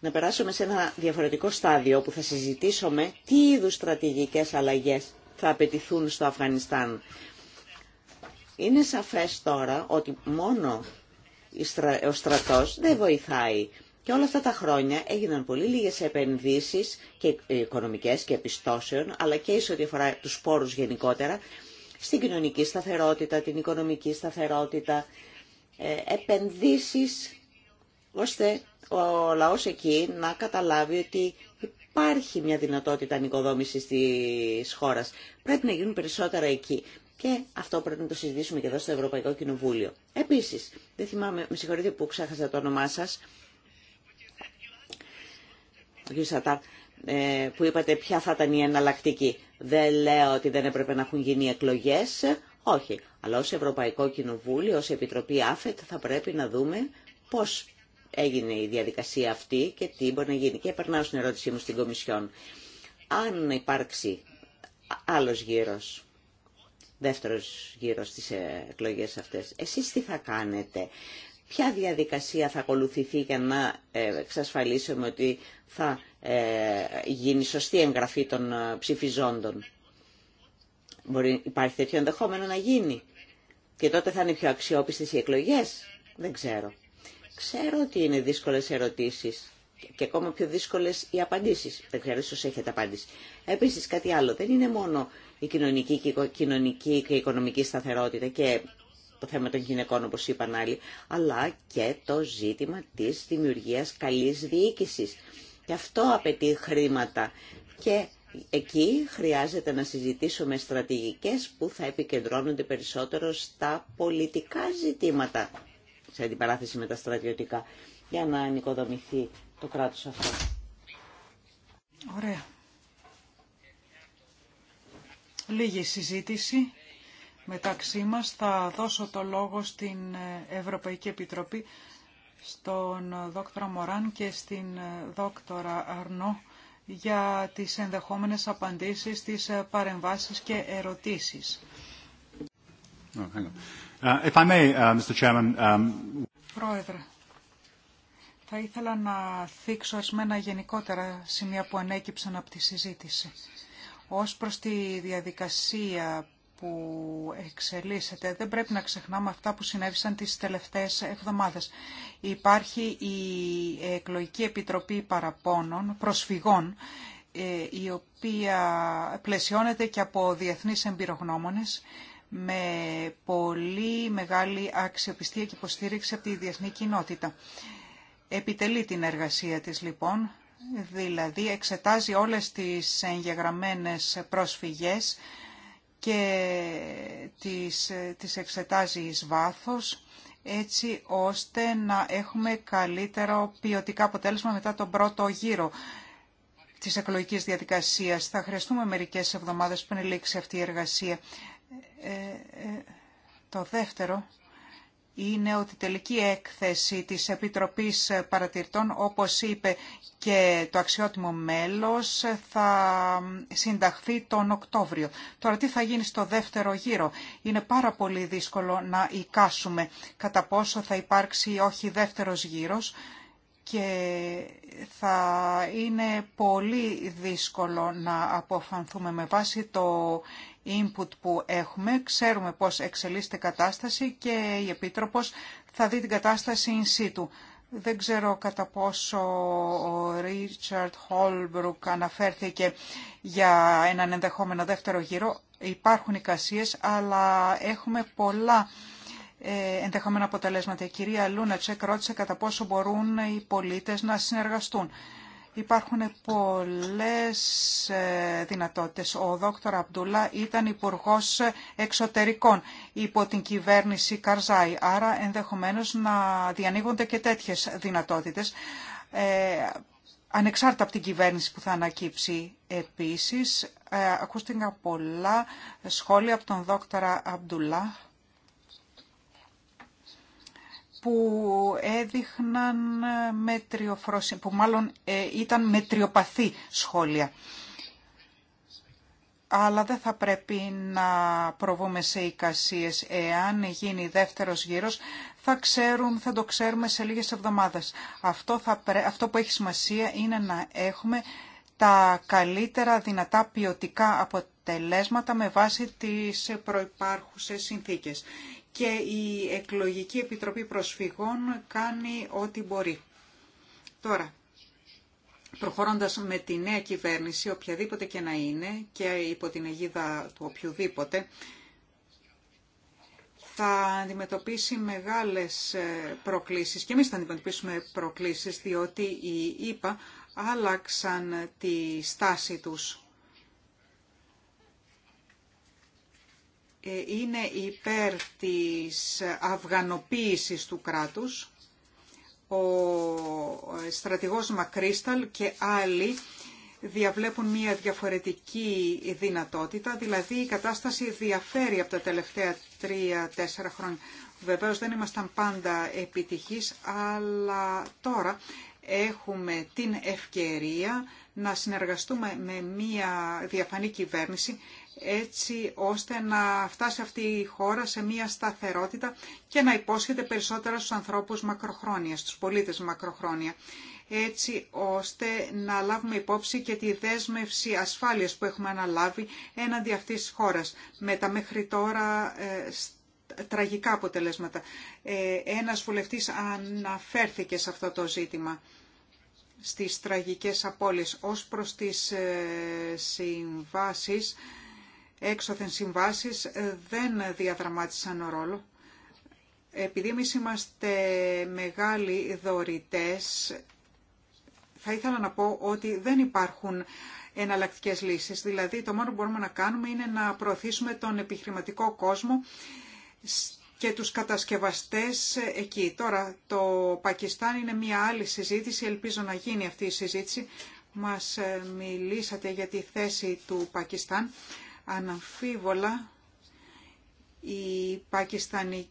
να περάσουμε σε ένα διαφορετικό στάδιο που θα συζητήσουμε τι είδους στρατηγικές αλλαγές θα απαιτηθούν στο Αφγανιστάν. Είναι σαφές τώρα ότι μόνο ο στρατός δεν βοηθάει. Και όλα αυτά τα χρόνια έγιναν πολύ λίγες επενδύσεις και οικονομικές και επιστώσεων, αλλά και σε ό,τι αφορά τους πόρους γενικότερα, στην κοινωνική σταθερότητα, την οικονομική σταθερότητα, ε, επενδύσεις ώστε ο λαός εκεί να καταλάβει ότι υπάρχει μια δυνατότητα νοικοδόμησης της χώρας. Πρέπει να γίνουν περισσότερα εκεί. Και αυτό πρέπει να το συζητήσουμε και εδώ στο Ευρωπαϊκό Κοινοβούλιο. Επίσης, δεν θυμάμαι, με συγχωρείτε που ξέχασα το όνομά σας, ε, που είπατε ποια θα ήταν η εναλλακτική. Δεν λέω ότι δεν έπρεπε να έχουν γίνει εκλογές, όχι. Αλλά ως Ευρωπαϊκό Κοινοβούλιο, ως Επιτροπή ΑΦΕΤ θα πρέπει να δούμε πώς έγινε η διαδικασία αυτή και τι μπορεί να γίνει. Και περνάω στην ερώτησή μου στην Κομισιόν. Αν υπάρξει άλλος γύρος, δεύτερος γύρος στις εκλογές αυτές, εσείς τι θα κάνετε, ποια διαδικασία θα ακολουθηθεί για να ε, εξασφαλίσουμε ότι θα ε, γίνει σωστή εγγραφή των ε, ψηφιζόντων. Μπορεί, υπάρχει τέτοιο ενδεχόμενο να γίνει. Και τότε θα είναι πιο αξιόπιστες οι εκλογές. Δεν ξέρω. Ξέρω ότι είναι δύσκολες ερωτήσεις και ακόμα πιο δύσκολες οι απαντήσεις. Δεν ξέρω, ίσως έχετε απάντηση. Επίσης κάτι άλλο, δεν είναι μόνο η κοινωνική και, η κοινωνική και η οικονομική σταθερότητα και το θέμα των γυναικών όπως είπαν άλλοι, αλλά και το ζήτημα της δημιουργίας καλής διοίκησης. Και αυτό απαιτεί χρήματα και εκεί χρειάζεται να συζητήσουμε στρατηγικές που θα επικεντρώνονται περισσότερο στα πολιτικά ζητήματα σε αντιπαράθεση με τα στρατιωτικά, για να ενοικοδομηθεί το κράτος αυτό. Ωραία. Λίγη συζήτηση μεταξύ μας. Θα δώσω το λόγο στην Ευρωπαϊκή Επιτροπή, στον δόκτωρα Μωράν και στην δόκτωρα Αρνό για τις ενδεχόμενες απαντήσεις, τις παρεμβάσεις και ερωτήσεις. Oh, uh, uh, um, Πρόεδρε, θα ήθελα να θίξω ορισμένα γενικότερα σημεία που ανέκυψαν από τη συζήτηση. Ως προς τη διαδικασία που εξελίσσεται, δεν πρέπει να ξεχνάμε αυτά που συνέβησαν τις τελευταίες εβδομάδες. Υπάρχει η Εκλογική Επιτροπή Παραπώνων, Προσφυγών, ε, η οποία πλαισιώνεται και από διεθνείς εμπειρογνώμονες με πολύ μεγάλη αξιοπιστία και υποστήριξη από τη διεθνή κοινότητα. Επιτελεί την εργασία της λοιπόν, δηλαδή εξετάζει όλες τις εγγεγραμμένες πρόσφυγες και τις, εξετάζει εις βάθος έτσι ώστε να έχουμε καλύτερο ποιοτικά αποτέλεσμα μετά τον πρώτο γύρο της εκλογικής διαδικασίας. Θα χρειαστούμε μερικές εβδομάδες πριν λήξει αυτή η εργασία. Ε, ε, το δεύτερο είναι ότι η τελική έκθεση της Επιτροπής Παρατηρητών, όπως είπε και το αξιότιμο μέλος, θα συνταχθεί τον Οκτώβριο. Τώρα τι θα γίνει στο δεύτερο γύρο. Είναι πάρα πολύ δύσκολο να εικάσουμε κατά πόσο θα υπάρξει όχι δεύτερος γύρος και θα είναι πολύ δύσκολο να αποφανθούμε με βάση το input που έχουμε, ξέρουμε πώς εξελίσσεται η κατάσταση και η Επίτροπος θα δει την κατάσταση in situ. Δεν ξέρω κατά πόσο ο Ρίτσαρτ Χόλμπρουκ αναφέρθηκε για έναν ενδεχόμενο δεύτερο γύρο. Υπάρχουν εικασίες, αλλά έχουμε πολλά ε, ενδεχόμενα αποτελέσματα. Η κυρία Λούνατσεκ ρώτησε κατά πόσο μπορούν οι πολίτες να συνεργαστούν. Υπάρχουν πολλές ε, δυνατότητες. Ο δόκτωρ Αμπτούλα ήταν υπουργός εξωτερικών υπό την κυβέρνηση Καρζάη, άρα ενδεχομένως να διανοίγονται και τέτοιες δυνατότητες, ε, ανεξάρτητα από την κυβέρνηση που θα ανακύψει. Επίσης, ε, ακούστηκαν πολλά σχόλια από τον δόκτωρα Αμπτούλα που έδειχναν ε, μετριοφρόση, που μάλλον ε, ήταν μετριοπαθή σχόλια. Αλλά δεν θα πρέπει να προβούμε σε εικασίες. Εάν γίνει δεύτερος γύρος, θα, ξέρουν, θα το ξέρουμε σε λίγες εβδομάδες. Αυτό, Αυτό που έχει σημασία είναι να έχουμε τα καλύτερα δυνατά ποιοτικά αποτελέσματα με βάση τις προϋπάρχουσες συνθήκες και η Εκλογική Επιτροπή Προσφυγών κάνει ό,τι μπορεί. Τώρα, προχωρώντας με τη νέα κυβέρνηση, οποιαδήποτε και να είναι και υπό την αιγίδα του οποιοδήποτε, θα αντιμετωπίσει μεγάλες ε, προκλήσεις και εμείς θα αντιμετωπίσουμε προκλήσεις διότι οι ΙΠΑ άλλαξαν τη στάση τους Ε, είναι υπέρ της αυγανοποίησης του κράτους. Ο ε, στρατηγός Μακρίσταλ και άλλοι διαβλέπουν μια διαφορετική δυνατότητα, δηλαδή η κατάσταση διαφέρει από τα τελευταία τρία-τέσσερα χρόνια. Βεβαίω, δεν ήμασταν πάντα επιτυχείς, αλλά τώρα έχουμε την ευκαιρία να συνεργαστούμε με μια διαφανή κυβέρνηση έτσι ώστε να φτάσει αυτή η χώρα σε μια σταθερότητα και να υπόσχεται περισσότερα στους ανθρώπους μακροχρόνια, στους πολίτες μακροχρόνια έτσι ώστε να λάβουμε υπόψη και τη δέσμευση ασφάλειας που έχουμε αναλάβει έναντι αυτής της χώρας με τα μέχρι τώρα ε, τραγικά αποτελέσματα. Ε, ένας βουλευτής αναφέρθηκε σε αυτό το ζήτημα στις τραγικές απώλειες ως προς τις ε, έξωθεν συμβάσεις ε, δεν διαδραμάτισαν ρόλο. Επειδή εμείς είμαστε μεγάλοι δωρητές, θα ήθελα να πω ότι δεν υπάρχουν εναλλακτικές λύσεις. Δηλαδή το μόνο που μπορούμε να κάνουμε είναι να προωθήσουμε τον επιχειρηματικό κόσμο και τους κατασκευαστές εκεί. Τώρα το Πακιστάν είναι μια άλλη συζήτηση, ελπίζω να γίνει αυτή η συζήτηση. Μας ε, μιλήσατε για τη θέση του Πακιστάν. Αναμφίβολα, οι πακιστανικές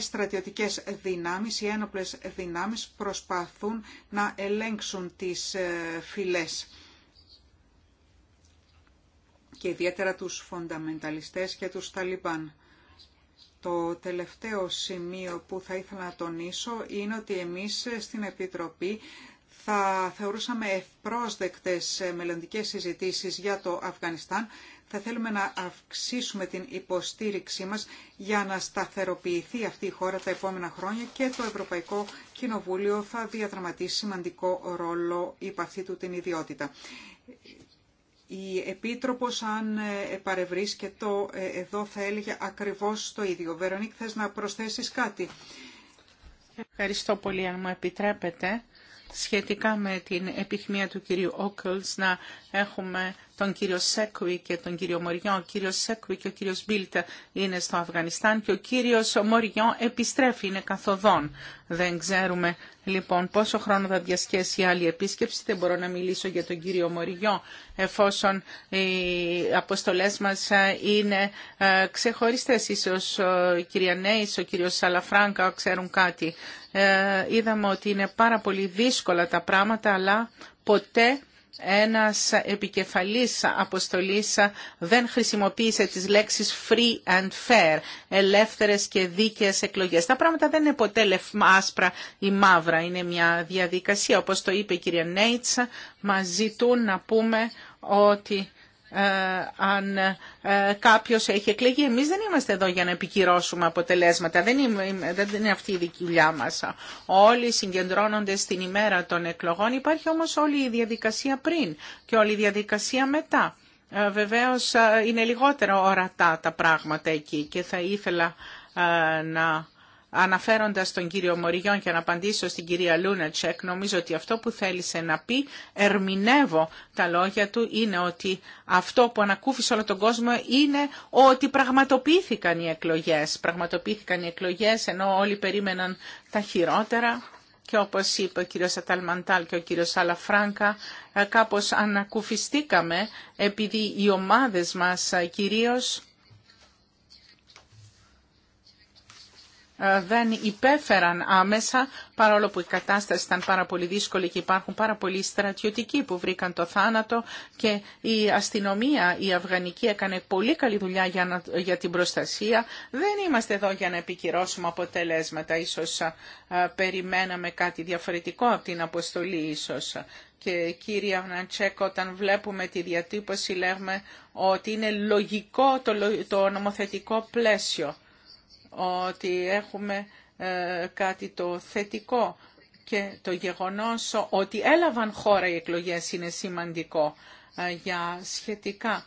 στρατιωτικές δυνάμεις, οι ένοπλες δυνάμεις προσπαθούν να ελέγξουν τις ε, φυλές και ιδιαίτερα τους φονταμενταλιστές και τους Ταλιμπάν. Το τελευταίο σημείο που θα ήθελα να τονίσω είναι ότι εμείς στην Επιτροπή θα θεωρούσαμε ευπρόσδεκτες μελλοντικές συζητήσεις για το Αφγανιστάν θα θέλουμε να αυξήσουμε την υποστήριξή μας για να σταθεροποιηθεί αυτή η χώρα τα επόμενα χρόνια και το Ευρωπαϊκό Κοινοβούλιο θα διαδραματίσει σημαντικό ρόλο υπ' αυτή του την ιδιότητα. Η Επίτροπος, αν ε, παρευρίσκεται ε, εδώ θα έλεγε ακριβώς το ίδιο. Βερονίκ, θες να προσθέσεις κάτι. Ευχαριστώ πολύ, αν μου επιτρέπετε σχετικά με την επιθυμία του κυρίου Όκελς να έχουμε τον κύριο Σέκουι και τον κύριο Μοριόν. Ο κύριο Σέκουι και ο κύριος Μπίλτ είναι στο Αφγανιστάν και ο κύριος Μοριόν επιστρέφει, είναι καθοδόν. Δεν ξέρουμε λοιπόν πόσο χρόνο θα διασκέσει η άλλη επίσκεψη. Δεν μπορώ να μιλήσω για τον κύριο Μοριό εφόσον οι αποστολέ μα ε, είναι ε, ξεχωριστές. Ίσως ε, η κυρία Νέη, ο κύριο Σαλαφράγκα ξέρουν κάτι. Είδαμε ότι είναι πάρα πολύ δύσκολα τα πράγματα αλλά ποτέ ένας επικεφαλής αποστολής δεν χρησιμοποίησε τις λέξεις free and fair, ελεύθερες και δίκαιες εκλογές. Τα πράγματα δεν είναι ποτέ λευμα, άσπρα ή μαύρα, είναι μια διαδικασία. Όπως το είπε η κυρία το ειπε η κυρια νειτσα μας ζητούν να πούμε ότι ε, αν ε, κάποιος έχει εκλεγεί. Εμείς δεν είμαστε εδώ για να επικυρώσουμε αποτελέσματα. Δεν, είναι αυτή η δουλειά μας. Όλοι συγκεντρώνονται στην ημέρα των εκλογών. Υπάρχει όμως όλη η διαδικασία πριν και όλη η διαδικασία μετά. Ε, βεβαίως είναι λιγότερο ορατά τα πράγματα εκεί και θα ήθελα να Αναφέροντας τον κύριο Μοριγιόν και να απαντήσω στην κυρία Λούνατσεκ, νομίζω ότι αυτό που θέλησε να πει, ερμηνεύω τα λόγια του, είναι ότι αυτό που ανακούφισε όλο τον κόσμο είναι ότι πραγματοποιήθηκαν οι εκλογές. Πραγματοποιήθηκαν οι εκλογές ενώ όλοι περίμεναν τα χειρότερα και όπως είπε ο κύριος Αταλμαντάλ και ο κύριος Αλαφράγκα, ε, κάπως ανακουφιστήκαμε επειδή οι ομάδες μας ε, κυρίως Ε, δεν υπέφεραν άμεσα, παρόλο που η κατάσταση ήταν πάρα πολύ δύσκολη και υπάρχουν πάρα πολλοί στρατιωτικοί που βρήκαν το θάνατο και η αστυνομία, η Αφγανική έκανε πολύ καλή δουλειά για, να, για την προστασία. Δεν είμαστε εδώ για να επικυρώσουμε αποτελέσματα, ίσως α, ε, περιμέναμε κάτι διαφορετικό από την αποστολή ίσως. Και κύριε Αυναντσέκ, όταν βλέπουμε τη διατύπωση λέμε ότι είναι λογικό το, το νομοθετικό πλαίσιο ότι έχουμε ε, κάτι το θετικό και το γεγονός ότι έλαβαν χώρα οι εκλογές είναι σημαντικό ε, για σχετικά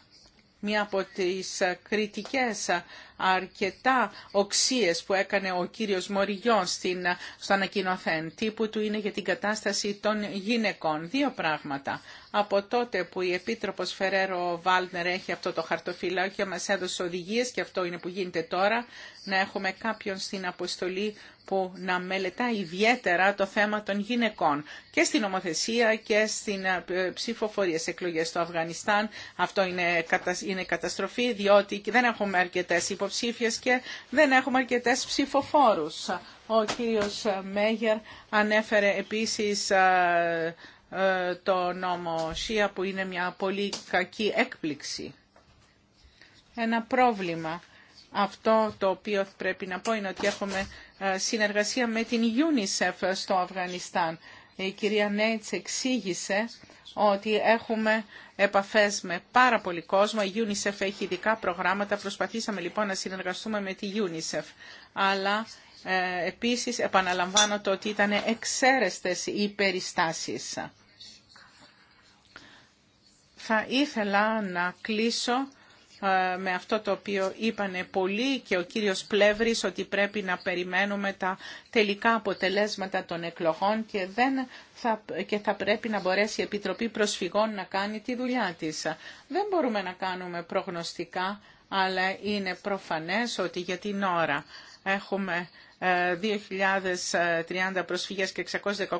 μία από τις ε, κριτικές αρκετά οξίες που έκανε ο κύριος Μοριγιόν στην, στο ανακοινοθέν τύπου του είναι για την κατάσταση των γυναικών. Δύο πράγματα. Από τότε που η Επίτροπος Φεραίρο Βάλνερ έχει αυτό το χαρτοφυλάκιο και μας έδωσε οδηγίες και αυτό είναι που γίνεται τώρα, να έχουμε κάποιον στην αποστολή που να μελετά ιδιαίτερα το θέμα των γυναικών και στην ομοθεσία και στην ε, ψηφοφορία σε εκλογές στο Αφγανιστάν. Αυτό είναι, καταστροφή διότι δεν έχουμε αρκετέ και δεν έχουμε αρκετέ ψηφοφόρους. Ο κύριος Μέγερ ανέφερε επίσης ε, ε, το νόμο ΣΥΑ που είναι μια πολύ κακή έκπληξη. Ένα πρόβλημα. Αυτό το οποίο πρέπει να πω είναι ότι έχουμε ε, συνεργασία με την UNICEF στο Αφγανιστάν. Η κυρία Νέιτς εξήγησε ότι έχουμε επαφές με πάρα πολύ κόσμο. Η UNICEF έχει ειδικά προγράμματα. Προσπαθήσαμε λοιπόν να συνεργαστούμε με τη UNICEF. Αλλά ε, επίσης επαναλαμβάνω το ότι ήταν εξαίρεστες οι περιστάσεις. Θα ήθελα να κλείσω ε, με αυτό το οποίο είπανε πολλοί και ο κύριος Πλεύρης ότι πρέπει να περιμένουμε τα τελικά αποτελέσματα των εκλογών και, δεν θα, και θα πρέπει να μπορέσει η Επιτροπή Προσφυγών να κάνει τη δουλειά της. Δεν μπορούμε να κάνουμε προγνωστικά, αλλά είναι προφανές ότι για την ώρα έχουμε 2.030 ε, προσφυγές και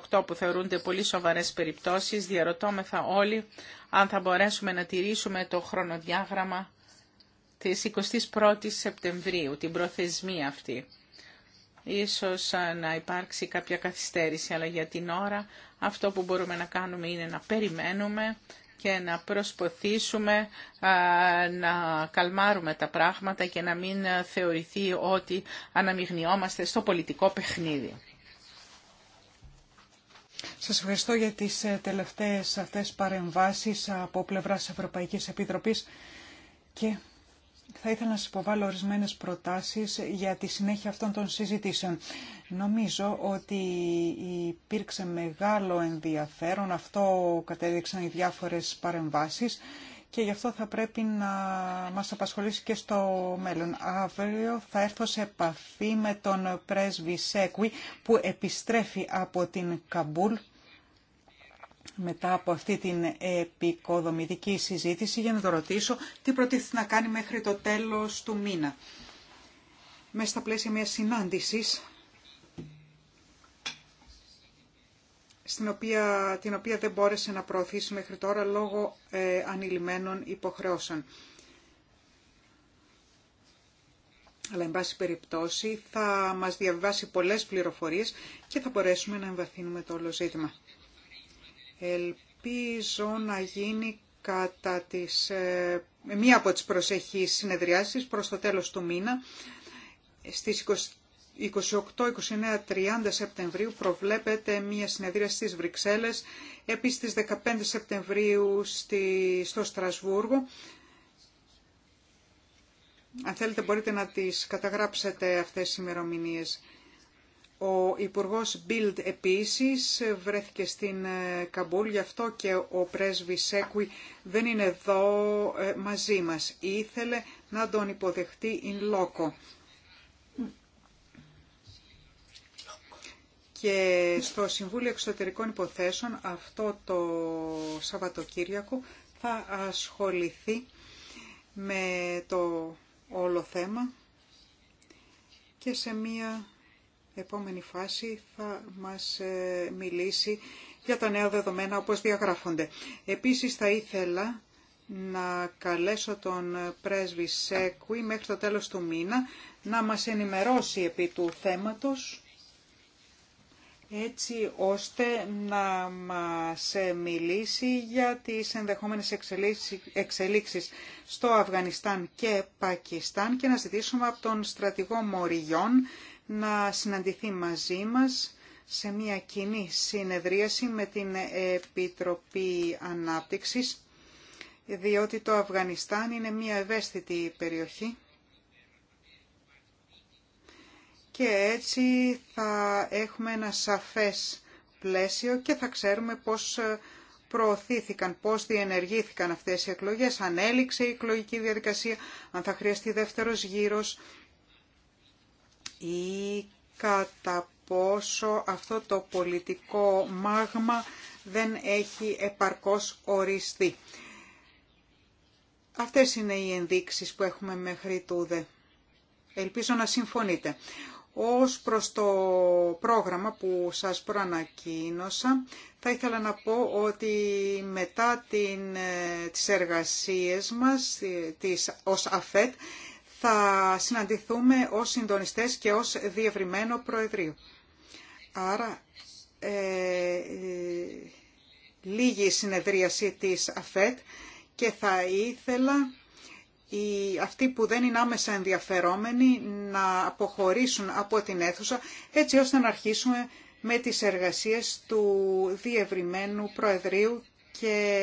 618 που θεωρούνται πολύ σοβαρές περιπτώσεις. Διαρωτώμεθα όλοι αν θα μπορέσουμε να τηρήσουμε το χρονοδιάγραμμα της 21ης Σεπτεμβρίου, την προθεσμία αυτή. Ίσως να υπάρξει κάποια καθυστέρηση, αλλά για την ώρα αυτό που μπορούμε να κάνουμε είναι να περιμένουμε και να προσποθήσουμε να καλμάρουμε τα πράγματα και να μην θεωρηθεί ότι αναμειγνιόμαστε στο πολιτικό παιχνίδι. Σας ευχαριστώ για τις ε, τελευταίες αυτές παρεμβάσεις από πλευράς Ευρωπαϊκής Επιτροπής και θα ήθελα να σας υποβάλω ορισμένες προτάσεις για τη συνέχεια αυτών των συζητήσεων. Νομίζω ότι υπήρξε μεγάλο ενδιαφέρον, αυτό κατέδειξαν οι διάφορες παρεμβάσεις και γι' αυτό θα πρέπει να μας απασχολήσει και στο μέλλον. Αύριο θα έρθω σε επαφή με τον πρέσβη Σέκουι που επιστρέφει από την Καμπούλ μετά από αυτή την επικοδομητική συζήτηση για να το ρωτήσω τι προτίθεται να κάνει μέχρι το τέλος του μήνα. Μέσα στα πλαίσια μιας συνάντησης στην οποία, την οποία δεν μπόρεσε να προωθήσει μέχρι τώρα λόγω ε, ανηλυμένων υποχρεώσεων. Αλλά, εν πάση περιπτώσει, θα μας διαβάσει πολλές πληροφορίες και θα μπορέσουμε να εμβαθύνουμε το όλο ζήτημα. Ελπίζω να γίνει κατά τις, ε, μία από τις προσεχείς συνεδριάσεις προς το τέλος του μήνα. Στις 28, 29, 30 Σεπτεμβρίου προβλέπεται μία συνεδρία στις Βρυξέλλες, επίσης στις 15 Σεπτεμβρίου στη, στο Στρασβούργο. Αν θέλετε μπορείτε να τις καταγράψετε αυτές οι ημερομηνίες. Ο Υπουργός Μπίλτ επίσης βρέθηκε στην ε, Καμπούλ, γι' αυτό και ο πρέσβης Σέκουι δεν είναι εδώ ε, μαζί μας. Ήθελε να τον υποδεχτεί in loco. Και στο Συμβούλιο Εξωτερικών Υποθέσεων αυτό το Σαββατοκύριακο θα ασχοληθεί με το όλο θέμα και σε μία επόμενη φάση θα μας ε, μιλήσει για τα νέα δεδομένα όπως διαγράφονται. Επίσης θα ήθελα να καλέσω τον πρέσβη Σέκουι μέχρι το τέλος του μήνα να μας ενημερώσει επί του θέματος έτσι ώστε να μας ε, μιλήσει για τις ενδεχόμενες εξελίξεις στο Αφγανιστάν και Πακιστάν και να ζητήσουμε από τον στρατηγό Μοριγιόν να συναντηθεί μαζί μας σε μια κοινή συνεδρίαση με την Επιτροπή Ανάπτυξης, διότι το Αφγανιστάν είναι μια ευαίσθητη περιοχή και έτσι θα έχουμε ένα σαφές πλαίσιο και θα ξέρουμε πώς προωθήθηκαν, πώς διενεργήθηκαν αυτές οι εκλογές, αν έληξε η εκλογική διαδικασία, αν θα χρειαστεί δεύτερος γύρος ή κατά πόσο αυτό το πολιτικό μάγμα δεν έχει επαρκώς οριστεί. Αυτές είναι οι ενδείξεις που έχουμε μέχρι τούδε. Ελπίζω να συμφωνείτε. Ως προς το πρόγραμμα που σας προανακοίνωσα, θα ήθελα να πω ότι μετά την, ε, τις εργασίες μας, ε, τις, ως ΑΦΕΤ, θα συναντηθούμε ως συντονιστές και ως διευρυμένο Προεδρείο. Άρα, ε, ε, λίγη συνεδρίαση της ΑΦΕΤ και θα ήθελα οι, αυτοί που δεν είναι άμεσα ενδιαφερόμενοι να αποχωρήσουν από την αίθουσα έτσι ώστε να αρχίσουμε με τις εργασίες του διευρυμένου Προεδρείου και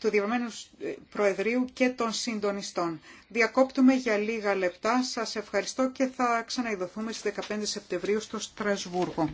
του Διευρωμένου ε, Προεδρείου και των συντονιστών. Διακόπτουμε για λίγα λεπτά. Σας ευχαριστώ και θα ξαναειδωθούμε στις 15 Σεπτεμβρίου στο Στρασβούργο.